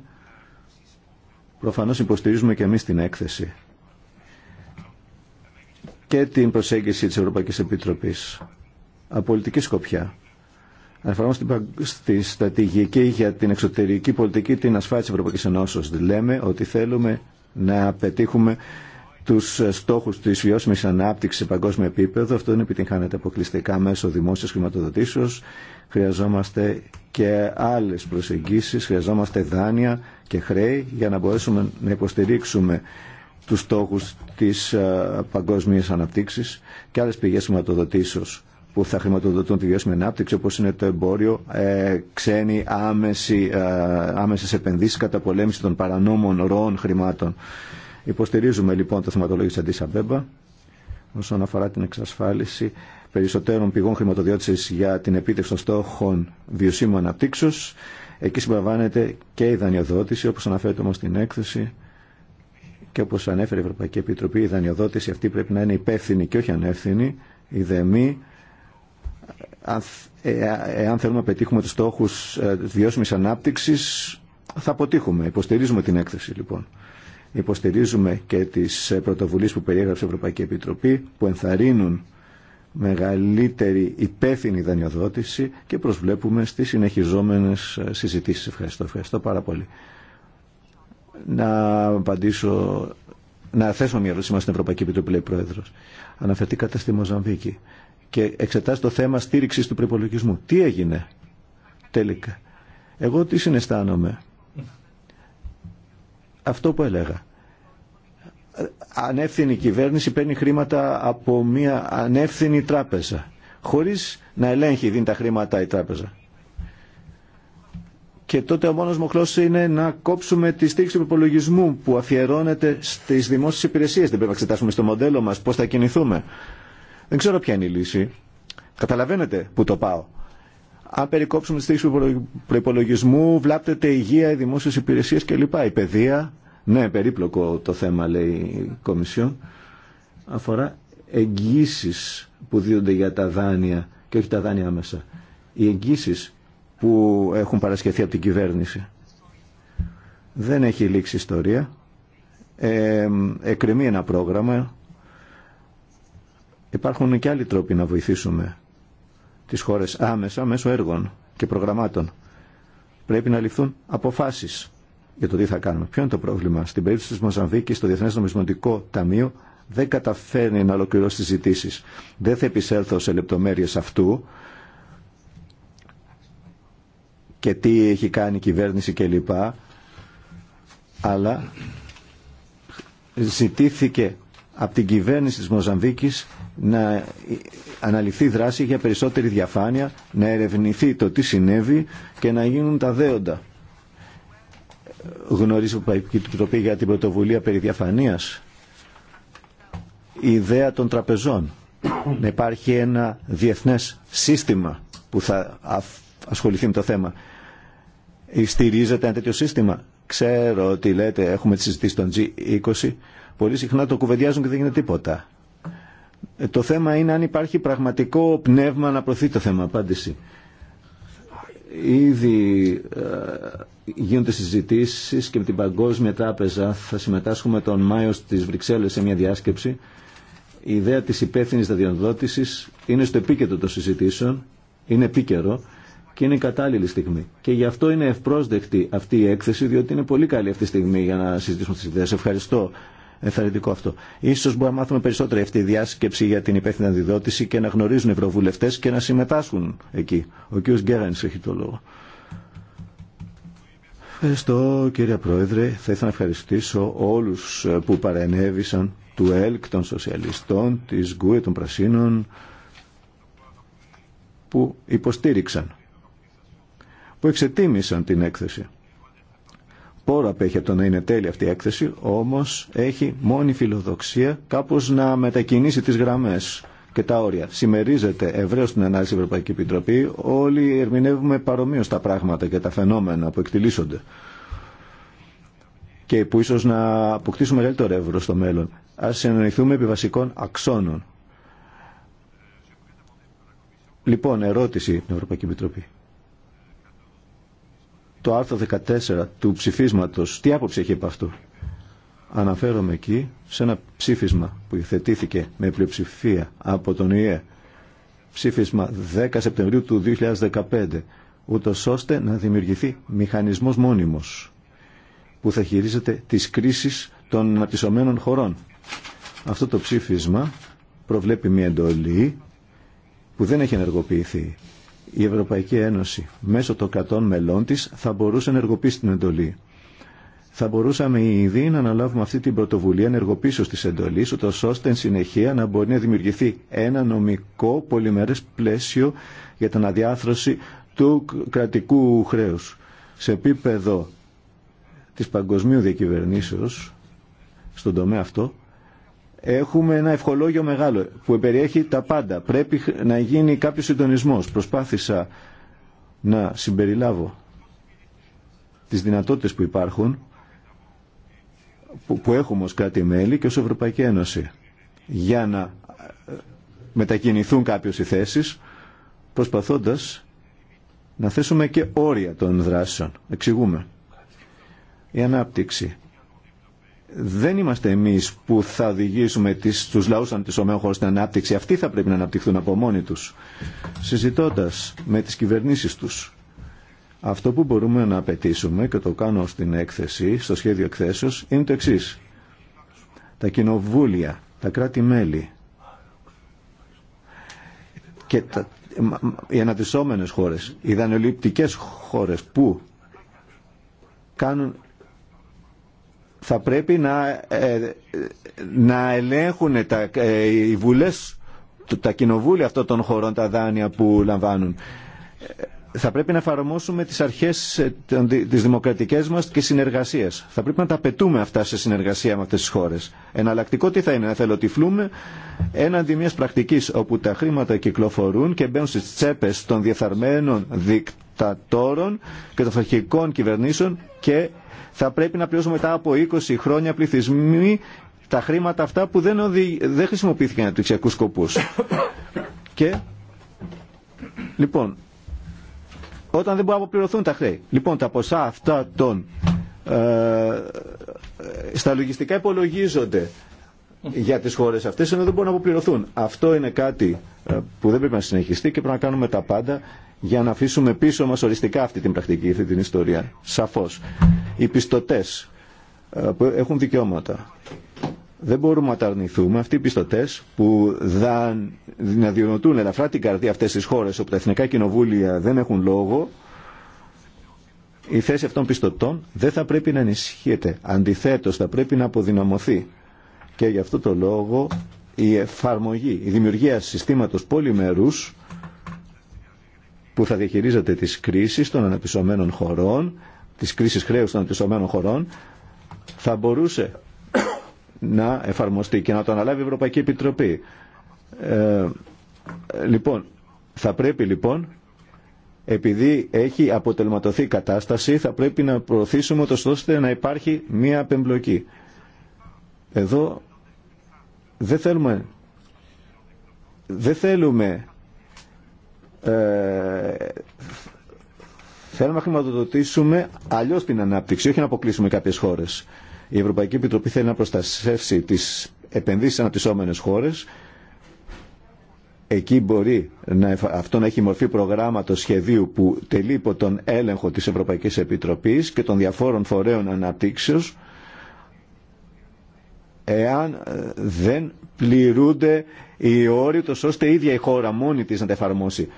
Προφανώς υποστηρίζουμε και εμείς την έκθεση και την προσέγγιση της Ευρωπαϊκής Επιτροπής από πολιτική σκοπιά. Αναφερόμαστε στη στρατηγική για την εξωτερική πολιτική, την ασφάλεια της Ευρωπαϊκής Ενώσεως. Λέμε ότι θέλουμε να πετύχουμε τους στόχους της βιώσιμης ανάπτυξης σε παγκόσμιο επίπεδο. Αυτό δεν επιτυγχάνεται αποκλειστικά μέσω δημόσια χρηματοδοτήσεως. Χρειαζόμαστε και άλλες προσεγγίσεις, χρειαζόμαστε δάνεια και χρέη για να μπορέσουμε να υποστηρίξουμε τους στόχους της ε, παγκόσμιας αναπτύξης και άλλες πηγές χρηματοδοτήσεως που θα χρηματοδοτούν τη βιώσιμη ανάπτυξη όπως είναι το εμπόριο, ε, ξένοι άμεση, ε, άμεσες επενδύσεις κατά πολέμηση των παρανόμων ροών χρημάτων. Υποστηρίζουμε λοιπόν το θεματολόγιο της Αντίσαμπέμπα όσον αφορά την εξασφάλιση περισσότερων πηγών χρηματοδιώτησης για την επίτευξη των στόχων βιωσίμου αναπτύξεως. Εκεί συμπεριλαμβάνεται και η δανειοδότηση όπως αναφέρεται όμως στην έκθεση και όπως ανέφερε η Ευρωπαϊκή Επιτροπή η δανειοδότηση αυτή πρέπει να είναι υπεύθυνη και όχι ανεύθυνη, η ΔΕΜΗ αν, ε, ε, εάν θέλουμε να πετύχουμε τους στόχους ε, της βιώσιμης ανάπτυξης θα αποτύχουμε. Υποστηρίζουμε την έκθεση λοιπόν. Υποστηρίζουμε και τις πρωτοβουλίες που περιέγραψε η Ευρωπαϊκή Επιτροπή που ενθαρρύνουν μεγαλύτερη υπεύθυνη δανειοδότηση και προσβλέπουμε στις συνεχιζόμενες συζητήσεις. Ευχαριστώ, ευχαριστώ πάρα πολύ να απαντήσω, να θέσω μια ερώτηση μα στην Ευρωπαϊκή Επιτροπή, λέει Πρόεδρος. Αναφερθήκατε στη Μοζαμβίκη και εξετάζει το θέμα στήριξη του προπολογισμού. Τι έγινε τελικά. Εγώ τι συναισθάνομαι. Αυτό που έλεγα. Ανεύθυνη κυβέρνηση παίρνει χρήματα από μια ανεύθυνη τράπεζα. Χωρίς να ελέγχει δίνει τα χρήματα η τράπεζα και τότε ο μόνο μου είναι να κόψουμε τη στήριξη του υπολογισμού που αφιερώνεται στι δημόσιε υπηρεσίε, Δεν πρέπει να εξετάσουμε στο μοντέλο μα, πώ θα κινηθούμε. Δεν ξέρω ποια είναι η λύση. Καταλαβαίνετε που το πάω. Αν περικόψουμε τη στήριξη του προπολογισμού, βλάπτεται η υγεία, οι δημόσιε υπηρεσίε κλπ. Η παιδεία. Ναι, περίπλοκο το θέμα, λέει η Κομισιόν. Αφορά εγγύσει που δίνονται για τα δάνεια και όχι τα δάνεια άμεσα. Οι εγγύσει που έχουν παρασκευθεί από την κυβέρνηση. Δεν έχει λήξει ιστορία. Ε, εκκρεμεί ένα πρόγραμμα. Υπάρχουν και άλλοι τρόποι να βοηθήσουμε τις χώρες άμεσα μέσω έργων και προγραμμάτων. Πρέπει να ληφθούν αποφάσεις για το τι θα κάνουμε. Ποιο είναι το πρόβλημα. Στην περίπτωση της Μοζαμβίκης το Διεθνές Νομισματικό Ταμείο δεν καταφέρνει να ολοκληρώσει τις ζητήσεις. Δεν θα επισέλθω σε λεπτομέρειες αυτού και τι έχει κάνει η κυβέρνηση κλπ. Αλλά ζητήθηκε από την κυβέρνηση της Μοζαμβίκης να αναλυθεί δράση για περισσότερη διαφάνεια, να ερευνηθεί το τι συνέβη και να γίνουν τα δέοντα. Γνωρίζω που η για την Πρωτοβουλία περί διαφανείας, η ιδέα των τραπεζών, να υπάρχει ένα διεθνές σύστημα που θα ασχοληθεί με το θέμα. Στηρίζεται ένα τέτοιο σύστημα. Ξέρω ότι λέτε, έχουμε τη συζητήσει των G20, πολύ συχνά το κουβεντιάζουν και δεν γίνεται τίποτα. Ε, το θέμα είναι αν υπάρχει πραγματικό πνεύμα να προωθεί το θέμα. Απάντηση. Ήδη ε, γίνονται συζητήσει και με την Παγκόσμια Τράπεζα θα συμμετάσχουμε τον Μάιο στι Βρυξέλλε σε μια διάσκεψη. Η ιδέα τη υπεύθυνη δαδιοδότηση είναι στο επίκεντρο των συζητήσεων, είναι επίκαιρο και είναι κατάλληλη στιγμή. Και γι' αυτό είναι ευπρόσδεκτη αυτή η έκθεση, διότι είναι πολύ καλή αυτή τη στιγμή για να συζητήσουμε τι ιδέες. Ευχαριστώ. Ενθαρρυντικό αυτό. Ίσως μπορούμε να μάθουμε περισσότερα αυτή η διάσκεψη για την υπεύθυνη αντιδότηση και να γνωρίζουν οι και να συμμετάσχουν εκεί. Ο κ. Γκέραν έχει το λόγο. Ευχαριστώ κύριε Πρόεδρε. Θα ήθελα να ευχαριστήσω όλους που παρενέβησαν του ΕΛΚ, των Σοσιαλιστών, της ΓΚΟΕ, των Πρασίνων που υποστήριξαν που εξετίμησαν την έκθεση. Πόρο απέχει από το να είναι τέλεια αυτή η έκθεση, όμως έχει μόνη φιλοδοξία κάπως να μετακινήσει τις γραμμές και τα όρια. Συμμερίζεται ευρέω την ανάλυση Ευρωπαϊκή Επιτροπή. Όλοι ερμηνεύουμε παρομοίως τα πράγματα και τα φαινόμενα που εκτιλήσονται και που ίσως να αποκτήσουμε μεγαλύτερο εύρο στο μέλλον. Ας συνοηθούμε επί βασικών αξώνων. Λοιπόν, ερώτηση την Ευρωπαϊκή Επιτροπή το άρθρο 14 του ψηφίσματος. Τι άποψη έχει από αυτού. Αναφέρομαι εκεί σε ένα ψήφισμα που υιοθετήθηκε με πλειοψηφία από τον ΙΕ. Ψήφισμα 10 Σεπτεμβρίου του 2015 ούτω ώστε να δημιουργηθεί μηχανισμός μόνιμος που θα χειρίζεται τις κρίσεις των αναπτυσσομένων χωρών. Αυτό το ψήφισμα προβλέπει μια εντολή που δεν έχει ενεργοποιηθεί η Ευρωπαϊκή Ένωση μέσω των κρατών μελών της θα μπορούσε να ενεργοποιήσει την εντολή. Θα μπορούσαμε ήδη να αναλάβουμε αυτή την πρωτοβουλία ενεργοποίησης της εντολής, ώστε εν συνεχεία να μπορεί να δημιουργηθεί ένα νομικό πολυμερές πλαίσιο για την αδιάθρωση του κρατικού χρέους. Σε επίπεδο της παγκοσμίου διακυβερνήσεως, στον τομέα αυτό, έχουμε ένα ευχολόγιο μεγάλο που περιέχει τα πάντα. Πρέπει να γίνει κάποιος συντονισμός. Προσπάθησα να συμπεριλάβω τις δυνατότητες που υπάρχουν, που έχουμε ως κράτη-μέλη και ως Ευρωπαϊκή Ένωση, για να ε, μετακινηθούν κάποιες οι θέσεις, προσπαθώντας να θέσουμε και όρια των δράσεων. Εξηγούμε. Η ανάπτυξη δεν είμαστε εμείς που θα οδηγήσουμε του τους λαούς αντισωμένων χωρών στην ανάπτυξη. Αυτοί θα πρέπει να αναπτυχθούν από μόνοι τους, Συζητώντα με τις κυβερνήσεις τους. Αυτό που μπορούμε να απαιτήσουμε και το κάνω στην έκθεση, στο σχέδιο εκθέσεω, είναι το εξή. Τα κοινοβούλια, τα κράτη-μέλη και τα, οι αναπτυσσόμενε χώρε, οι δανειοληπτικέ χώρε που κάνουν θα πρέπει να, ε, να ελέγχουν τα, ε, οι βουλές, τα κοινοβούλια αυτών των χωρών τα δάνεια που λαμβάνουν. Ε, θα πρέπει να εφαρμόσουμε τις αρχές τις δημοκρατικές μας και συνεργασίες. Θα πρέπει να τα πετούμε αυτά σε συνεργασία με αυτές τις χώρες. Εναλλακτικό τι θα είναι, να φλουμε έναντι μιας πρακτικής όπου τα χρήματα κυκλοφορούν και μπαίνουν στις τσέπες των διεφθαρμένων δίκτυων δικτατόρων και των φαρχικών κυβερνήσεων και θα πρέπει να πληρώσουμε μετά από 20 χρόνια πληθυσμοί τα χρήματα αυτά που δεν, οδη... δεν χρησιμοποιήθηκαν για τριξιακούς σκοπούς. και, λοιπόν, όταν δεν μπορούν να αποπληρωθούν τα χρέη. Λοιπόν, τα ποσά αυτά των... Ε, στα λογιστικά υπολογίζονται για τις χώρες αυτές ενώ δεν μπορούν να αποπληρωθούν. Αυτό είναι κάτι ε, που δεν πρέπει να συνεχιστεί και πρέπει να κάνουμε τα πάντα για να αφήσουμε πίσω μας οριστικά αυτή την πρακτική, αυτή την ιστορία. Σαφώς. Οι πιστωτές ε, που έχουν δικαιώματα. Δεν μπορούμε να τα αρνηθούμε. Αυτοί οι πιστωτέ που δυνατηρούν ελαφρά την καρδία αυτέ τι χώρε όπου τα εθνικά κοινοβούλια δεν έχουν λόγο, η θέση αυτών πιστωτών δεν θα πρέπει να ενισχύεται. Αντιθέτω, θα πρέπει να αποδυναμωθεί. Και γι' αυτό το λόγο η εφαρμογή, η δημιουργία συστήματος πολυμερούς που θα διαχειρίζεται τις κρίσεις των αναπτυσσομένων χωρών, τις κρίσεις χρέους των αναπτυσσομένων χωρών, θα μπορούσε να εφαρμοστεί και να το αναλάβει η Ευρωπαϊκή Επιτροπή. Ε, λοιπόν, θα πρέπει λοιπόν, επειδή έχει αποτελματωθεί η κατάσταση, θα πρέπει να προωθήσουμε το ώστε να υπάρχει μία απεμπλοκή. Εδώ θέλουμε, δεν θέλουμε ε, θέλουμε να χρηματοδοτήσουμε αλλιώς την ανάπτυξη, όχι να αποκλείσουμε κάποιες χώρες. Η Ευρωπαϊκή Επιτροπή θέλει να προστασεύσει τις επενδύσεις στις αναπτυσσόμενες χώρες. Εκεί μπορεί να, αυτό να έχει μορφή προγράμματος σχεδίου που τελεί υπό τον έλεγχο της Ευρωπαϊκής Επιτροπής και των διαφόρων φορέων αναπτύξεως εάν ε, δεν πληρούνται οι όροι τόσο ώστε η ίδια η χώρα μόνη της να τα εφαρμόσει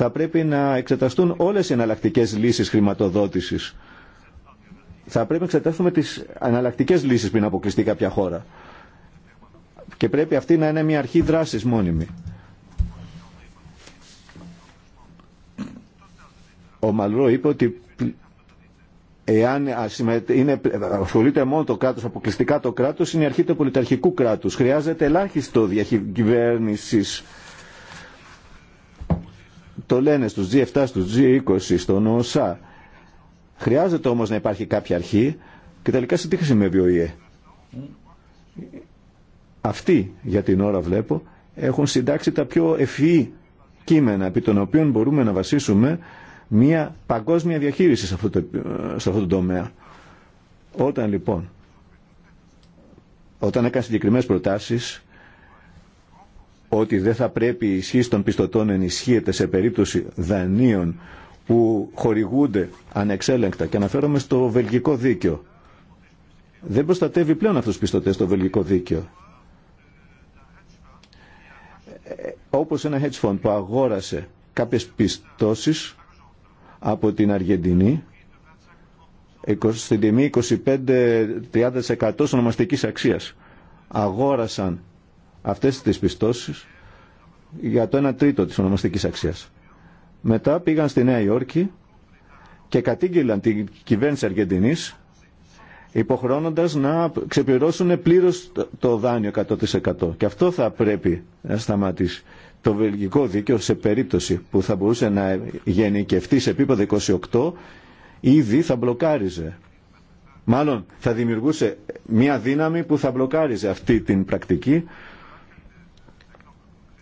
θα πρέπει να εξεταστούν όλες οι εναλλακτικέ λύσεις χρηματοδότησης. Θα πρέπει να εξετάσουμε τις εναλλακτικέ λύσεις πριν αποκλειστεί κάποια χώρα. Και πρέπει αυτή να είναι μια αρχή δράσης μόνιμη. Ο Μαλρό είπε ότι εάν είναι, αφορείται μόνο το κράτος, αποκλειστικά το κράτος, είναι η αρχή του πολιταρχικού κράτους. Χρειάζεται ελάχιστο διακυβέρνησης το λένε στους G7, στους G20, στον ΟΣΑ. Χρειάζεται όμως να υπάρχει κάποια αρχή και τελικά σε τι χρησιμεύει ο Αυτοί για την ώρα βλέπω έχουν συντάξει τα πιο ευφυή κείμενα επί των οποίων μπορούμε να βασίσουμε μια παγκόσμια διαχείριση σε αυτό το, σε αυτό το τομέα. Όταν λοιπόν, όταν έκανε συγκεκριμένε προτάσεις ότι δεν θα πρέπει η ισχύ των πιστωτών ενισχύεται σε περίπτωση δανείων που χορηγούνται ανεξέλεγκτα και αναφέρομαι στο βελγικό δίκαιο. Δεν προστατεύει πλέον αυτούς τους πιστωτές το βελγικό δίκαιο. Ε, όπως ένα hedge fund που αγόρασε κάποιες πιστώσεις από την Αργεντινή στην τιμή 25-30% ονομαστικής αξίας. Αγόρασαν αυτές τις πιστώσεις για το 1 τρίτο της ονομαστικής αξίας. Μετά πήγαν στη Νέα Υόρκη και κατήγγειλαν την κυβέρνηση Αργεντινής υποχρώνοντας να ξεπληρώσουν πλήρως το δάνειο 100%. Και αυτό θα πρέπει να σταματήσει. Το βελγικό δίκαιο σε περίπτωση που θα μπορούσε να γενικευτεί σε επίπεδο 28 ήδη θα μπλοκάριζε. Μάλλον θα δημιουργούσε μια δύναμη που θα μπλοκάριζε αυτή την πρακτική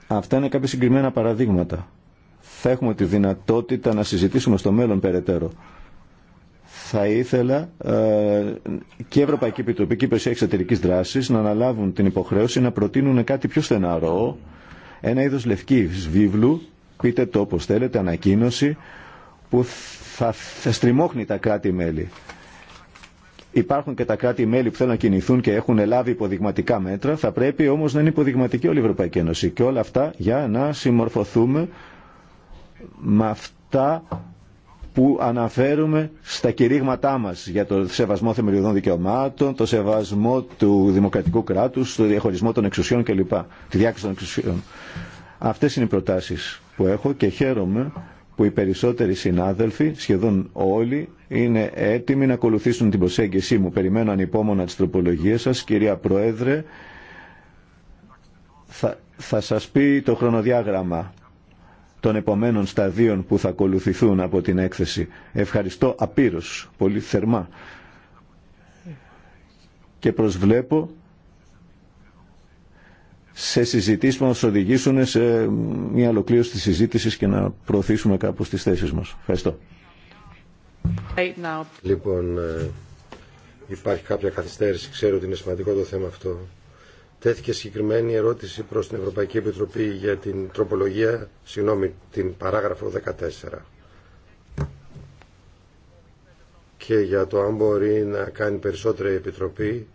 Αυτά είναι κάποια συγκεκριμένα παραδείγματα. Θα έχουμε τη δυνατότητα να συζητήσουμε στο μέλλον περαιτέρω. Θα ήθελα ε, και η Ευρωπαϊκή Επιτροπή και η Περισσία Εξωτερική Δράση να αναλάβουν την υποχρέωση να προτείνουν κάτι πιο στεναρό, ένα είδο λευκή βίβλου, πείτε το όπω θέλετε, ανακοίνωση, που θα, θα στριμώχνει τα κράτη-μέλη Υπάρχουν και τα κράτη-μέλη που θέλουν να κινηθούν και έχουν λάβει υποδειγματικά μέτρα. Θα πρέπει όμω να είναι υποδειγματική όλη η Ευρωπαϊκή Ένωση. Και όλα αυτά για να συμμορφωθούμε με αυτά που αναφέρουμε στα κηρύγματά μας για το σεβασμό θεμελιωδών δικαιωμάτων, το σεβασμό του δημοκρατικού κράτους, το διαχωρισμό των εξουσιών κλπ. Τη διάκριση των εξουσιών. Αυτές είναι οι προτάσεις που έχω και χαίρομαι που οι περισσότεροι συνάδελφοι, σχεδόν όλοι, είναι έτοιμοι να ακολουθήσουν την προσέγγιση μου. Περιμένω ανυπόμονα τις τροπολογίες σας. Κυρία Πρόεδρε, θα, θα σας πει το χρονοδιάγραμμα των επομένων σταδίων που θα ακολουθηθούν από την έκθεση. Ευχαριστώ απείρως, πολύ θερμά. Και προσβλέπω σε συζητήσεις που μας οδηγήσουν σε μια ολοκλήρωση της συζήτησης και να προωθήσουμε κάπως τις θέσεις μας. Ευχαριστώ. Λοιπόν, ε, υπάρχει κάποια καθυστέρηση, ξέρω ότι είναι σημαντικό το θέμα αυτό. Τέθηκε συγκεκριμένη ερώτηση προς την Ευρωπαϊκή Επιτροπή για την τροπολογία, συγγνώμη, την παράγραφο 14. Και για το αν μπορεί να κάνει περισσότερη επιτροπή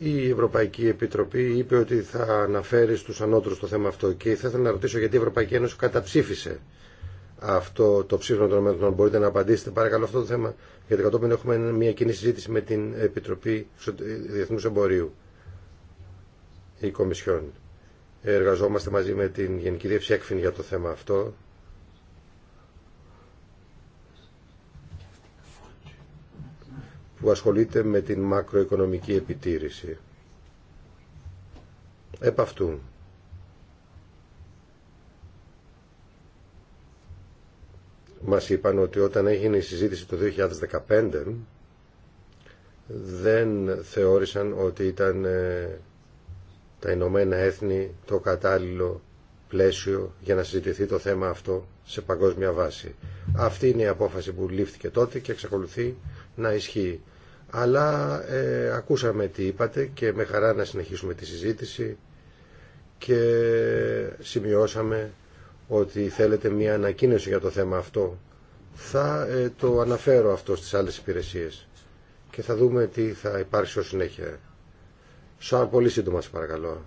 η Ευρωπαϊκή Επιτροπή είπε ότι θα αναφέρει στους ανώτερους το θέμα αυτό και θα ήθελα να ρωτήσω γιατί η Ευρωπαϊκή Ένωση καταψήφισε αυτό το ψήφισμα των ΗΠΑ. Μπορείτε να απαντήσετε παρακαλώ αυτό το θέμα, γιατί κατόπιν έχουμε μια κοινή συζήτηση με την Επιτροπή Διεθνούς Εμπορίου, η Κομισιόν. Εργαζόμαστε μαζί με την Γενική Διεύθυνση για το θέμα αυτό που ασχολείται με την μακροοικονομική επιτήρηση. Επ' αυτού. Μας είπαν ότι όταν έγινε η συζήτηση το 2015 δεν θεώρησαν ότι ήταν ε, τα Ηνωμένα Έθνη το κατάλληλο πλαίσιο για να συζητηθεί το θέμα αυτό σε παγκόσμια βάση. Αυτή είναι η απόφαση που λήφθηκε τότε και εξακολουθεί να ισχύει. Αλλά ε, ακούσαμε τι είπατε και με χαρά να συνεχίσουμε τη συζήτηση και σημειώσαμε ότι θέλετε μία ανακοίνωση για το θέμα αυτό. Θα ε, το αναφέρω αυτό στις άλλες υπηρεσίες και θα δούμε τι θα υπάρξει ως συνέχεια. Σαν πολύ σύντομα σας παρακαλώ.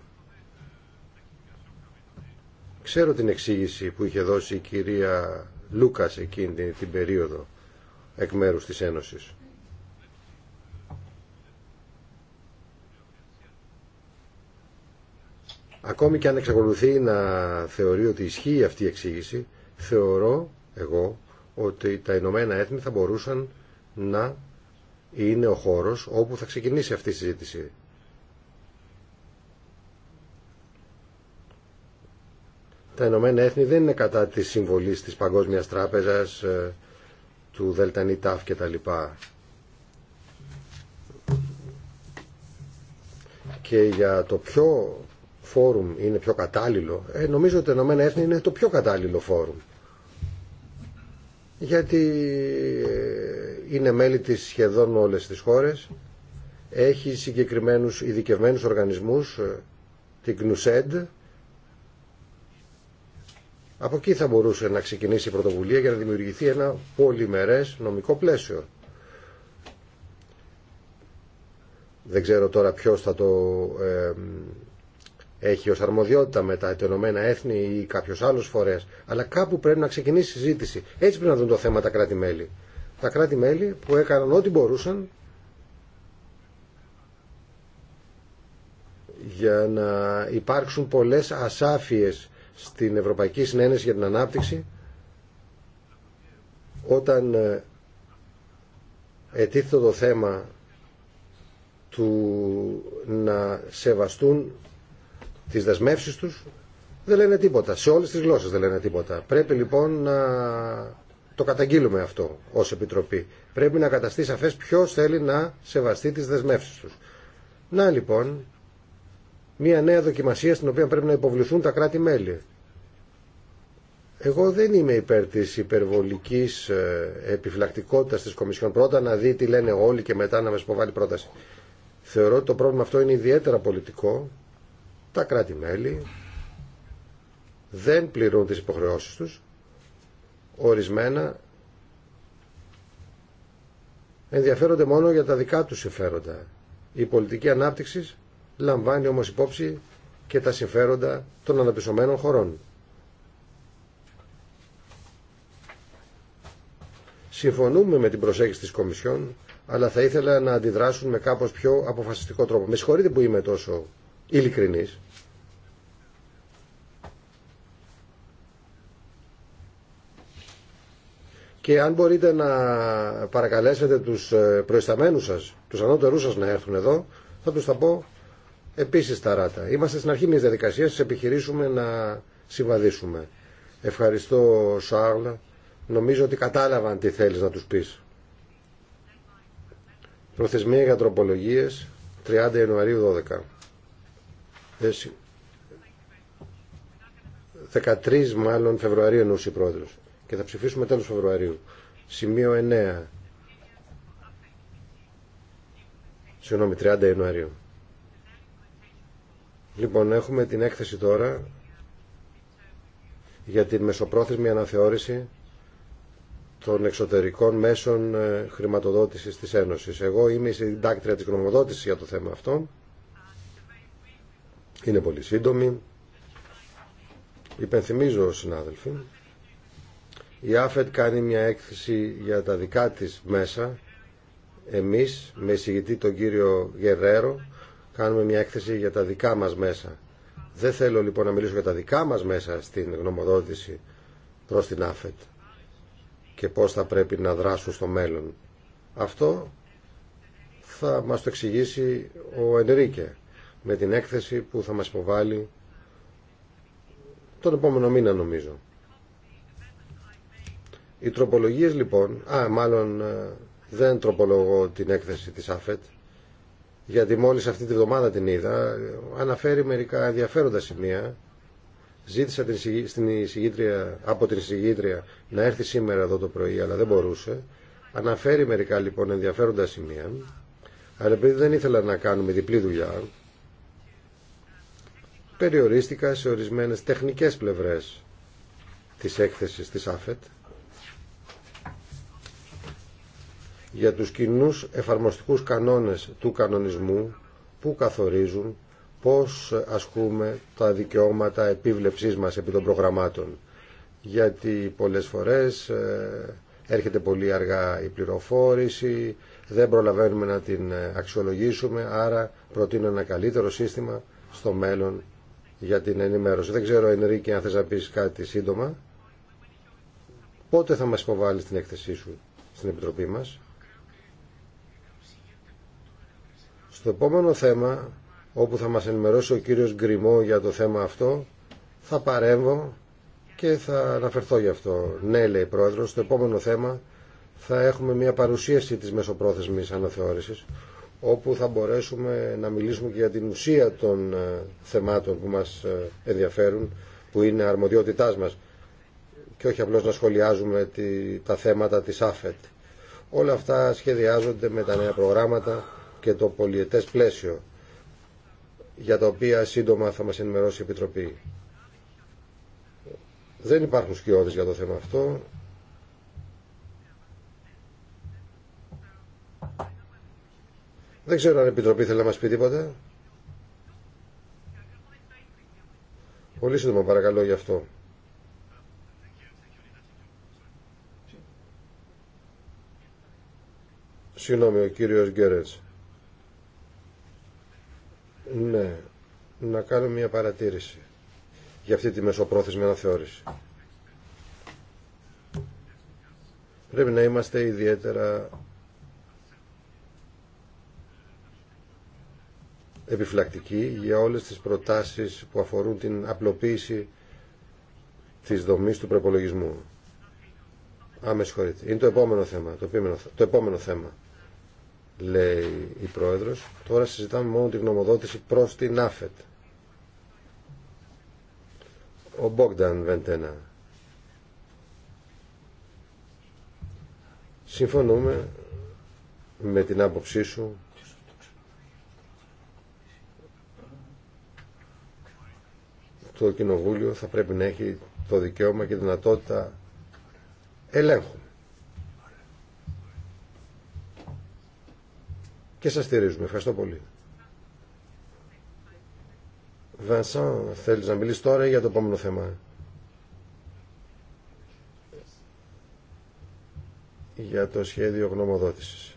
Ξέρω την εξήγηση που είχε δώσει η κυρία Λούκας εκείνη την περίοδο εκ μέρους της Ένωσης. Ακόμη και αν εξακολουθεί να θεωρεί ότι ισχύει αυτή η εξήγηση, θεωρώ εγώ ότι τα Ηνωμένα Έθνη θα μπορούσαν να είναι ο χώρος όπου θα ξεκινήσει αυτή η συζήτηση. Τα Ηνωμένα Έθνη δεν είναι κατά τη συμβολής της Παγκόσμιας Τράπεζας, ε, του Δελτανή Ταφ και τα λοιπά. Και για το πιο φόρουμ είναι πιο κατάλληλο, ε, νομίζω ότι το Ηνωμένα Έθνη είναι το πιο κατάλληλο φόρουμ. Γιατί ε, είναι μέλη της σχεδόν όλες τις χώρες, έχει συγκεκριμένους ειδικευμένου οργανισμούς, ε, την ΚΝΟΥΣΕΝΤ, από εκεί θα μπορούσε να ξεκινήσει η πρωτοβουλία για να δημιουργηθεί ένα πολυμερές νομικό πλαίσιο. Δεν ξέρω τώρα ποιο θα το ε, έχει ως αρμοδιότητα με τα Ηνωμένα Έθνη ή καποιο άλλος φορέας, αλλά κάπου πρέπει να ξεκινήσει η συζήτηση. Έτσι πρέπει να δουν το θέμα τα κράτη-μέλη. Τα κράτη-μέλη που έκαναν ό,τι μπορούσαν για να υπάρξουν πολλές ασάφειες στην Ευρωπαϊκή Συνένεση για την Ανάπτυξη όταν ε, ετίθεται το θέμα του να σεβαστούν τις δεσμεύσει του δεν λένε τίποτα. Σε όλε τι γλώσσε δεν λένε τίποτα. Πρέπει λοιπόν να το καταγγείλουμε αυτό ω Επιτροπή. Πρέπει να καταστεί σαφέ ποιο θέλει να σεβαστεί τι δεσμεύσει του. Να λοιπόν, μια νέα δοκιμασία στην οποία πρέπει να υποβληθούν τα κράτη-μέλη. Εγώ δεν είμαι υπέρ τη υπερβολική ε, επιφυλακτικότητα τη Κομισιόν. Πρώτα να δει τι λένε όλοι και μετά να με σποβάλει πρόταση. Θεωρώ ότι το πρόβλημα αυτό είναι ιδιαίτερα πολιτικό τα κράτη-μέλη δεν πληρούν τις υποχρεώσεις τους, ορισμένα ενδιαφέρονται μόνο για τα δικά τους συμφέροντα. Η πολιτική ανάπτυξη λαμβάνει όμως υπόψη και τα συμφέροντα των αναπτυσσομένων χωρών. Συμφωνούμε με την προσέγγιση της Κομισιόν, αλλά θα ήθελα να αντιδράσουν με κάπως πιο αποφασιστικό τρόπο. Με συγχωρείτε που είμαι τόσο ειλικρινής. Και αν μπορείτε να παρακαλέσετε τους ε, προϊσταμένους σας, τους ανώτερούς σας να έρθουν εδώ, θα τους θα πω επίσης τα ράτα. Είμαστε στην αρχή μιας διαδικασίας, επιχειρήσουμε να συμβαδίσουμε. Ευχαριστώ Σάρλ, νομίζω ότι κατάλαβαν τι θέλεις να τους πεις. Προθεσμία για τροπολογίες 30 Ιανουαρίου 12. 13 μάλλον Φεβρουαρίου εννοούσε η πρόεδρος και θα ψηφίσουμε τέλος Φεβρουαρίου. Σημείο 9. Συγγνώμη, 30 Ιανουαρίου. Λοιπόν, έχουμε την έκθεση τώρα για την μεσοπρόθεσμη αναθεώρηση των εξωτερικών μέσων ε, χρηματοδότησης της Ένωσης. Εγώ είμαι η συντάκτρια της γνωμοδότησης για το θέμα αυτό είναι πολύ σύντομη. Υπενθυμίζω, συνάδελφοι, η ΑΦΕΤ κάνει μια έκθεση για τα δικά της μέσα. Εμείς, με εισηγητή τον κύριο Γερέρο, κάνουμε μια έκθεση για τα δικά μας μέσα. Δεν θέλω λοιπόν να μιλήσω για τα δικά μας μέσα στην γνωμοδότηση προς την ΑΦΕΤ και πώς θα πρέπει να δράσουν στο μέλλον. Αυτό θα μας το εξηγήσει ο Ενρίκε με την έκθεση που θα μας υποβάλει τον επόμενο μήνα νομίζω. Οι τροπολογίες λοιπόν, α μάλλον ε, δεν τροπολογώ την έκθεση της ΑΦΕΤ γιατί μόλις αυτή τη βδομάδα την είδα αναφέρει μερικά ενδιαφέροντα σημεία ζήτησα την, στην από την εισηγήτρια να έρθει σήμερα εδώ το πρωί αλλά δεν μπορούσε αναφέρει μερικά λοιπόν ενδιαφέροντα σημεία αλλά επειδή δεν ήθελα να κάνουμε διπλή δουλειά περιορίστηκα σε ορισμένες τεχνικές πλευρές της έκθεσης της ΑΦΕΤ για τους κοινούς εφαρμοστικούς κανόνες του κανονισμού που καθορίζουν πώς ασκούμε τα δικαιώματα επίβλεψής μας επί των προγραμμάτων. Γιατί πολλές φορές ε, έρχεται πολύ αργά η πληροφόρηση, δεν προλαβαίνουμε να την ε, αξιολογήσουμε, άρα προτείνω ένα καλύτερο σύστημα στο μέλλον για την ενημέρωση. Δεν ξέρω, Ενρίκη, αν θες να πεις κάτι σύντομα. Πότε θα μας υποβάλεις την έκθεσή σου στην Επιτροπή μας. Στο επόμενο θέμα, όπου θα μας ενημερώσει ο κύριος Γκριμό για το θέμα αυτό, θα παρέμβω και θα αναφερθώ γι' αυτό. Ναι, λέει Πρόεδρος, στο επόμενο θέμα θα έχουμε μια παρουσίαση της μεσοπρόθεσμης αναθεώρησης όπου θα μπορέσουμε να μιλήσουμε και για την ουσία των ε, θεμάτων που μας ε, ενδιαφέρουν, που είναι αρμοδιότητάς μας και όχι απλώς να σχολιάζουμε τα θέματα της ΑΦΕΤ. Όλα αυτά σχεδιάζονται με τα νέα προγράμματα και το πολιετές πλαίσιο, για τα οποία σύντομα θα μας ενημερώσει η Επιτροπή. Δεν υπάρχουν σκιώδεις για το θέμα αυτό. Δεν ξέρω αν η Επιτροπή θέλει να μας πει τίποτα. Πολύ σύντομα παρακαλώ γι' αυτό. Συγγνώμη, ο κύριος Γκέρετς. Ναι, να κάνω μια παρατήρηση για αυτή τη μεσοπρόθεσμη αναθεώρηση. Πρέπει να είμαστε ιδιαίτερα επιφυλακτική για όλες τις προτάσεις που αφορούν την απλοποίηση της δομής του προπολογισμού. Α, Είναι το επόμενο θέμα. Το, επόμενο, το επόμενο θέμα, λέει η Πρόεδρος. Τώρα συζητάμε μόνο τη γνωμοδότηση προς την ΑΦΕΤ. Ο Μπόγκταν Βεντένα. Συμφωνούμε με την άποψή σου το Κοινοβούλιο θα πρέπει να έχει το δικαίωμα και δυνατότητα ελέγχου. Και σας στηρίζουμε. Ευχαριστώ πολύ. Βανσάν, θέλεις να μιλήσεις τώρα για το επόμενο θέμα. Για το σχέδιο γνωμοδότησης.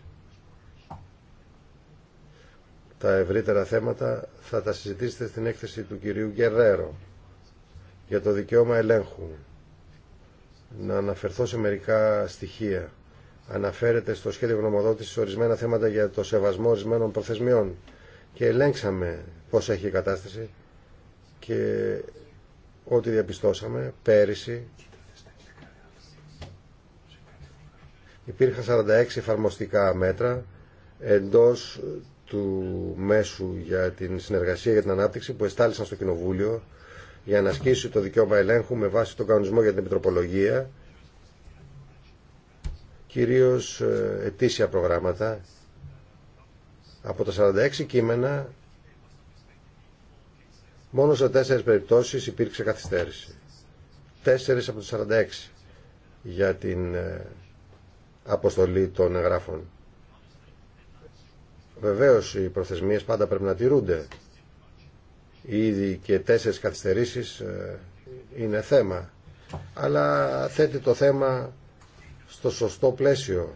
Τα ευρύτερα θέματα θα τα συζητήσετε στην έκθεση του κυρίου Γκερέρο για το δικαίωμα ελέγχου. Να αναφερθώ σε μερικά στοιχεία. Αναφέρεται στο σχέδιο γνωμοδότησης ορισμένα θέματα για το σεβασμό ορισμένων προθεσμιών και ελέγξαμε πώς έχει η κατάσταση και ό,τι διαπιστώσαμε πέρυσι υπήρχαν 46 εφαρμοστικά μέτρα εντός του μέσου για την συνεργασία για την ανάπτυξη που εστάλησαν στο Κοινοβούλιο για να ασκήσει το δικαίωμα ελέγχου με βάση τον κανονισμό για την επιτροπολογία, κυρίως ε, ετήσια προγράμματα. Από τα 46 κείμενα, μόνο σε τέσσερις περιπτώσεις υπήρξε καθυστέρηση. Τέσσερις από τα 46 για την ε, αποστολή των εγγράφων. Βεβαίως οι προθεσμίες πάντα πρέπει να τηρούνται ήδη και τέσσερις καθυστερήσεις ε, είναι θέμα. Αλλά θέτει το θέμα στο σωστό πλαίσιο.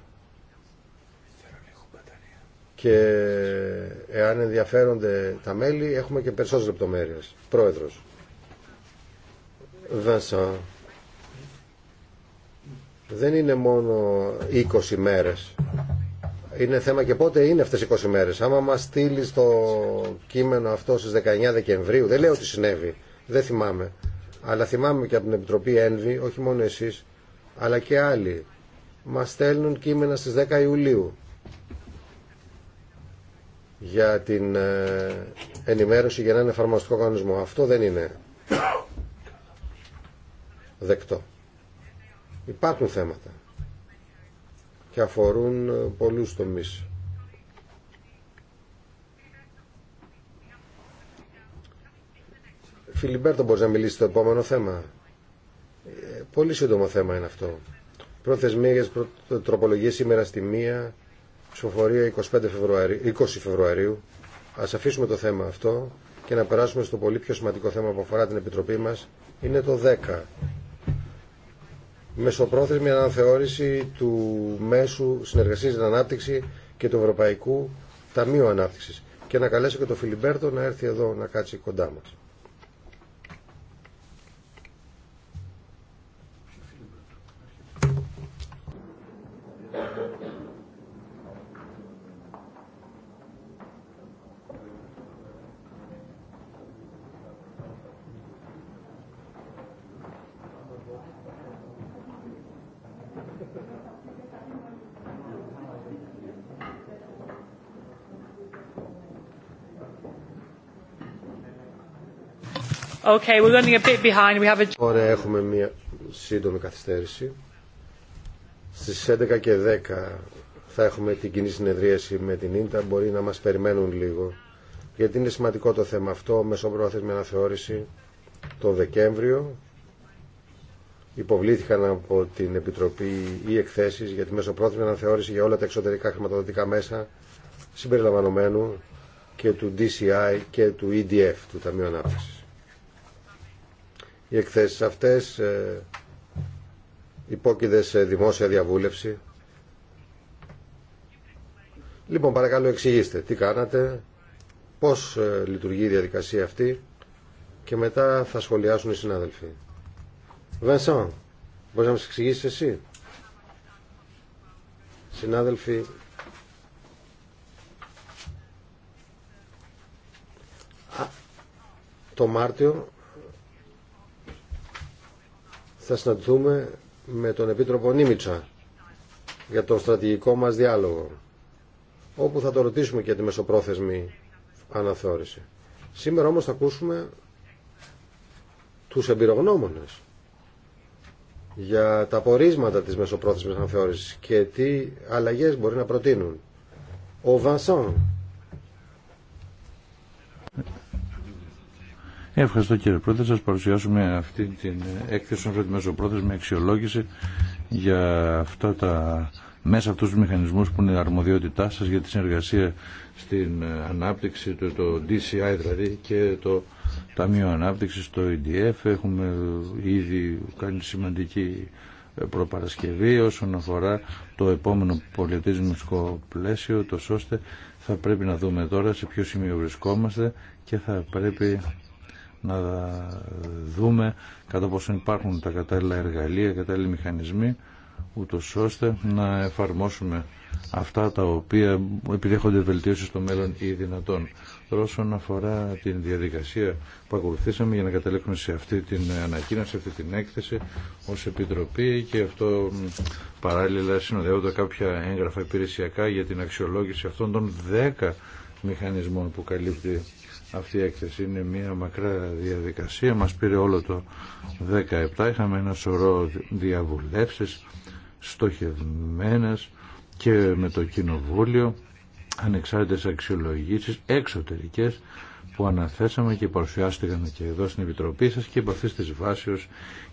Και εάν ενδιαφέρονται τα μέλη, έχουμε και περισσότερες λεπτομέρειες. Πρόεδρος. Δεν είναι μόνο 20 μέρες είναι θέμα και πότε είναι αυτές οι 20 μέρες. Άμα μας στείλει το κείμενο αυτό στις 19 Δεκεμβρίου, δεν λέω τι συνέβη, δεν θυμάμαι. Αλλά θυμάμαι και από την Επιτροπή Ένβη, όχι μόνο εσείς, αλλά και άλλοι. Μας στέλνουν κείμενα στις 10 Ιουλίου για την ε, ενημέρωση για έναν εφαρμοστικό κανονισμό. Αυτό δεν είναι δεκτό. Υπάρχουν θέματα και αφορούν ε, πολλούς τομείς. Φιλιμπέρτο μπορεί να μιλήσει στο επόμενο θέμα. Ε, πολύ σύντομο θέμα είναι αυτό. Προθεσμία για τροπολογίες σήμερα στη μία, ψηφοφορία 25 Φεβρουαρίου, 20 Φεβρουαρίου. Ας αφήσουμε το θέμα αυτό και να περάσουμε στο πολύ πιο σημαντικό θέμα που αφορά την Επιτροπή μας. Είναι το 10 μεσοπρόθεσμη αναθεώρηση του μέσου συνεργασίας την ανάπτυξη και του Ευρωπαϊκού Ταμείου Ανάπτυξης. Και να καλέσω και τον Φιλιμπέρτο να έρθει εδώ να κάτσει κοντά μας. Okay, we're running a bit behind. We have a... Ωραία, έχουμε μία σύντομη καθυστέρηση. Στις 11 και 10 θα έχουμε την κοινή συνεδρίαση με την Ίντα. Μπορεί να μας περιμένουν λίγο. Γιατί είναι σημαντικό το θέμα αυτό. Μεσοπρόθεσμη αναθεώρηση το Δεκέμβριο. Υποβλήθηκαν από την Επιτροπή οι εκθέσεις για τη μεσοπρόθεσμη αναθεώρηση για όλα τα εξωτερικά χρηματοδοτικά μέσα συμπεριλαμβανομένου και του DCI και του EDF, του Ταμείου Ανάπτυξης. Οι εκθέσεις αυτές ε, υπόκειδες σε δημόσια διαβούλευση. Λοιπόν, παρακαλώ εξηγήστε τι κάνατε, πώς ε, λειτουργεί η διαδικασία αυτή και μετά θα σχολιάσουν οι συνάδελφοι. Βενσάν, μπορείς να μας εξηγήσεις εσύ. Συνάδελφοι, το Μάρτιο θα συναντηθούμε με τον Επίτροπο Νίμιτσα για τον στρατηγικό μας διάλογο όπου θα το ρωτήσουμε και τη μεσοπρόθεσμη αναθεώρηση. Σήμερα όμως θα ακούσουμε τους εμπειρογνώμονες για τα πορίσματα της μεσοπρόθεσμης αναθεώρησης και τι αλλαγές μπορεί να προτείνουν. Ο Βανσόν. Ευχαριστώ κύριε Πρόεδρε. σα παρουσιάσουμε αυτή την έκθεση όσον μέσο με αξιολόγηση για αυτά τα μέσα αυτού του μηχανισμού που είναι αρμοδιότητά σα για τη συνεργασία στην ανάπτυξη, το, το DCI δηλαδή και το Ταμείο ανάπτυξη το EDF. Έχουμε ήδη κάνει σημαντική προπαρασκευή όσον αφορά το επόμενο πολιτισμικό πλαίσιο, το ώστε θα πρέπει να δούμε τώρα σε ποιο σημείο βρισκόμαστε και θα πρέπει να δούμε κατά πόσο υπάρχουν τα κατάλληλα εργαλεία, κατάλληλοι μηχανισμοί, ούτω ώστε να εφαρμόσουμε αυτά τα οποία επιδέχονται βελτίωση στο μέλλον ή δυνατόν. Τώρα όσον αφορά την διαδικασία που ακολουθήσαμε για να καταλήξουμε σε αυτή την ανακοίνωση, σε αυτή την έκθεση ως Επιτροπή και αυτό παράλληλα συνοδεύονται κάποια έγγραφα υπηρεσιακά για την αξιολόγηση αυτών των 10 μηχανισμών που καλύπτει αυτή η έκθεση. Είναι μια μακρά διαδικασία, μας πήρε όλο το 17, είχαμε ένα σωρό διαβουλεύσεις στοχευμένες και με το Κοινοβούλιο, ανεξάρτητες αξιολογήσεις εξωτερικές που αναθέσαμε και παρουσιάστηκαν και εδώ στην Επιτροπή σας και από αυτής της βάσεως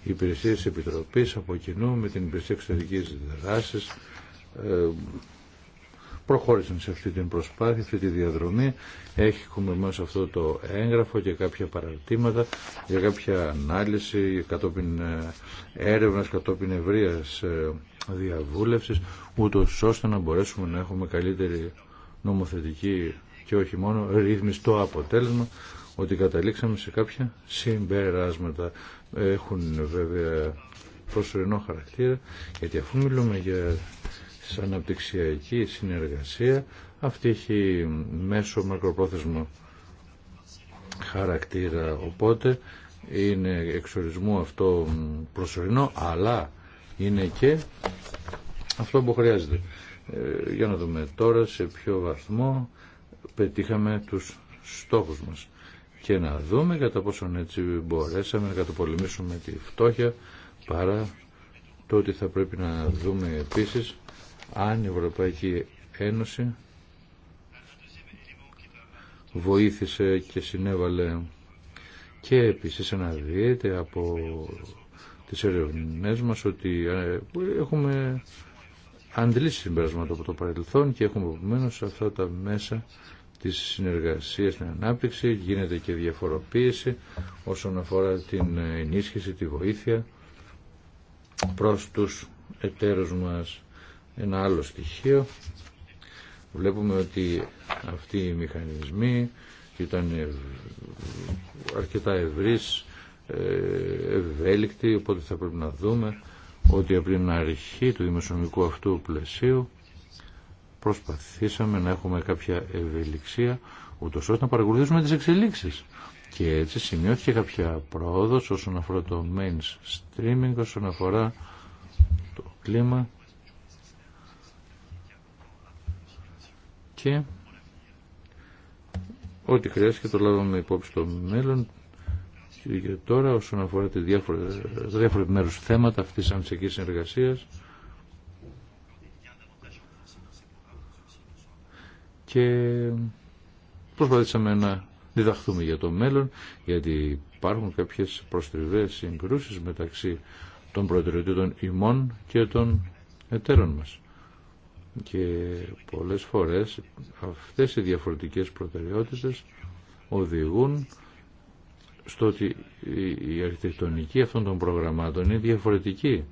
οι υπηρεσίες Επιτροπής από κοινού με την υπηρεσία εξωτερικής δράσης ε, προχώρησαν σε αυτή την προσπάθεια, αυτή τη διαδρομή. Έχουμε σε αυτό το έγγραφο και κάποια παραρτήματα για κάποια ανάλυση κατόπιν ε, έρευνας, κατόπιν ευρείας ε, διαβούλευσης, ούτω ώστε να μπορέσουμε να έχουμε καλύτερη νομοθετική και όχι μόνο το αποτέλεσμα ότι καταλήξαμε σε κάποια συμπεράσματα. Έχουν βέβαια προσωρινό χαρακτήρα, γιατί αφού μιλούμε για σαν αναπτυξιακή συνεργασία αυτή έχει μέσο μακροπρόθεσμο χαρακτήρα οπότε είναι εξορισμού αυτό προσωρινό αλλά είναι και αυτό που χρειάζεται ε, για να δούμε τώρα σε ποιο βαθμό πετύχαμε τους στόχους μας και να δούμε κατά πόσον έτσι μπορέσαμε να καταπολεμήσουμε τη φτώχεια παρά το ότι θα πρέπει να δούμε επίσης αν η Ευρωπαϊκή Ένωση βοήθησε και συνέβαλε και επίσης αναδύεται από τις ερευνές μας ότι ε, έχουμε αντλήσει συμπεράσματα από το παρελθόν και έχουμε επομένω αυτά τα μέσα της συνεργασίας στην ανάπτυξη, γίνεται και διαφοροποίηση όσον αφορά την ενίσχυση, τη βοήθεια προς τους εταίρους μας. Ένα άλλο στοιχείο. Βλέπουμε ότι αυτοί οι μηχανισμοί ήταν αρκετά ευρύς, ε, ευέλικτοι, οπότε θα πρέπει να δούμε ότι από την αρχή του δημοσιονομικού αυτού πλαισίου προσπαθήσαμε να έχουμε κάποια ευελιξία ούτω ώστε να παρακολουθήσουμε τις εξελίξεις. Και έτσι σημειώθηκε κάποια πρόοδος όσον αφορά το mainstreaming, όσον αφορά το κλίμα και ό,τι χρειάζεται το λάβαμε υπόψη στο μέλλον και τώρα όσον αφορά τα διάφορα, διάφορα θέματα αυτής της ανησυχής συνεργασίας και προσπαθήσαμε να διδαχθούμε για το μέλλον γιατί υπάρχουν κάποιες προστριβές συγκρούσεις μεταξύ των προτεραιοτήτων ημών και των εταίρων μας και πολλές φορές αυτές οι διαφορετικές προτεραιότητες οδηγούν στο ότι η αρχιτεκτονική αυτών των προγραμμάτων είναι διαφορετική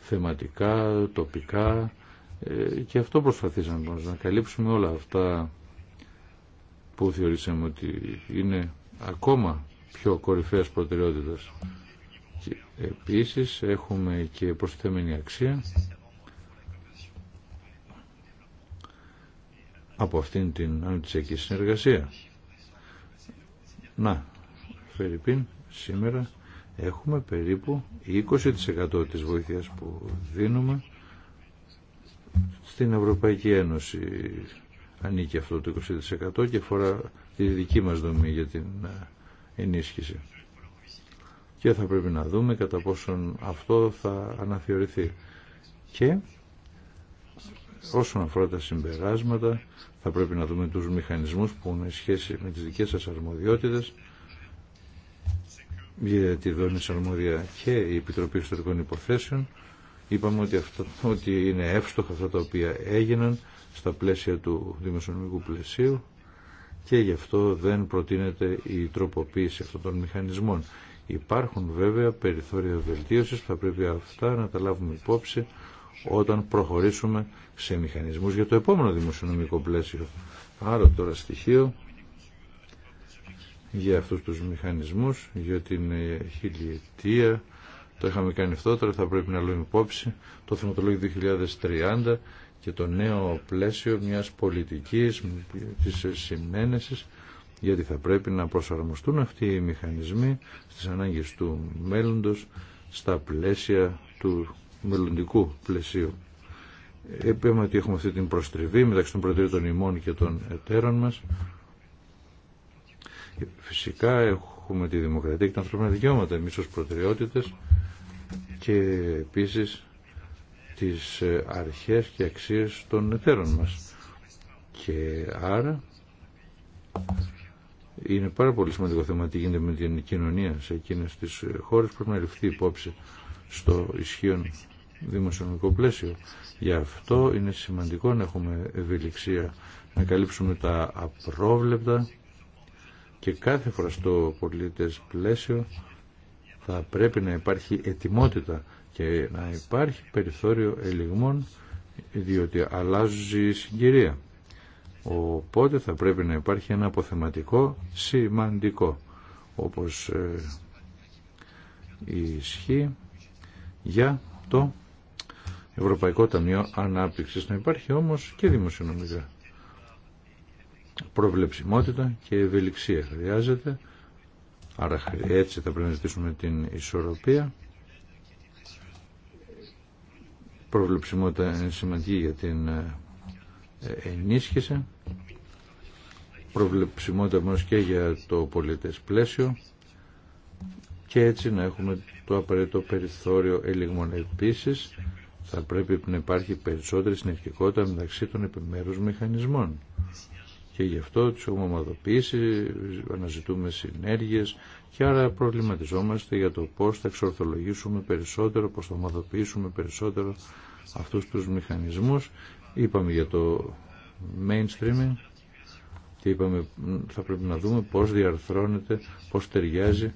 θεματικά, τοπικά ε, και αυτό προσπαθήσαμε να καλύψουμε όλα αυτά που θεωρήσαμε ότι είναι ακόμα πιο κορυφαίες προτεραιότητες. επίσης έχουμε και προσθέμενη αξία από αυτήν την αντισιακή συνεργασία. Να, Φερρυπίν, σήμερα έχουμε περίπου 20% της βοήθειας που δίνουμε στην Ευρωπαϊκή Ένωση ανήκει αυτό το 20% και φορά τη δική μας δομή για την ε, ενίσχυση. Και θα πρέπει να δούμε κατά πόσον αυτό θα αναθεωρηθεί. Και Όσον αφορά τα συμπεράσματα, θα πρέπει να δούμε τους μηχανισμούς που έχουν σχέση με τις δικές σας αρμοδιότητες, γιατί τη είναι αρμόδια και η Επιτροπή Ιστορικών Υποθέσεων. Είπαμε ότι, αυτό, ότι είναι εύστοχα αυτά τα οποία έγιναν στα πλαίσια του δημοσιονομικού πλαισίου και γι' αυτό δεν προτείνεται η τροποποίηση αυτών των μηχανισμών. Υπάρχουν βέβαια περιθώρια βελτίωσης, θα πρέπει αυτά να τα λάβουμε υπόψη όταν προχωρήσουμε σε μηχανισμούς για το επόμενο δημοσιονομικό πλαίσιο. Άρα τώρα στοιχείο για αυτούς τους μηχανισμούς, για την ε, χιλιετία, το είχαμε κάνει αυτό, τώρα θα πρέπει να λέμε υπόψη το θεματολόγιο 2030 και το νέο πλαίσιο μιας πολιτικής της συνένεσης γιατί θα πρέπει να προσαρμοστούν αυτοί οι μηχανισμοί στις ανάγκες του μέλλοντος στα πλαίσια του μελλοντικού πλαισίου. Είπαμε ότι έχουμε αυτή την προστριβή μεταξύ των προτεραιών ημών και των εταίρων μας. Φυσικά έχουμε τη δημοκρατία και τα ανθρώπινα δικαιώματα εμείς ως προτεραιότητες και επίσης τις ε, αρχές και αξίες των εταίρων μας. Και άρα είναι πάρα πολύ σημαντικό θέμα τι γίνεται με την κοινωνία σε εκείνες τις ε, χώρες που πρέπει να ληφθεί υπόψη στο ισχύον δημοσιονομικό πλαίσιο. Γι' αυτό είναι σημαντικό να έχουμε ευελιξία, να καλύψουμε τα απρόβλεπτα και κάθε φορά στο πολίτες πλαίσιο θα πρέπει να υπάρχει ετοιμότητα και να υπάρχει περιθώριο ελιγμών διότι αλλάζει η συγκυρία. Οπότε θα πρέπει να υπάρχει ένα αποθεματικό σημαντικό όπως ε, ισχύει για το Ευρωπαϊκό Ταμείο ανάπτυξη Να υπάρχει όμω και δημοσιονομικά προβλεψιμότητα και ευελιξία χρειάζεται. Άρα έτσι θα πρέπει να ζητήσουμε την ισορροπία. Προβλεψιμότητα είναι σημαντική για την ε, ενίσχυση. Προβλεψιμότητα όμως και για το πολιτές πλαίσιο και έτσι να έχουμε το απαραίτητο περιθώριο ελιγμών. Επίσης, θα πρέπει να υπάρχει περισσότερη συνεχικότητα μεταξύ των επιμέρους μηχανισμών. Και γι' αυτό τις έχουμε ομαδοποιήσει, αναζητούμε συνέργειες και άρα προβληματιζόμαστε για το πώς θα εξορθολογήσουμε περισσότερο, πώς θα ομαδοποιήσουμε περισσότερο αυτούς τους μηχανισμούς. Είπαμε για το mainstreaming και είπαμε θα πρέπει να δούμε πώς διαρθρώνεται, πώς ταιριάζει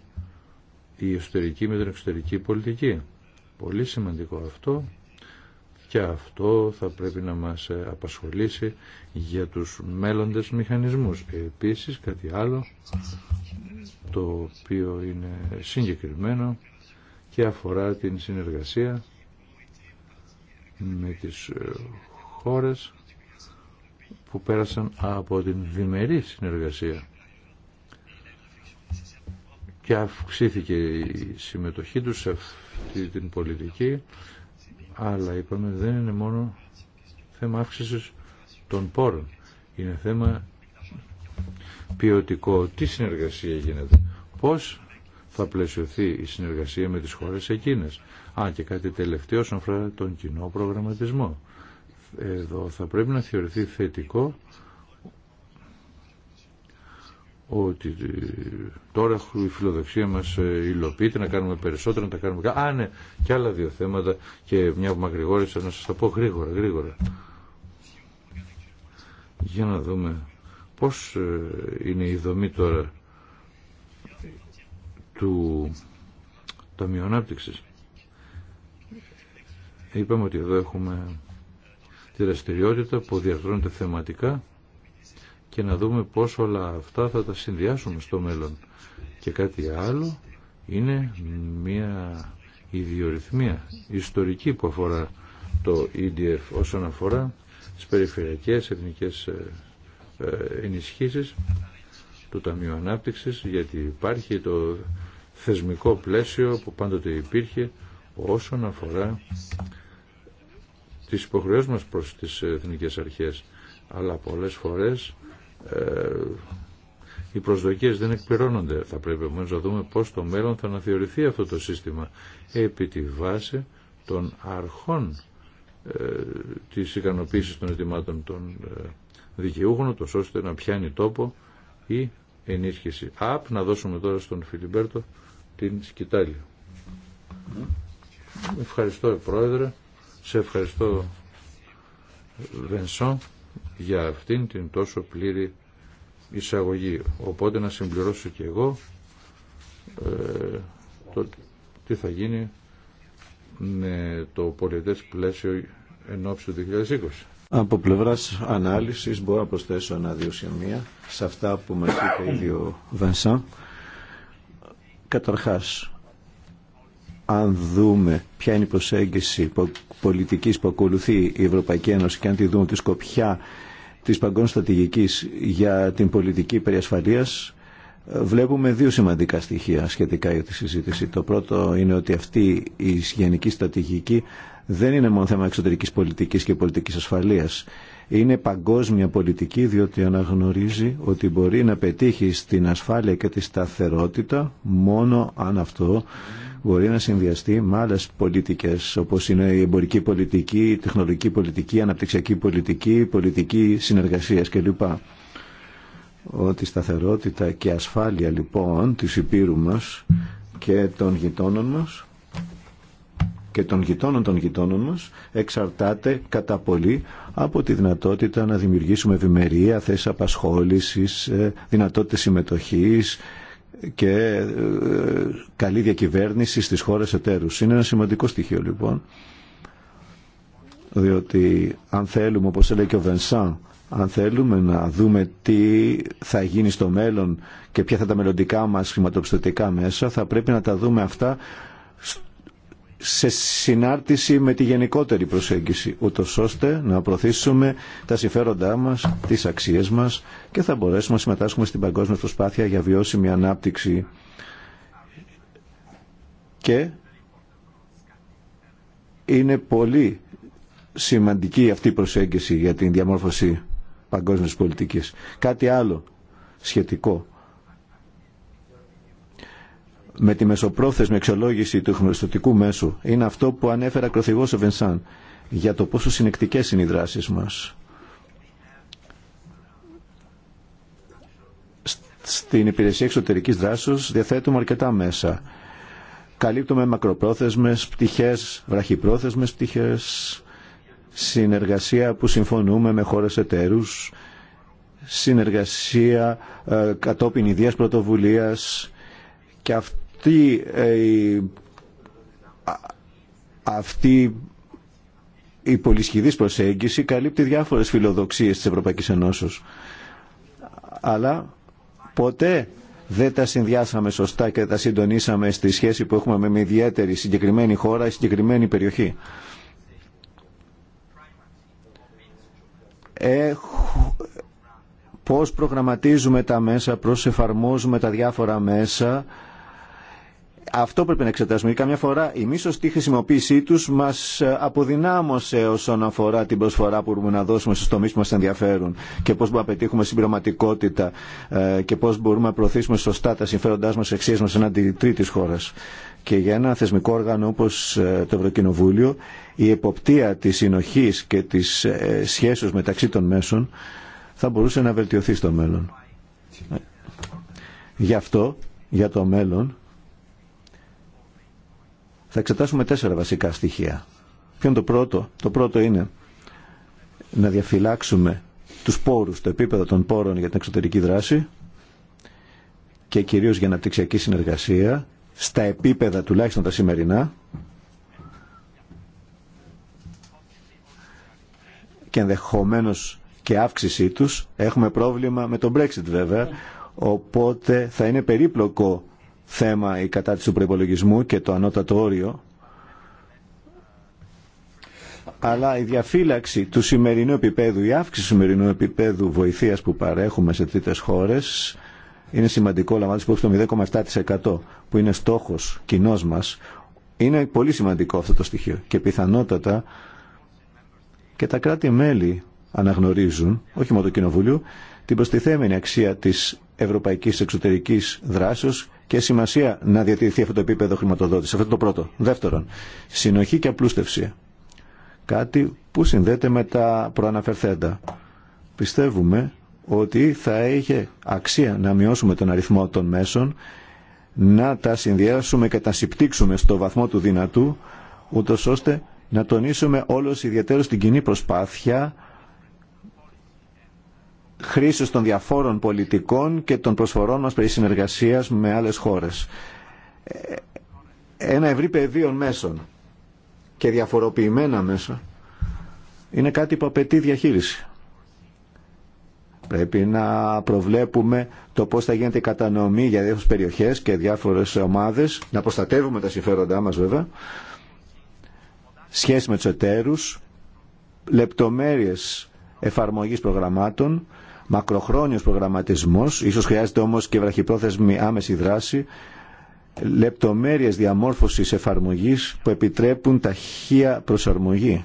η εσωτερική με την εξωτερική πολιτική. Πολύ σημαντικό αυτό και αυτό θα πρέπει να μας ε, απασχολήσει για τους μέλλοντες μηχανισμούς. Επίσης κάτι άλλο το οποίο είναι συγκεκριμένο και αφορά την συνεργασία με τις ε, χώρες που πέρασαν από την διμερή συνεργασία και αυξήθηκε η συμμετοχή τους σε αυτή την πολιτική αλλά είπαμε δεν είναι μόνο θέμα αύξησης των πόρων. Είναι θέμα ποιοτικό. Τι συνεργασία γίνεται. Πώς θα πλαισιωθεί η συνεργασία με τις χώρες εκείνες. Α, και κάτι τελευταίο όσον αφορά τον κοινό προγραμματισμό. Εδώ θα πρέπει να θεωρηθεί θετικό ότι τώρα η φιλοδοξία μας ε, υλοποιείται να κάνουμε περισσότερα, να τα κάνουμε Α, ναι, και άλλα δύο θέματα και μια που μακρηγόρησα να σας τα πω γρήγορα, γρήγορα. Για να δούμε πώς ε, είναι η δομή τώρα του Ταμείου Ανάπτυξη. Είπαμε ότι εδώ έχουμε τη δραστηριότητα που διαρθρώνεται θεματικά και να δούμε πώς όλα αυτά θα τα συνδυάσουμε στο μέλλον. Και κάτι άλλο είναι μια ιδιορυθμία ιστορική που αφορά το EDF όσον αφορά τις περιφερειακές εθνικές ε, ε, ενισχύσεις του Ταμείου Ανάπτυξης γιατί υπάρχει το θεσμικό πλαίσιο που πάντοτε υπήρχε όσον αφορά τις υποχρεώσεις μας προς τις εθνικές αρχές αλλά πολλές φορές ε, οι προσδοκίες δεν εκπληρώνονται. Θα πρέπει όμως να δούμε πώς το μέλλον θα αναθεωρηθεί αυτό το σύστημα επί τη βάση των αρχών ε, της ικανοποίησης των αιτημάτων των ε, δικαιούχων, τόσο ώστε να πιάνει τόπο η ενίσχυση. Απ, να δώσουμε τώρα στον Φιλιμπέρτο την σκητάλη. Ευχαριστώ, Πρόεδρε. Σε ευχαριστώ, Βενσό για αυτήν την τόσο πλήρη εισαγωγή. Οπότε να συμπληρώσω και εγώ ε, τι θα γίνει με το πολιτές πλαίσιο εν του 2020. Από πλευράς ανάλυσης μπορώ να προσθέσω ένα-δύο σημεία σε αυτά που μας είπε ήδη ο Βενσάν. Καταρχάς, αν δούμε ποια είναι η προσέγγιση πολιτικής που ακολουθεί η Ευρωπαϊκή Ένωση και αν τη δούμε τη σκοπιά της παγκόσμιας στρατηγικής για την πολιτική περιασφαλείας βλέπουμε δύο σημαντικά στοιχεία σχετικά για τη συζήτηση. Το πρώτο είναι ότι αυτή η γενική στρατηγική δεν είναι μόνο θέμα εξωτερικής πολιτικής και πολιτικής ασφαλείας. Είναι παγκόσμια πολιτική διότι αναγνωρίζει ότι μπορεί να πετύχει στην ασφάλεια και τη σταθερότητα μόνο αν αυτό μπορεί να συνδυαστεί με άλλε πολιτικέ, όπω είναι η εμπορική πολιτική, η τεχνολογική πολιτική, η αναπτυξιακή πολιτική, η πολιτική συνεργασία κλπ. Ότι σταθερότητα και ασφάλεια λοιπόν της Υπήρου μας και των γειτόνων μα και των γειτόνων των γειτόνων μας εξαρτάται κατά πολύ από τη δυνατότητα να δημιουργήσουμε ευημερία, θέσεις απασχόλησης, ε, δυνατότητες συμμετοχής, και ε, καλή διακυβέρνηση στις χώρες εταίρους. Είναι ένα σημαντικό στοιχείο λοιπόν, διότι αν θέλουμε, όπως έλεγε και ο Βενσάν, αν θέλουμε να δούμε τι θα γίνει στο μέλλον και ποια θα τα μελλοντικά μας χρηματοπιστωτικά μέσα, θα πρέπει να τα δούμε αυτά σε συνάρτηση με τη γενικότερη προσέγγιση, ούτω ώστε να προωθήσουμε τα συμφέροντά μας, τις αξίες μας και θα μπορέσουμε να συμμετάσχουμε στην παγκόσμια προσπάθεια για βιώσιμη ανάπτυξη και είναι πολύ σημαντική αυτή η προσέγγιση για την διαμόρφωση παγκόσμιας πολιτικής. Κάτι άλλο σχετικό με τη μεσοπρόθεσμη εξολόγηση του χρηματιστοτικού μέσου είναι αυτό που ανέφερα ακροθυγός ο Βενσάν για το πόσο συνεκτικές είναι οι δράσεις μας. Στην υπηρεσία εξωτερικής δράσης διαθέτουμε αρκετά μέσα. Καλύπτουμε μακροπρόθεσμες πτυχές, βραχυπρόθεσμες πτυχές, συνεργασία που συμφωνούμε με χώρες εταίρους, συνεργασία ε, κατόπιν ιδίας πρωτοβουλίας και αυτό αυτή, ε, αυτή η πολυσχηδής προσέγγιση καλύπτει διάφορες φιλοδοξίες της Ευρωπαϊκής Ενώσεως. Αλλά ποτέ δεν τα συνδυάσαμε σωστά και τα συντονίσαμε στη σχέση που έχουμε με μια ιδιαίτερη συγκεκριμένη χώρα ή συγκεκριμένη περιοχή. Έχ... Πώς προγραμματίζουμε τα μέσα, πώς εφαρμόζουμε τα διάφορα μέσα αυτό πρέπει να εξετάσουμε. Καμιά φορά η μη σωστή χρησιμοποίησή του, μα ε, αποδυνάμωσε όσον αφορά την προσφορά που μπορούμε να δώσουμε στου τομεί που μα ενδιαφέρουν και πώ μπορούμε να πετύχουμε συμπληρωματικότητα ε, και πώ μπορούμε να προωθήσουμε σωστά τα συμφέροντά μας, αξίε μα εναντί τρίτη χώρα. Και για ένα θεσμικό όργανο όπω ε, το Ευρωκοινοβούλιο, η εποπτεία τη συνοχή και της σχέσης μεταξύ των μέσων θα μπορούσε να βελτιωθεί στο μέλλον. Γι' αυτό, για το μέλλον, θα εξετάσουμε τέσσερα βασικά στοιχεία. Ποιο είναι το πρώτο. Το πρώτο είναι να διαφυλάξουμε τους πόρους, το επίπεδο των πόρων για την εξωτερική δράση και κυρίως για αναπτυξιακή συνεργασία στα επίπεδα τουλάχιστον τα σημερινά και ενδεχομένω και αύξησή τους. Έχουμε πρόβλημα με τον Brexit βέβαια, οπότε θα είναι περίπλοκο θέμα η κατάρτιση του προπολογισμού και το ανώτατο όριο, αλλά η διαφύλαξη του σημερινού επίπεδου, η αύξηση του σημερινού επίπεδου βοηθείας που παρέχουμε σε τρίτες χώρες είναι σημαντικό, λαμβάνοντας υπόψη το 0,7% που είναι στόχος κοινό μας. Είναι πολύ σημαντικό αυτό το στοιχείο και πιθανότατα και τα κράτη-μέλη αναγνωρίζουν, όχι μόνο το Κοινοβούλιο, την προστιθέμενη αξία της ευρωπαϊκής εξωτερικής δράσης και σημασία να διατηρηθεί αυτό το επίπεδο χρηματοδότηση. Αυτό το πρώτο. Δεύτερον, συνοχή και απλούστευση. Κάτι που συνδέεται με τα προαναφερθέντα. Πιστεύουμε ότι θα είχε αξία να μειώσουμε τον αριθμό των μέσων, να τα συνδυάσουμε και τα συμπτύξουμε στο βαθμό του δυνατού, ούτω ώστε να τονίσουμε όλος ιδιαίτερο την κοινή προσπάθεια Χρήση των διαφόρων πολιτικών και των προσφορών μας περί συνεργασίας με άλλες χώρες. Ε, ένα ευρύ πεδίο μέσων και διαφοροποιημένα μέσα είναι κάτι που απαιτεί διαχείριση. Πρέπει να προβλέπουμε το πώς θα γίνεται η κατανομή για διάφορες περιοχές και διάφορες ομάδες, να προστατεύουμε τα συμφέροντά μας βέβαια, σχέση με τους εταίρους, λεπτομέρειες εφαρμογής προγραμμάτων μακροχρόνιος προγραμματισμός, ίσως χρειάζεται όμως και βραχυπρόθεσμη άμεση δράση, λεπτομέρειες διαμόρφωσης εφαρμογής που επιτρέπουν ταχεία προσαρμογή.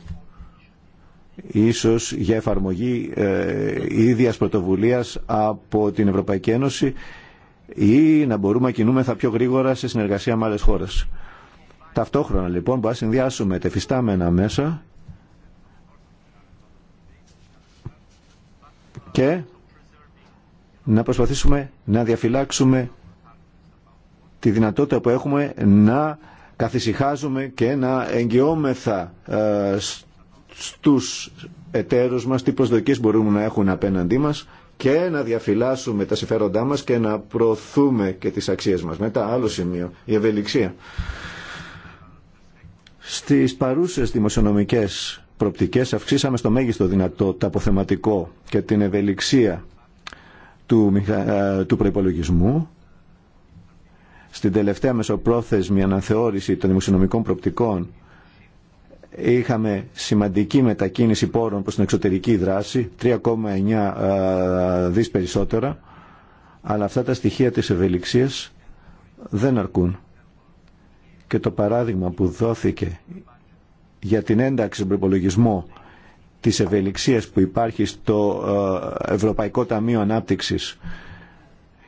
Ίσως για εφαρμογή ε, ίδιας πρωτοβουλίας από την Ευρωπαϊκή Ένωση ή να μπορούμε να κινούμεθα πιο γρήγορα σε συνεργασία με άλλες χώρες. Ταυτόχρονα λοιπόν μπορούμε να συνδυάσουμε τεφιστάμενα μέσα και να προσπαθήσουμε να διαφυλάξουμε τη δυνατότητα που έχουμε να καθησυχάζουμε και να εγγυόμεθα ε, στους εταίρους μας τι προσδοκίες μπορούμε να έχουν απέναντί μας και να διαφυλάσσουμε τα συμφέροντά μας και να προωθούμε και τις αξίες μας. Μετά άλλο σημείο, η ευελιξία. Στις παρούσες δημοσιονομικές προπτικές αυξήσαμε στο μέγιστο δυνατό το αποθεματικό και την ευελιξία του, ε, του προϋπολογισμού στην τελευταία μεσοπρόθεσμη αναθεώρηση των δημοσιονομικών προπτικών είχαμε σημαντική μετακίνηση πόρων προς την εξωτερική δράση, 3,9 ε, δις περισσότερα, αλλά αυτά τα στοιχεία της ευελιξίας δεν αρκούν. Και το παράδειγμα που δόθηκε για την ένταξη στον προπολογισμό της ευελιξίας που υπάρχει στο ε, Ευρωπαϊκό Ταμείο Ανάπτυξης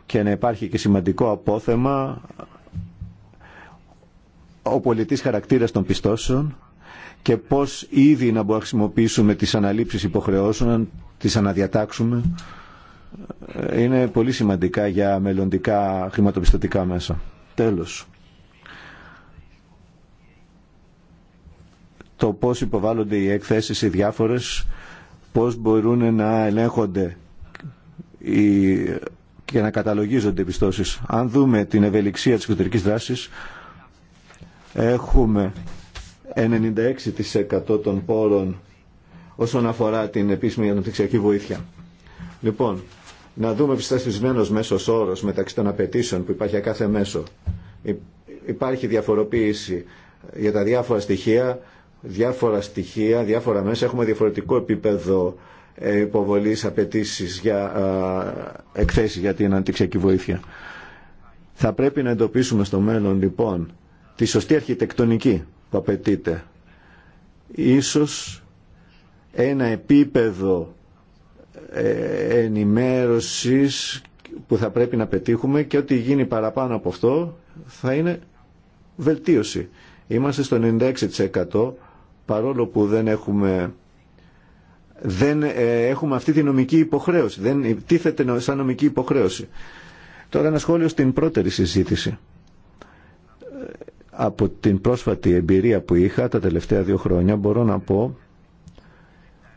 και να υπάρχει και σημαντικό απόθεμα ο πολιτής χαρακτήρας των πιστώσεων και πώς ήδη να μπορούμε να χρησιμοποιήσουμε τις αναλήψεις υποχρεώσεων, να τις αναδιατάξουμε, ε, είναι πολύ σημαντικά για μελλοντικά χρηματοπιστωτικά μέσα. Τέλος. το πώς υποβάλλονται οι εκθέσεις οι διάφορες, πώς μπορούν να ελέγχονται και να καταλογίζονται οι πιστώσεις. Αν δούμε την ευελιξία της εξωτερικής δράσης, έχουμε 96% των πόρων όσον αφορά την επίσημη αναπτυξιακή βοήθεια. Λοιπόν, να δούμε πιστασισμένος μέσος όρος μεταξύ των απαιτήσεων που υπάρχει κάθε μέσο. Υπάρχει διαφοροποίηση για τα διάφορα στοιχεία διάφορα στοιχεία, διάφορα μέσα. Έχουμε διαφορετικό επίπεδο ε, υποβολής απαιτήσει για εκθέσεις για την αντιξιακή βοήθεια. Θα πρέπει να εντοπίσουμε στο μέλλον λοιπόν τη σωστή αρχιτεκτονική που απαιτείται. Ίσως ένα επίπεδο ε, ενημέρωσης που θα πρέπει να πετύχουμε και ό,τι γίνει παραπάνω από αυτό θα είναι βελτίωση. Είμαστε στο 96% παρόλο που δεν έχουμε δεν ε, έχουμε αυτή τη νομική υποχρέωση. Δεν τίθεται σαν νομική υποχρέωση. Τώρα ένα σχόλιο στην πρώτερη συζήτηση. Ε, από την πρόσφατη εμπειρία που είχα τα τελευταία δύο χρόνια μπορώ να πω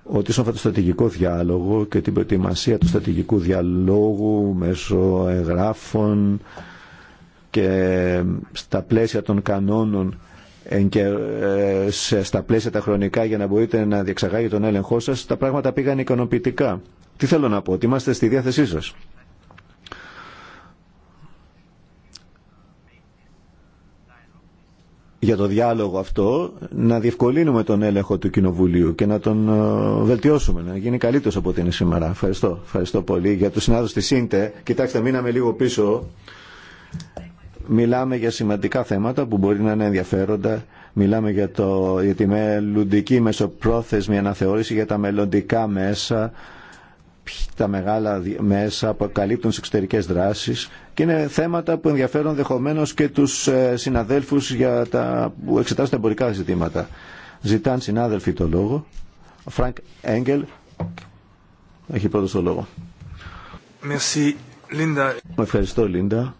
ότι στον το στρατηγικό διάλογο και την προετοιμασία του στρατηγικού διαλόγου μέσω εγγράφων και στα πλαίσια των κανόνων ε, στα πλαίσια τα χρονικά για να μπορείτε να διεξαγάγετε τον έλεγχό σας, τα πράγματα πήγαν ικανοποιητικά. Τι θέλω να πω, ότι είμαστε στη διάθεσή σας. για το διάλογο αυτό να διευκολύνουμε τον έλεγχο του Κοινοβουλίου και να τον ε, βελτιώσουμε, να γίνει καλύτερος από ό,τι είναι σήμερα. Ευχαριστώ, ευχαριστώ πολύ. Για το συνάδελφους της ΣΥΝΤΕ, κοιτάξτε, μείναμε λίγο πίσω Μιλάμε για σημαντικά θέματα που μπορεί να είναι ενδιαφέροντα. Μιλάμε για, το, για τη μελλοντική μεσοπρόθεσμη αναθεώρηση, για τα μελλοντικά μέσα, τα μεγάλα μέσα που καλύπτουν τι εξωτερικές δράσεις και είναι θέματα που ενδιαφέρουν δεχομένω και τους ε, συναδέλφους για τα, που εξετάζουν τα εμπορικά ζητήματα. Ζητάν συνάδελφοι το λόγο. Ο Φρανκ Έγγελ έχει πρώτος το λόγο. Merci, Linda. Ευχαριστώ Λίντα.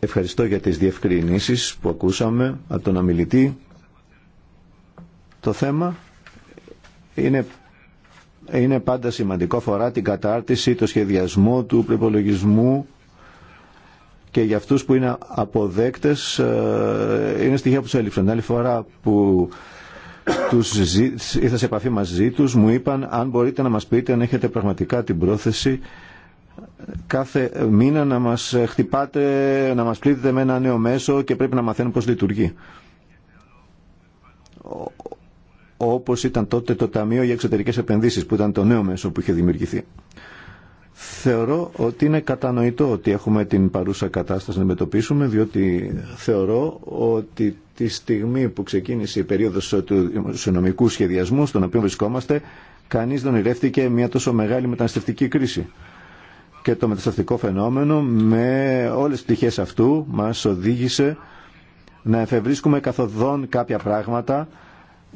Ευχαριστώ για τις διευκρινήσεις που ακούσαμε από τον αμιλητή. Το θέμα είναι, είναι πάντα σημαντικό, φορά την κατάρτιση, το σχεδιασμό του προπολογισμού και για αυτούς που είναι αποδέκτες ε, είναι στοιχεία που τους έλειψαν. Άλλη φορά που τους ήρθα σε επαφή μαζί τους μου είπαν αν μπορείτε να μας πείτε αν έχετε πραγματικά την πρόθεση κάθε μήνα να μας χτυπάτε, να μας πλήττετε με ένα νέο μέσο και πρέπει να μαθαίνουμε πώς λειτουργεί. Όπως ήταν τότε το Ταμείο για Εξωτερικές Επενδύσεις που ήταν το νέο μέσο που είχε δημιουργηθεί. Θεωρώ ότι είναι κατανοητό ότι έχουμε την παρούσα κατάσταση να αντιμετωπίσουμε, διότι θεωρώ ότι τη στιγμή που ξεκίνησε η περίοδος του οικονομικού σχεδιασμού, στον οποίο βρισκόμαστε, κανείς δεν ονειρεύτηκε μια τόσο μεγάλη μεταναστευτική κρίση και το μεταστατικό φαινόμενο με όλες τις πτυχές αυτού μας οδήγησε να εφευρίσκουμε καθοδόν κάποια πράγματα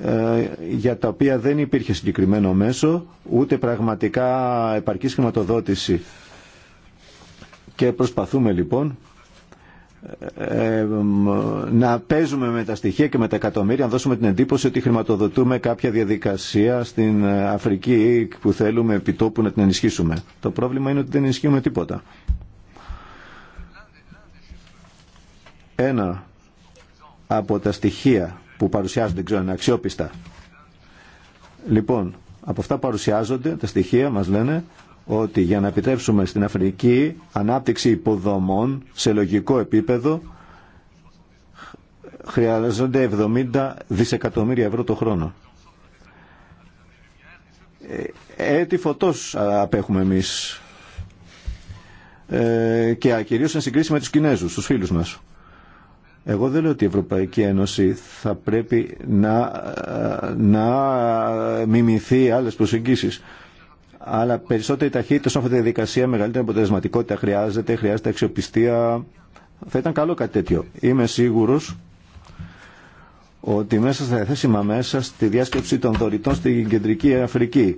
ε, για τα οποία δεν υπήρχε συγκεκριμένο μέσο ούτε πραγματικά επαρκής χρηματοδότηση. Και προσπαθούμε λοιπόν ε, ε, ε, να παίζουμε με τα στοιχεία και με τα εκατομμύρια, να δώσουμε την εντύπωση ότι χρηματοδοτούμε κάποια διαδικασία στην Αφρική που θέλουμε επιτόπου να την ενισχύσουμε. Το πρόβλημα είναι ότι δεν ενισχύουμε τίποτα. Ένα από τα στοιχεία που παρουσιάζονται, ξέρω, είναι αξιόπιστα. Λοιπόν, από αυτά παρουσιάζονται, τα στοιχεία μας λένε ότι για να επιτρέψουμε στην Αφρική ανάπτυξη υποδομών σε λογικό επίπεδο χρειαζόνται 70 δισεκατομμύρια ευρώ το χρόνο. Ε, έτη φωτός απέχουμε εμείς ε, και κυρίως σε συγκρίση με τους Κινέζους, τους φίλους μας. Εγώ δεν λέω ότι η Ευρωπαϊκή Ένωση θα πρέπει να, ε, να μιμηθεί άλλες προσεγγίσεις αλλά περισσότερη ταχύτητα σε αυτή τη διαδικασία, μεγαλύτερη αποτελεσματικότητα χρειάζεται, χρειάζεται αξιοπιστία. Θα ήταν καλό κάτι τέτοιο. Είμαι σίγουρο ότι μέσα στα θέσιμα μέσα στη διάσκεψη των δωρητών στην Κεντρική Αφρική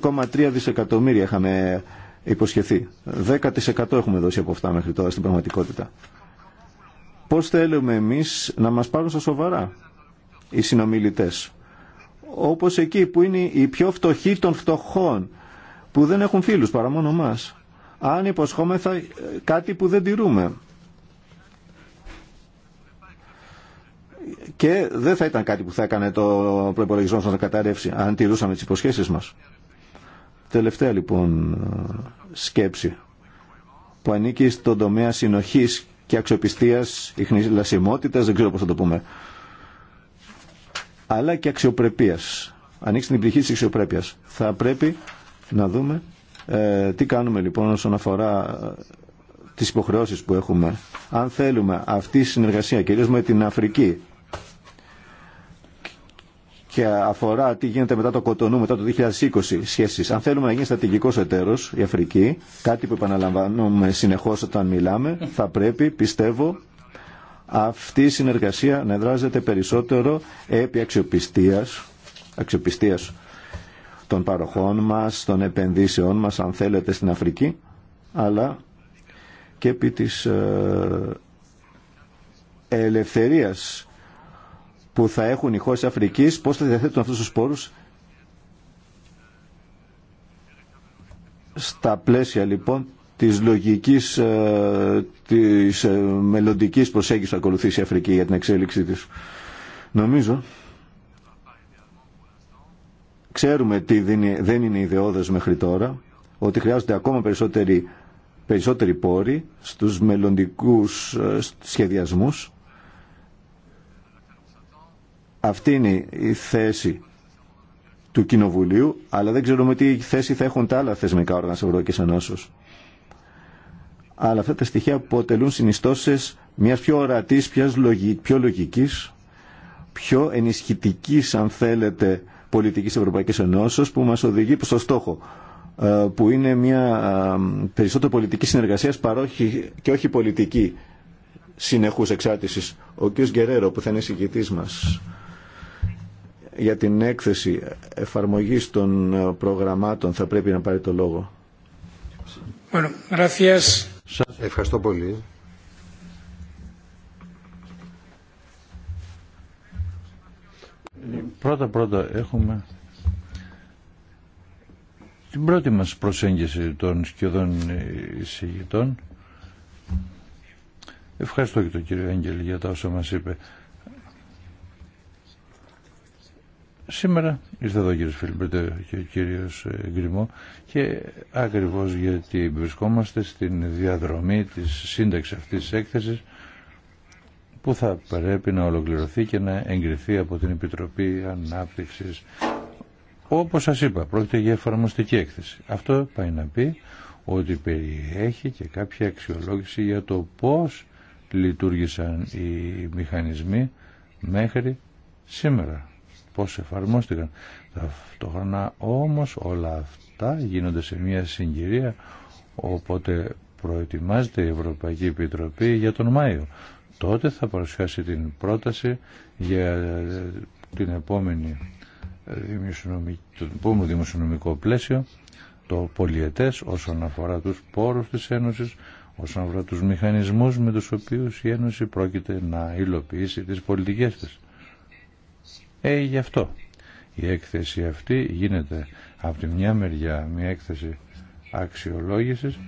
2,3 δισεκατομμύρια είχαμε υποσχεθεί. 10% έχουμε δώσει από αυτά μέχρι τώρα στην πραγματικότητα. Πώς θέλουμε εμείς να μας πάρουν στα σοβαρά οι συνομιλητές όπως εκεί που είναι οι πιο φτωχοί των φτωχών, που δεν έχουν φίλους παρά μόνο μας. Αν υποσχόμεθα ε, κάτι που δεν τηρούμε. Και δεν θα ήταν κάτι που θα έκανε το προπολογισμό μας να καταρρεύσει, αν τηρούσαμε τις υποσχέσεις μας. Τελευταία λοιπόν ε, σκέψη που ανήκει στον τομέα συνοχής και αξιοπιστίας, ιχνηλασιμότητας, δεν ξέρω πώς θα το πούμε αλλά και αξιοπρεπίας. Ανοίξει την πτυχή της αξιοπρέπειας. Θα πρέπει να δούμε ε, τι κάνουμε λοιπόν όσον αφορά ε, τις υποχρεώσεις που έχουμε. Αν θέλουμε αυτή η συνεργασία, κυρίως με την Αφρική, και αφορά τι γίνεται μετά το Κοτονού, μετά το 2020 σχέσεις. Αν θέλουμε να γίνει στρατηγικός εταίρος η Αφρική, κάτι που επαναλαμβάνουμε συνεχώς όταν μιλάμε, θα πρέπει, πιστεύω, αυτή η συνεργασία να δράζεται περισσότερο επί αξιοπιστίας, αξιοπιστίας των παροχών μας, των επενδύσεών μας, αν θέλετε, στην Αφρική, αλλά και επί της ε, ελευθερίας που θα έχουν οι χώρες Αφρικής, πώς θα διαθέτουν αυτούς τους σπόρους στα πλαίσια λοιπόν της λογικής ε, της ε, μελλοντική προσέγγισης που ακολουθήσει η Αφρική για την εξέλιξή της. Νομίζω, ξέρουμε τι δεν είναι ιδεώδες μέχρι τώρα, ότι χρειάζονται ακόμα περισσότεροι, περισσότεροι πόροι στους μελλοντικούς ε, σχεδιασμούς. Αυτή είναι η θέση του Κοινοβουλίου, αλλά δεν ξέρουμε τι θέση θα έχουν τα άλλα θεσμικά όργανα της Ευρωπαϊκής Ενώσεως αλλά αυτά τα στοιχεία αποτελούν συνιστώσεις μιας πιο ορατής, πιο λογικής, πιο ενισχυτικής αν θέλετε πολιτικής Ευρωπαϊκής Ενώσεως που μας οδηγεί προς το στόχο ε, που είναι μια ε, περισσότερο πολιτική συνεργασία παρόχι και όχι πολιτική συνεχούς εξάρτηση. Ο κ. Γκερέρο που θα είναι συγκητής μας για την έκθεση εφαρμογή των ε, προγραμμάτων θα πρέπει να πάρει το λόγο. Bueno, gracias. Σας ευχαριστώ πολύ. Πρώτα πρώτα έχουμε την πρώτη μας προσέγγιση των σκιωδών εισηγητών. Ευχαριστώ και τον κύριο Έγγελ για τα όσα μας είπε. Σήμερα ήρθε εδώ ο κύριος Φιλμπρίτε και ο κύριος Γκριμό και ακριβώς γιατί βρισκόμαστε στην διαδρομή της σύνταξης αυτής της έκθεσης που θα πρέπει να ολοκληρωθεί και να εγκριθεί από την Επιτροπή Ανάπτυξης. Όπως σας είπα, πρόκειται για εφαρμοστική έκθεση. Αυτό πάει να πει ότι περιέχει και κάποια αξιολόγηση για το πώς λειτουργήσαν οι μηχανισμοί μέχρι σήμερα, πώς εφαρμόστηκαν. Ταυτόχρονα όμως όλα αυτά αυτά γίνονται σε μια συγκυρία οπότε προετοιμάζεται η Ευρωπαϊκή Επιτροπή για τον Μάιο. Τότε θα παρουσιάσει την πρόταση για ε, την επόμενη ε, το επόμενο δημοσιονομικό πλαίσιο, το πολιετές όσον αφορά τους πόρους της Ένωσης, όσον αφορά τους μηχανισμούς με τους οποίους η Ένωση πρόκειται να υλοποιήσει τις πολιτικές της. Ε, γι' αυτό η έκθεση αυτή γίνεται από τη μια μεριά μια έκθεση αξιολόγησης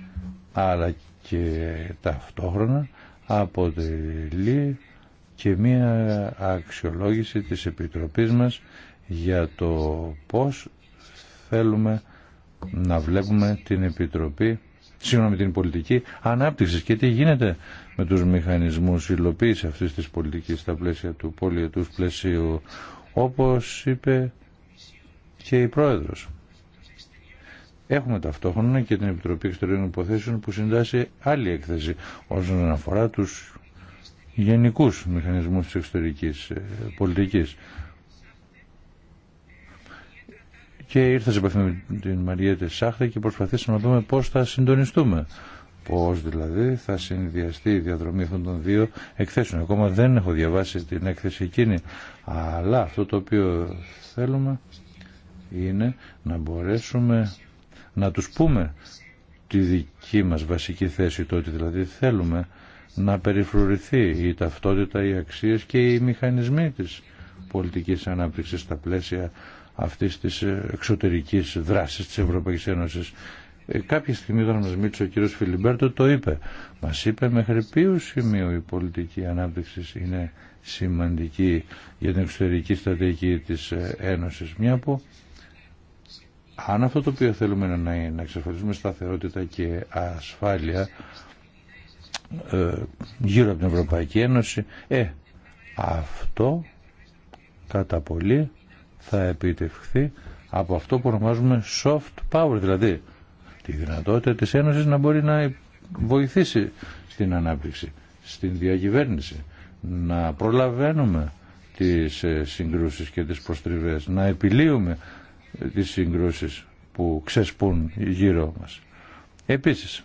αλλά και ταυτόχρονα αποτελεί και μια αξιολόγηση της Επιτροπής μας για το πώς θέλουμε να βλέπουμε την Επιτροπή σύμφωνα με την πολιτική ανάπτυξη και τι γίνεται με τους μηχανισμούς υλοποίηση αυτής της πολιτικής στα πλαίσια του πολιετούς πλαισίου όπως είπε και η Πρόεδρος. Έχουμε ταυτόχρονα και την Επιτροπή Εξωτερικών Υποθέσεων που συντάσσει άλλη έκθεση όσον αφορά τους γενικούς μηχανισμούς της εξωτερικής ε, πολιτικής. Και ήρθα σε επαφή με την Μαριέτε Σάχτα και προσπαθήσαμε να δούμε πώς θα συντονιστούμε. Πώς δηλαδή θα συνδυαστεί η διαδρομή αυτών των δύο εκθέσεων. Ακόμα δεν έχω διαβάσει την έκθεση εκείνη, αλλά αυτό το οποίο θέλουμε είναι να μπορέσουμε να τους πούμε τη δική μας βασική θέση το ότι δηλαδή θέλουμε να περιφρουρηθεί η ταυτότητα, οι αξίες και οι μηχανισμοί της πολιτικής ανάπτυξης στα πλαίσια αυτής της ε, εξωτερικής δράσης της Ευρωπαϊκής Ένωσης. Ε, κάποια στιγμή όταν μας μίλησε ο κύριος Φιλιμπέρτο το είπε. Μας είπε μέχρι ποιο σημείο η πολιτική ανάπτυξη είναι σημαντική για την εξωτερική στρατηγική της ε, Ένωσης. Μια αν αυτό το οποίο θέλουμε να είναι να εξασφαλίσουμε σταθερότητα και ασφάλεια ε, γύρω από την Ευρωπαϊκή Ένωση, ε, αυτό κατά πολύ θα επιτευχθεί από αυτό που ονομάζουμε soft power, δηλαδή τη δυνατότητα της Ένωσης να μπορεί να βοηθήσει στην ανάπτυξη, στην διακυβέρνηση, να προλαβαίνουμε τις ε, συγκρούσεις και τις προστριβές, να επιλύουμε τις συγκρούσεις που ξεσπούν γύρω μας. Επίσης,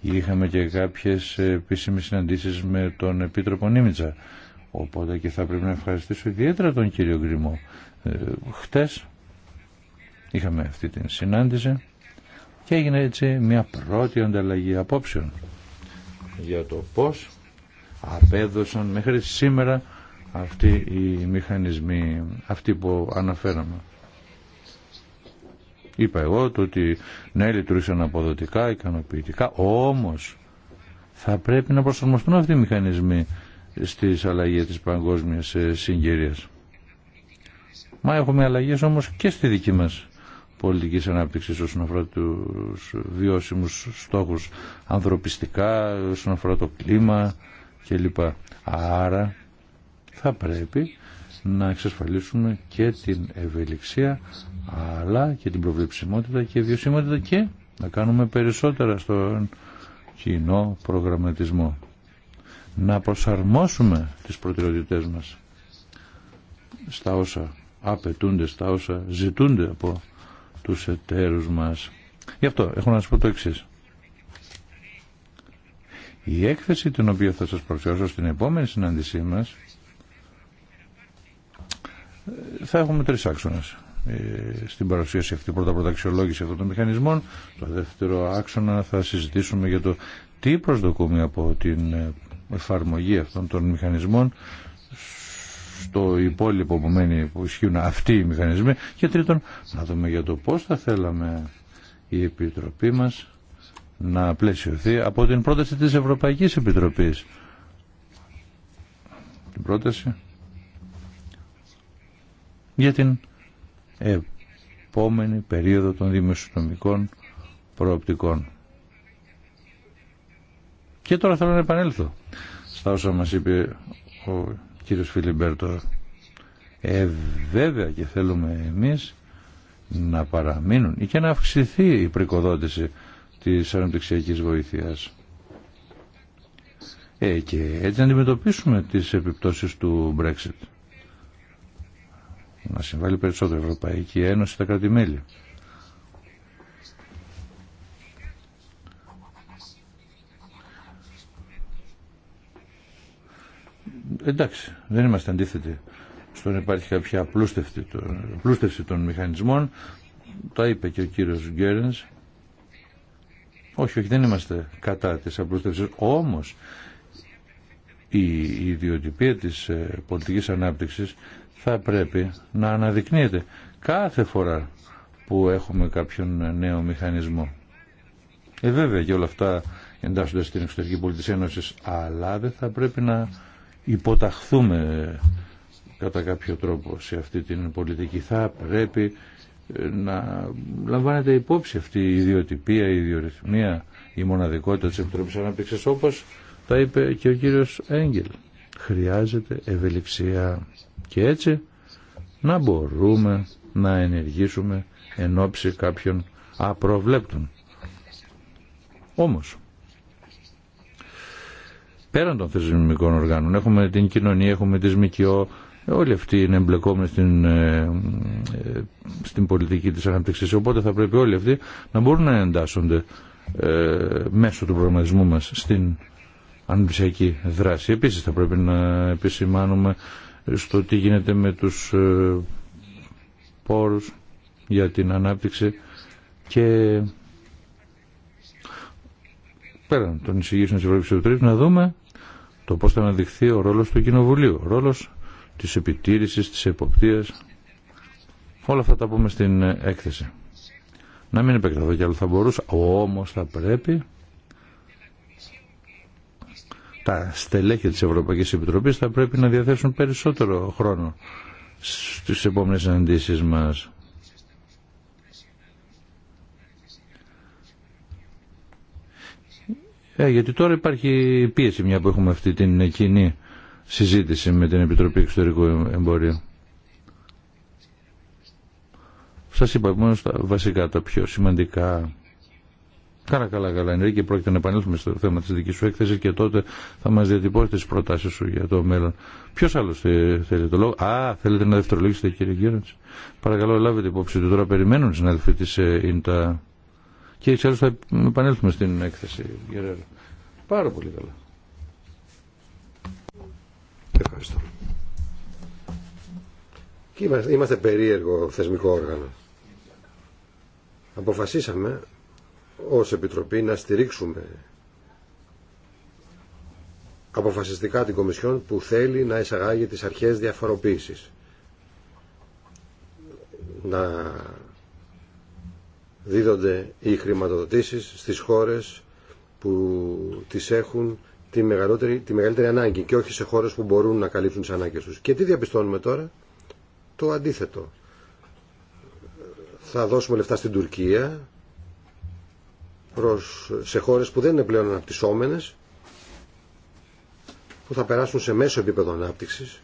είχαμε και κάποιες επίσημες συναντήσεις με τον Επίτροπο Νίμιτσα, οπότε και θα πρέπει να ευχαριστήσω ιδιαίτερα τον κύριο Γκριμό. Ε, χτες είχαμε αυτή την συνάντηση και έγινε έτσι μια πρώτη ανταλλαγή απόψεων για το πώς απέδωσαν μέχρι σήμερα αυτοί οι μηχανισμοί, αυτοί που αναφέραμε. Είπα εγώ το ότι ναι λειτουργήσαν αποδοτικά, ικανοποιητικά, όμως θα πρέπει να προσαρμοστούν αυτοί οι μηχανισμοί στις αλλαγές της παγκόσμιας ε, συγκυρίας. Μα έχουμε αλλαγές όμως και στη δική μας πολιτική ανάπτυξη όσον αφορά τους βιώσιμους στόχους ανθρωπιστικά, όσον αφορά το κλίμα κλπ. Άρα θα πρέπει να εξασφαλίσουμε και την ευελιξία αλλά και την προβλεψιμότητα και βιωσιμότητα και να κάνουμε περισσότερα στον κοινό προγραμματισμό. Να προσαρμόσουμε τις προτεραιότητές μας στα όσα απαιτούνται, στα όσα ζητούνται από τους εταίρους μας. Γι' αυτό έχω να σας πω το εξής. Η έκθεση την οποία θα σας προσφέρω στην επόμενη συνάντησή μας ε, θα έχουμε τρεις άξονες. Ε, στην παρουσίαση αυτή πρώτα πρώτα αξιολόγηση αυτών των μηχανισμών. Το δεύτερο άξονα θα συζητήσουμε για το τι προσδοκούμε από την ε, εφαρμογή αυτών των μηχανισμών στο υπόλοιπο που μένει που ισχύουν αυτοί οι μηχανισμοί και τρίτον να δούμε για το πώς θα θέλαμε η Επιτροπή μας να πλαισιωθεί από την πρόταση της Ευρωπαϊκής Επιτροπής την πρόταση για την επόμενη περίοδο των δημοσιονομικών προοπτικών. Και τώρα θέλω να επανέλθω στα όσα μας είπε ο κύριος Φιλιμπέρτο. Ε, βέβαια και θέλουμε εμείς να παραμείνουν ή και να αυξηθεί η πρικοδότηση της αναπτυξιακής βοήθειας. Ε, και έτσι να αντιμετωπίσουμε τις επιπτώσεις του Brexit να συμβάλλει περισσότερο η Ευρωπαϊκή Ένωση τα κράτη-μέλη. Εντάξει, δεν είμαστε αντίθετοι στον υπάρχει κάποια πλούστευση των μηχανισμών. Τα είπε και ο κύριος Γκέρενς. Όχι, όχι, δεν είμαστε κατά της απλούστευσης. Όμως, η ιδιωτυπία της ε, πολιτικής ανάπτυξης θα πρέπει να αναδεικνύεται κάθε φορά που έχουμε κάποιον νέο μηχανισμό. Ε, βέβαια και όλα αυτά εντάσσονται στην εξωτερική πολιτική Ένωσης, αλλά δεν θα πρέπει να υποταχθούμε κατά κάποιο τρόπο σε αυτή την πολιτική. Θα πρέπει ε, να λαμβάνεται υπόψη αυτή η ιδιοτυπία, η ιδιορυθμία, η μοναδικότητα της Επιτροπής Ανάπτυξης, όπως τα είπε και ο κύριος Έγγελ. Χρειάζεται ευελιξία και έτσι να μπορούμε να ενεργήσουμε εν ώψη κάποιων απροβλέπτων. Όμως, πέραν των θεσμικών οργάνων, έχουμε την κοινωνία, έχουμε τις ΜΚΟ, όλοι αυτοί είναι εμπλεκόμενοι στην, ε, ε, στην πολιτική της αναπτυξής, οπότε θα πρέπει όλοι αυτοί να μπορούν να εντάσσονται ε, μέσω του προγραμματισμού μας στην αναπτυξιακή δράση. Επίσης θα πρέπει να επισημάνουμε στο τι γίνεται με τους ε, πόρους για την ανάπτυξη και πέραν των εισηγήσεων της Ευρωπαϊκής Επιτροπής να δούμε το πώς θα αναδειχθεί ο ρόλος του Κοινοβουλίου, ο ρόλος της επιτήρησης, της εποπτείας. Όλα αυτά τα πούμε στην έκθεση. Να μην επεκταθώ κι άλλο θα μπορούσα, όμως θα πρέπει τα στελέχη της Ευρωπαϊκής Επιτροπής θα πρέπει να διαθέσουν περισσότερο χρόνο στις επόμενες συναντήσεις μας. Ε, γιατί τώρα υπάρχει πίεση μια που έχουμε αυτή την κοινή συζήτηση με την Επιτροπή Εξωτερικού Εμπορίου. Σας είπα μόνο βασικά, τα πιο σημαντικά Καλά, καλά, καλά. και πρόκειται να επανέλθουμε στο θέμα τη δική σου έκθεση και τότε θα μα διατυπώσετε τι προτάσει σου για το μέλλον. Ποιο άλλο ε, θέλει το λόγο. Α, θέλετε να δευτερολογήσετε, κύριε Γκέραντ. Παρακαλώ, λάβετε υπόψη ότι τώρα περιμένουν οι συνάδελφοι τη ε, ΙΝΤΑ. Και εξάλλου θα επανέλθουμε στην έκθεση, κύριε Πάρα πολύ καλά. Ευχαριστώ. Και είμαστε, είμαστε περίεργο θεσμικό όργανο. Αποφασίσαμε ως Επιτροπή να στηρίξουμε αποφασιστικά την Κομισιόν που θέλει να εισαγάγει τις αρχές διαφοροποίησης. Να δίδονται οι χρηματοδοτήσεις στις χώρες που τις έχουν τη μεγαλύτερη, τη μεγαλύτερη ανάγκη και όχι σε χώρες που μπορούν να καλύψουν τις ανάγκες τους. Και τι διαπιστώνουμε τώρα? Το αντίθετο. Θα δώσουμε λεφτά στην Τουρκία προς, σε χώρες που δεν είναι πλέον αναπτυσσόμενες, που θα περάσουν σε μέσο επίπεδο ανάπτυξης.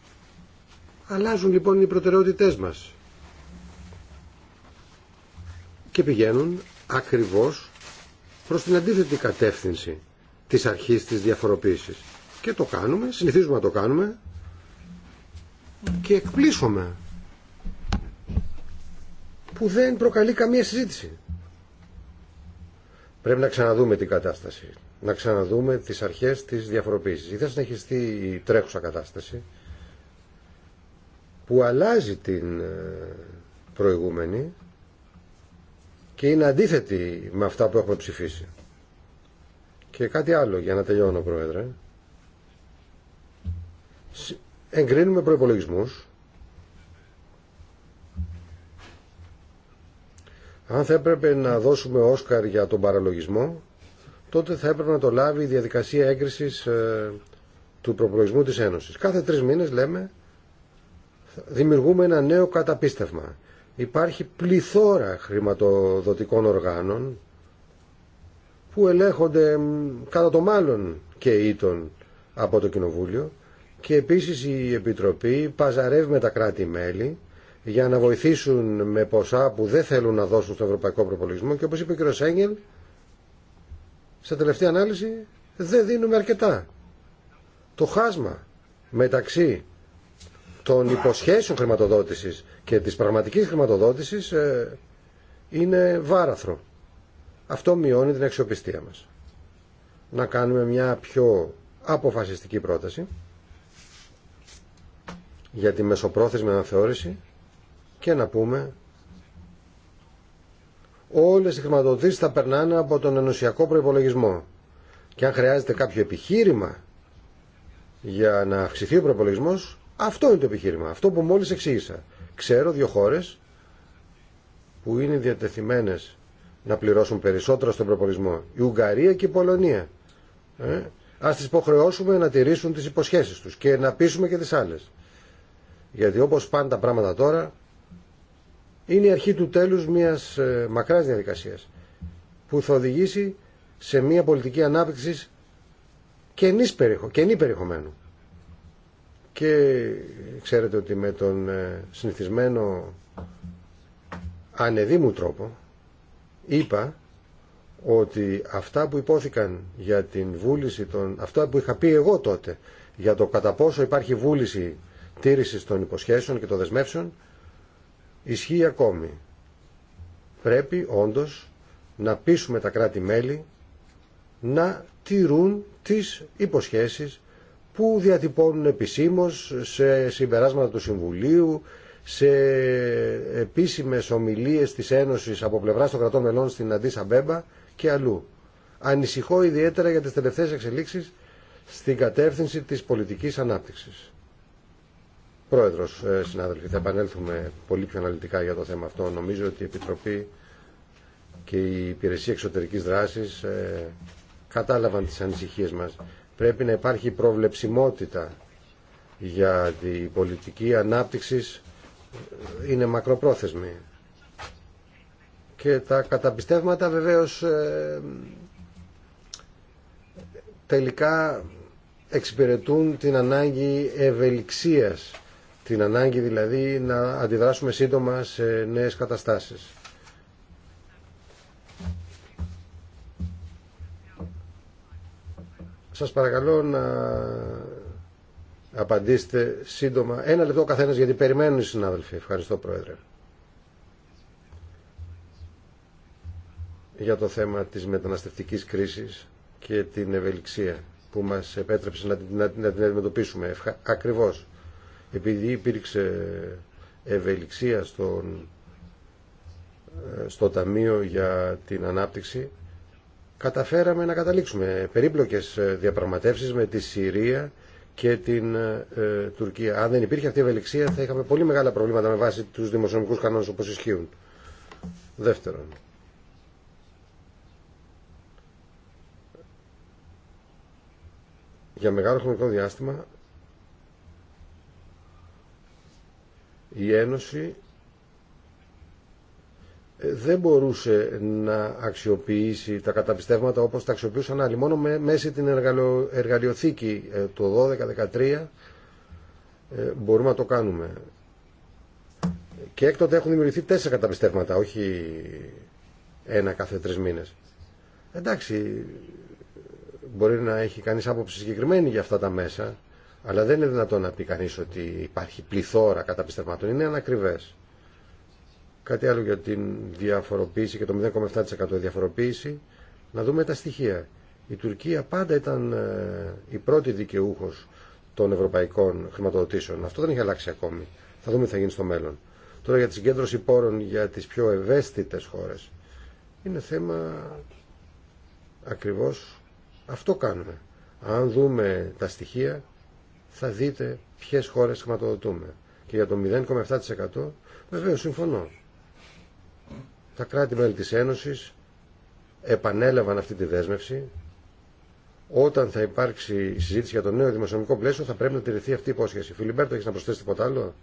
Αλλάζουν λοιπόν οι προτεραιότητές μας και πηγαίνουν ακριβώς προς την αντίθετη κατεύθυνση της αρχής της διαφοροποίησης. Και το κάνουμε, συνηθίζουμε να το κάνουμε και εκπλήσουμε που δεν προκαλεί καμία συζήτηση. Πρέπει να ξαναδούμε την κατάσταση, να ξαναδούμε τις αρχές τη διαφοροποίησης. Ή θα συνεχιστεί η τρέχουσα κατάσταση που αλλάζει την ε, προηγούμενη και είναι αντίθετη με αυτά που έχουμε ψηφίσει. Και κάτι άλλο για να τελειώνω, Πρόεδρε. Εγκρίνουμε προπολογισμού. Αν θα έπρεπε να δώσουμε Όσκαρ για τον παραλογισμό, τότε θα έπρεπε να το λάβει η διαδικασία έγκρισης ε, του προπολογισμού της Ένωσης. Κάθε τρει μήνες, λέμε, δημιουργούμε ένα νέο καταπίστευμα. Υπάρχει πληθώρα χρηματοδοτικών οργάνων που ελέγχονται κατά το μάλλον και ήτον από το Κοινοβούλιο και επίσης η Επιτροπή παζαρεύει με τα κράτη-μέλη για να βοηθήσουν με ποσά που δεν θέλουν να δώσουν στον ευρωπαϊκό προπολογισμό και όπως είπε ο κ. Σέγγελ, στα τελευταία ανάλυση δεν δίνουμε αρκετά. Το χάσμα μεταξύ των υποσχέσεων χρηματοδότησης και της πραγματικής χρηματοδότησης ε, είναι βάραθρο. Αυτό μειώνει την αξιοπιστία μας. Να κάνουμε μια πιο αποφασιστική πρόταση για τη μεσοπρόθεσμη αναθεώρηση και να πούμε όλες οι χρηματοδοτήσεις θα περνάνε από τον ενωσιακό προϋπολογισμό και αν χρειάζεται κάποιο επιχείρημα για να αυξηθεί ο προπολογισμό, αυτό είναι το επιχείρημα. Αυτό που μόλι εξήγησα. Ξέρω δύο χώρε που είναι διατεθειμένες να πληρώσουν περισσότερα στον προπολογισμό. Η Ουγγαρία και η Πολωνία. Ε, Α τι υποχρεώσουμε να τηρήσουν τι υποσχέσει του και να πείσουμε και τι άλλε. Γιατί όπω πάνε τα πράγματα τώρα, είναι η αρχή του τέλους μιας ε, μακράς διαδικασίας που θα οδηγήσει σε μια πολιτική ανάπτυξη καινή περιεχο, περιεχομένου. Και ξέρετε ότι με τον ε, συνηθισμένο ανεδίμου τρόπο είπα ότι αυτά που υπόθηκαν για την βούληση των... αυτά που είχα πει εγώ τότε για το κατά πόσο υπάρχει βούληση τήρησης των υποσχέσεων και των δεσμεύσεων ισχύει ακόμη. Πρέπει όντως να πείσουμε τα κράτη-μέλη να τηρούν τις υποσχέσεις που διατυπώνουν επισήμως σε συμπεράσματα του Συμβουλίου, σε επίσημες ομιλίες της Ένωσης από πλευράς των κρατών μελών στην Αντίσα Μπέμπα και αλλού. Ανησυχώ ιδιαίτερα για τις τελευταίες εξελίξεις στην κατεύθυνση της πολιτικής ανάπτυξης. Πρόεδρος, ε, συνάδελφοι, θα επανέλθουμε πολύ πιο αναλυτικά για το θέμα αυτό. Νομίζω ότι η Επιτροπή και η Υπηρεσία Εξωτερικής Δράσης ε, κατάλαβαν τις ανησυχίες μας. Πρέπει να υπάρχει προβλεψιμότητα για την πολιτική ανάπτυξης είναι μακροπρόθεσμη. Και τα καταπιστεύματα βεβαίως ε, τελικά εξυπηρετούν την ανάγκη ευελιξίας την ανάγκη δηλαδή να αντιδράσουμε σύντομα σε νέες καταστάσεις. Σας παρακαλώ να απαντήσετε σύντομα. Ένα λεπτό ο καθένας γιατί περιμένουν οι συνάδελφοι. Ευχαριστώ Πρόεδρε. Για το θέμα της μεταναστευτικής κρίσης και την ευελιξία που μας επέτρεψε να την αντιμετωπίσουμε. Ακριβώς επειδή υπήρξε ευελιξία στον, ε, στο Ταμείο για την Ανάπτυξη, καταφέραμε να καταλήξουμε περίπλοκες ε, διαπραγματεύσεις με τη Συρία και την ε, Τουρκία. Αν δεν υπήρχε αυτή η ευελιξία θα είχαμε πολύ μεγάλα προβλήματα με βάση τους δημοσιονομικούς κανόνες όπως ισχύουν. Δεύτερον, για μεγάλο χρονικό διάστημα Η Ένωση ε, δεν μπορούσε να αξιοποιήσει τα καταπιστεύματα όπως τα αξιοποιούσαν άλλοι. Μόνο με, στην την εργαλειοθήκη ε, το 12-13 ε, μπορούμε να το κάνουμε. Και έκτοτε έχουν δημιουργηθεί τέσσερα καταπιστεύματα, όχι ένα κάθε τρεις μήνες. Εντάξει, μπορεί να έχει κανείς άποψη συγκεκριμένη για αυτά τα μέσα, αλλά δεν είναι δυνατόν να πει κανεί ότι υπάρχει πληθώρα καταπιστευματών. Είναι ανακριβέ. Κάτι άλλο για την διαφοροποίηση και το 0,7% διαφοροποίηση. Να δούμε τα στοιχεία. Η Τουρκία πάντα ήταν ε, η πρώτη δικαιούχο των ευρωπαϊκών χρηματοδοτήσεων. Αυτό δεν έχει αλλάξει ακόμη. Θα δούμε τι θα γίνει στο μέλλον. Τώρα για τη συγκέντρωση πόρων για τι πιο ευαίσθητε χώρε. Είναι θέμα ακριβώ αυτό κάνουμε. Αν δούμε τα στοιχεία θα δείτε ποιε χώρε χρηματοδοτούμε. Και για το 0,7% βεβαίω συμφωνώ. Τα κράτη-μέλη τη Ένωση επανέλαβαν αυτή τη δέσμευση. Όταν θα υπάρξει συζήτηση για το νέο δημοσιονομικό πλαίσιο θα πρέπει να τηρηθεί αυτή η υπόσχεση. Φιλιμπέρτο, έχει να προσθέσει τίποτα άλλο.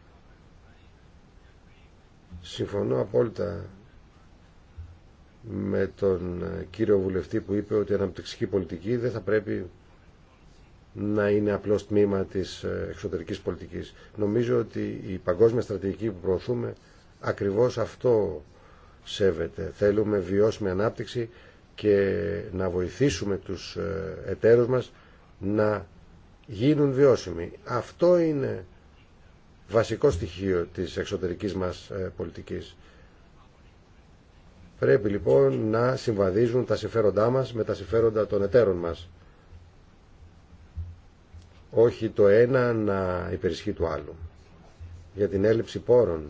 Συμφωνώ απόλυτα με τον κύριο βουλευτή που είπε ότι η αναπτυξική πολιτική δεν θα πρέπει να είναι απλώς τμήμα της ε, εξωτερικής πολιτικής. Νομίζω ότι η παγκόσμια στρατηγική που προωθούμε ακριβώς αυτό σέβεται. Θέλουμε βιώσιμη ανάπτυξη και να βοηθήσουμε τους ε, εταίρους μας να γίνουν βιώσιμοι. Αυτό είναι βασικό στοιχείο της εξωτερικής μας ε, πολιτικής. Πρέπει λοιπόν να συμβαδίζουν τα συμφέροντά μας με τα συμφέροντα των εταίρων μας όχι το ένα να υπερισχύει του άλλου. Για την έλλειψη πόρων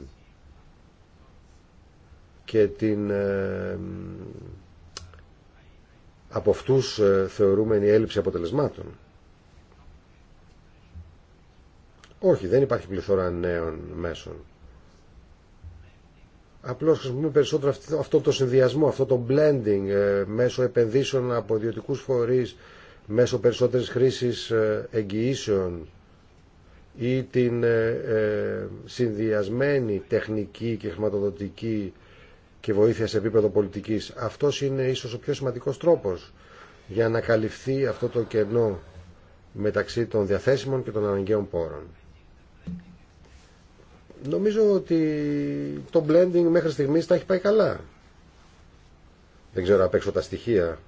και την ε, από αυτούς ε, θεωρούμενη έλλειψη αποτελεσμάτων. Όχι, δεν υπάρχει πληθώρα νέων μέσων. Απλώς χρησιμοποιούμε περισσότερο αυτό το συνδυασμό, αυτό το blending ε, μέσω επενδύσεων από ιδιωτικού φορείς, μέσω περισσότερης χρήσης ε, εγγυήσεων ή την ε, ε, συνδυασμένη τεχνική και χρηματοδοτική και βοήθεια σε επίπεδο πολιτικής. Αυτός είναι ίσως ο πιο σημαντικός τρόπος για να καλυφθεί αυτό το κενό μεταξύ των διαθέσιμων και των αναγκαίων πόρων. Νομίζω ότι το blending μέχρι στιγμής τα έχει πάει καλά. Δεν ξέρω απ' έξω τα στοιχεία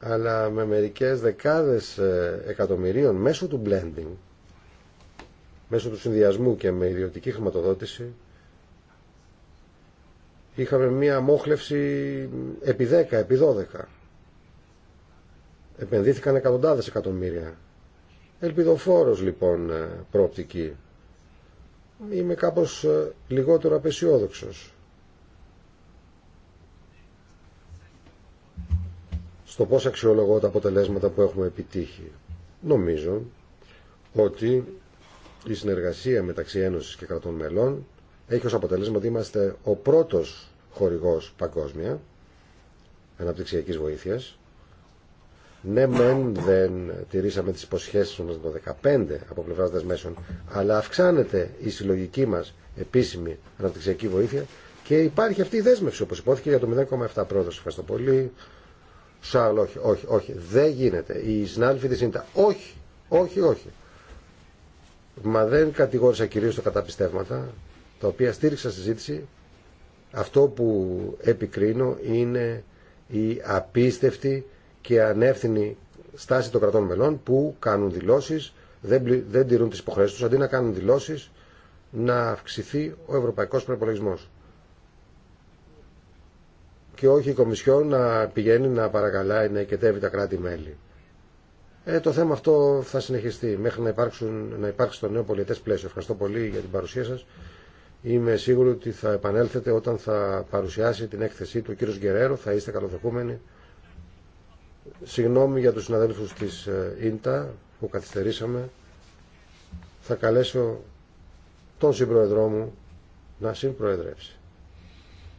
αλλά με μερικές δεκάδες ε, εκατομμυρίων μέσω του blending, μέσω του συνδυασμού και με ιδιωτική χρηματοδότηση, είχαμε μία μόχλευση επί 10, επί 12. Επενδύθηκαν εκατοντάδες εκατομμύρια. Ελπιδοφόρος λοιπόν ε, προοπτική. Είμαι κάπως ε, λιγότερο απεσιόδοξος. το πώς αξιολογώ τα αποτελέσματα που έχουμε επιτύχει. Νομίζω ότι η συνεργασία μεταξύ Ένωσης και κρατών μελών έχει ως αποτέλεσμα ότι είμαστε ο πρώτος χορηγός παγκόσμια αναπτυξιακής βοήθειας. Ναι, μεν δεν τηρήσαμε τις υποσχέσεις μας το 2015 από πλευράς δεσμέσων, αλλά αυξάνεται η συλλογική μας επίσημη αναπτυξιακή βοήθεια και υπάρχει αυτή η δέσμευση, όπως υπόθηκε, για το 0,7 πρόοδος Ευχαριστώ πολύ. Σαλ, όχι, όχι, όχι. Δεν γίνεται. Η συνάδελφοι τη ΙΝΤΑ. Όχι, όχι, όχι. Μα δεν κατηγόρησα κυρίω τα καταπιστεύματα, τα οποία στήριξα ζήτηση. Αυτό που επικρίνω είναι η απίστευτη και ανεύθυνη στάση των κρατών μελών που κάνουν δηλώσεις, δεν, δεν τηρούν τις υποχρέσεις τους, αντί να κάνουν δηλώσεις να αυξηθεί ο ευρωπαϊκός προπολογισμό και όχι η Κομισιόν να πηγαίνει να παρακαλάει να εκετεύει τα κράτη-μέλη. Ε, το θέμα αυτό θα συνεχιστεί μέχρι να, υπάρξουν, να υπάρξει το νέο πολιτέ πλαίσιο. Ευχαριστώ πολύ για την παρουσία σα. Είμαι σίγουρο ότι θα επανέλθετε όταν θα παρουσιάσει την έκθεσή του ο κύριο Γκερέρο. Θα είστε καλοδεχούμενοι. Συγγνώμη για του συναδέλφου τη ΙΝΤΑ ε, που καθυστερήσαμε. Θα καλέσω τον συμπροεδρό μου να συμπροεδρεύσει.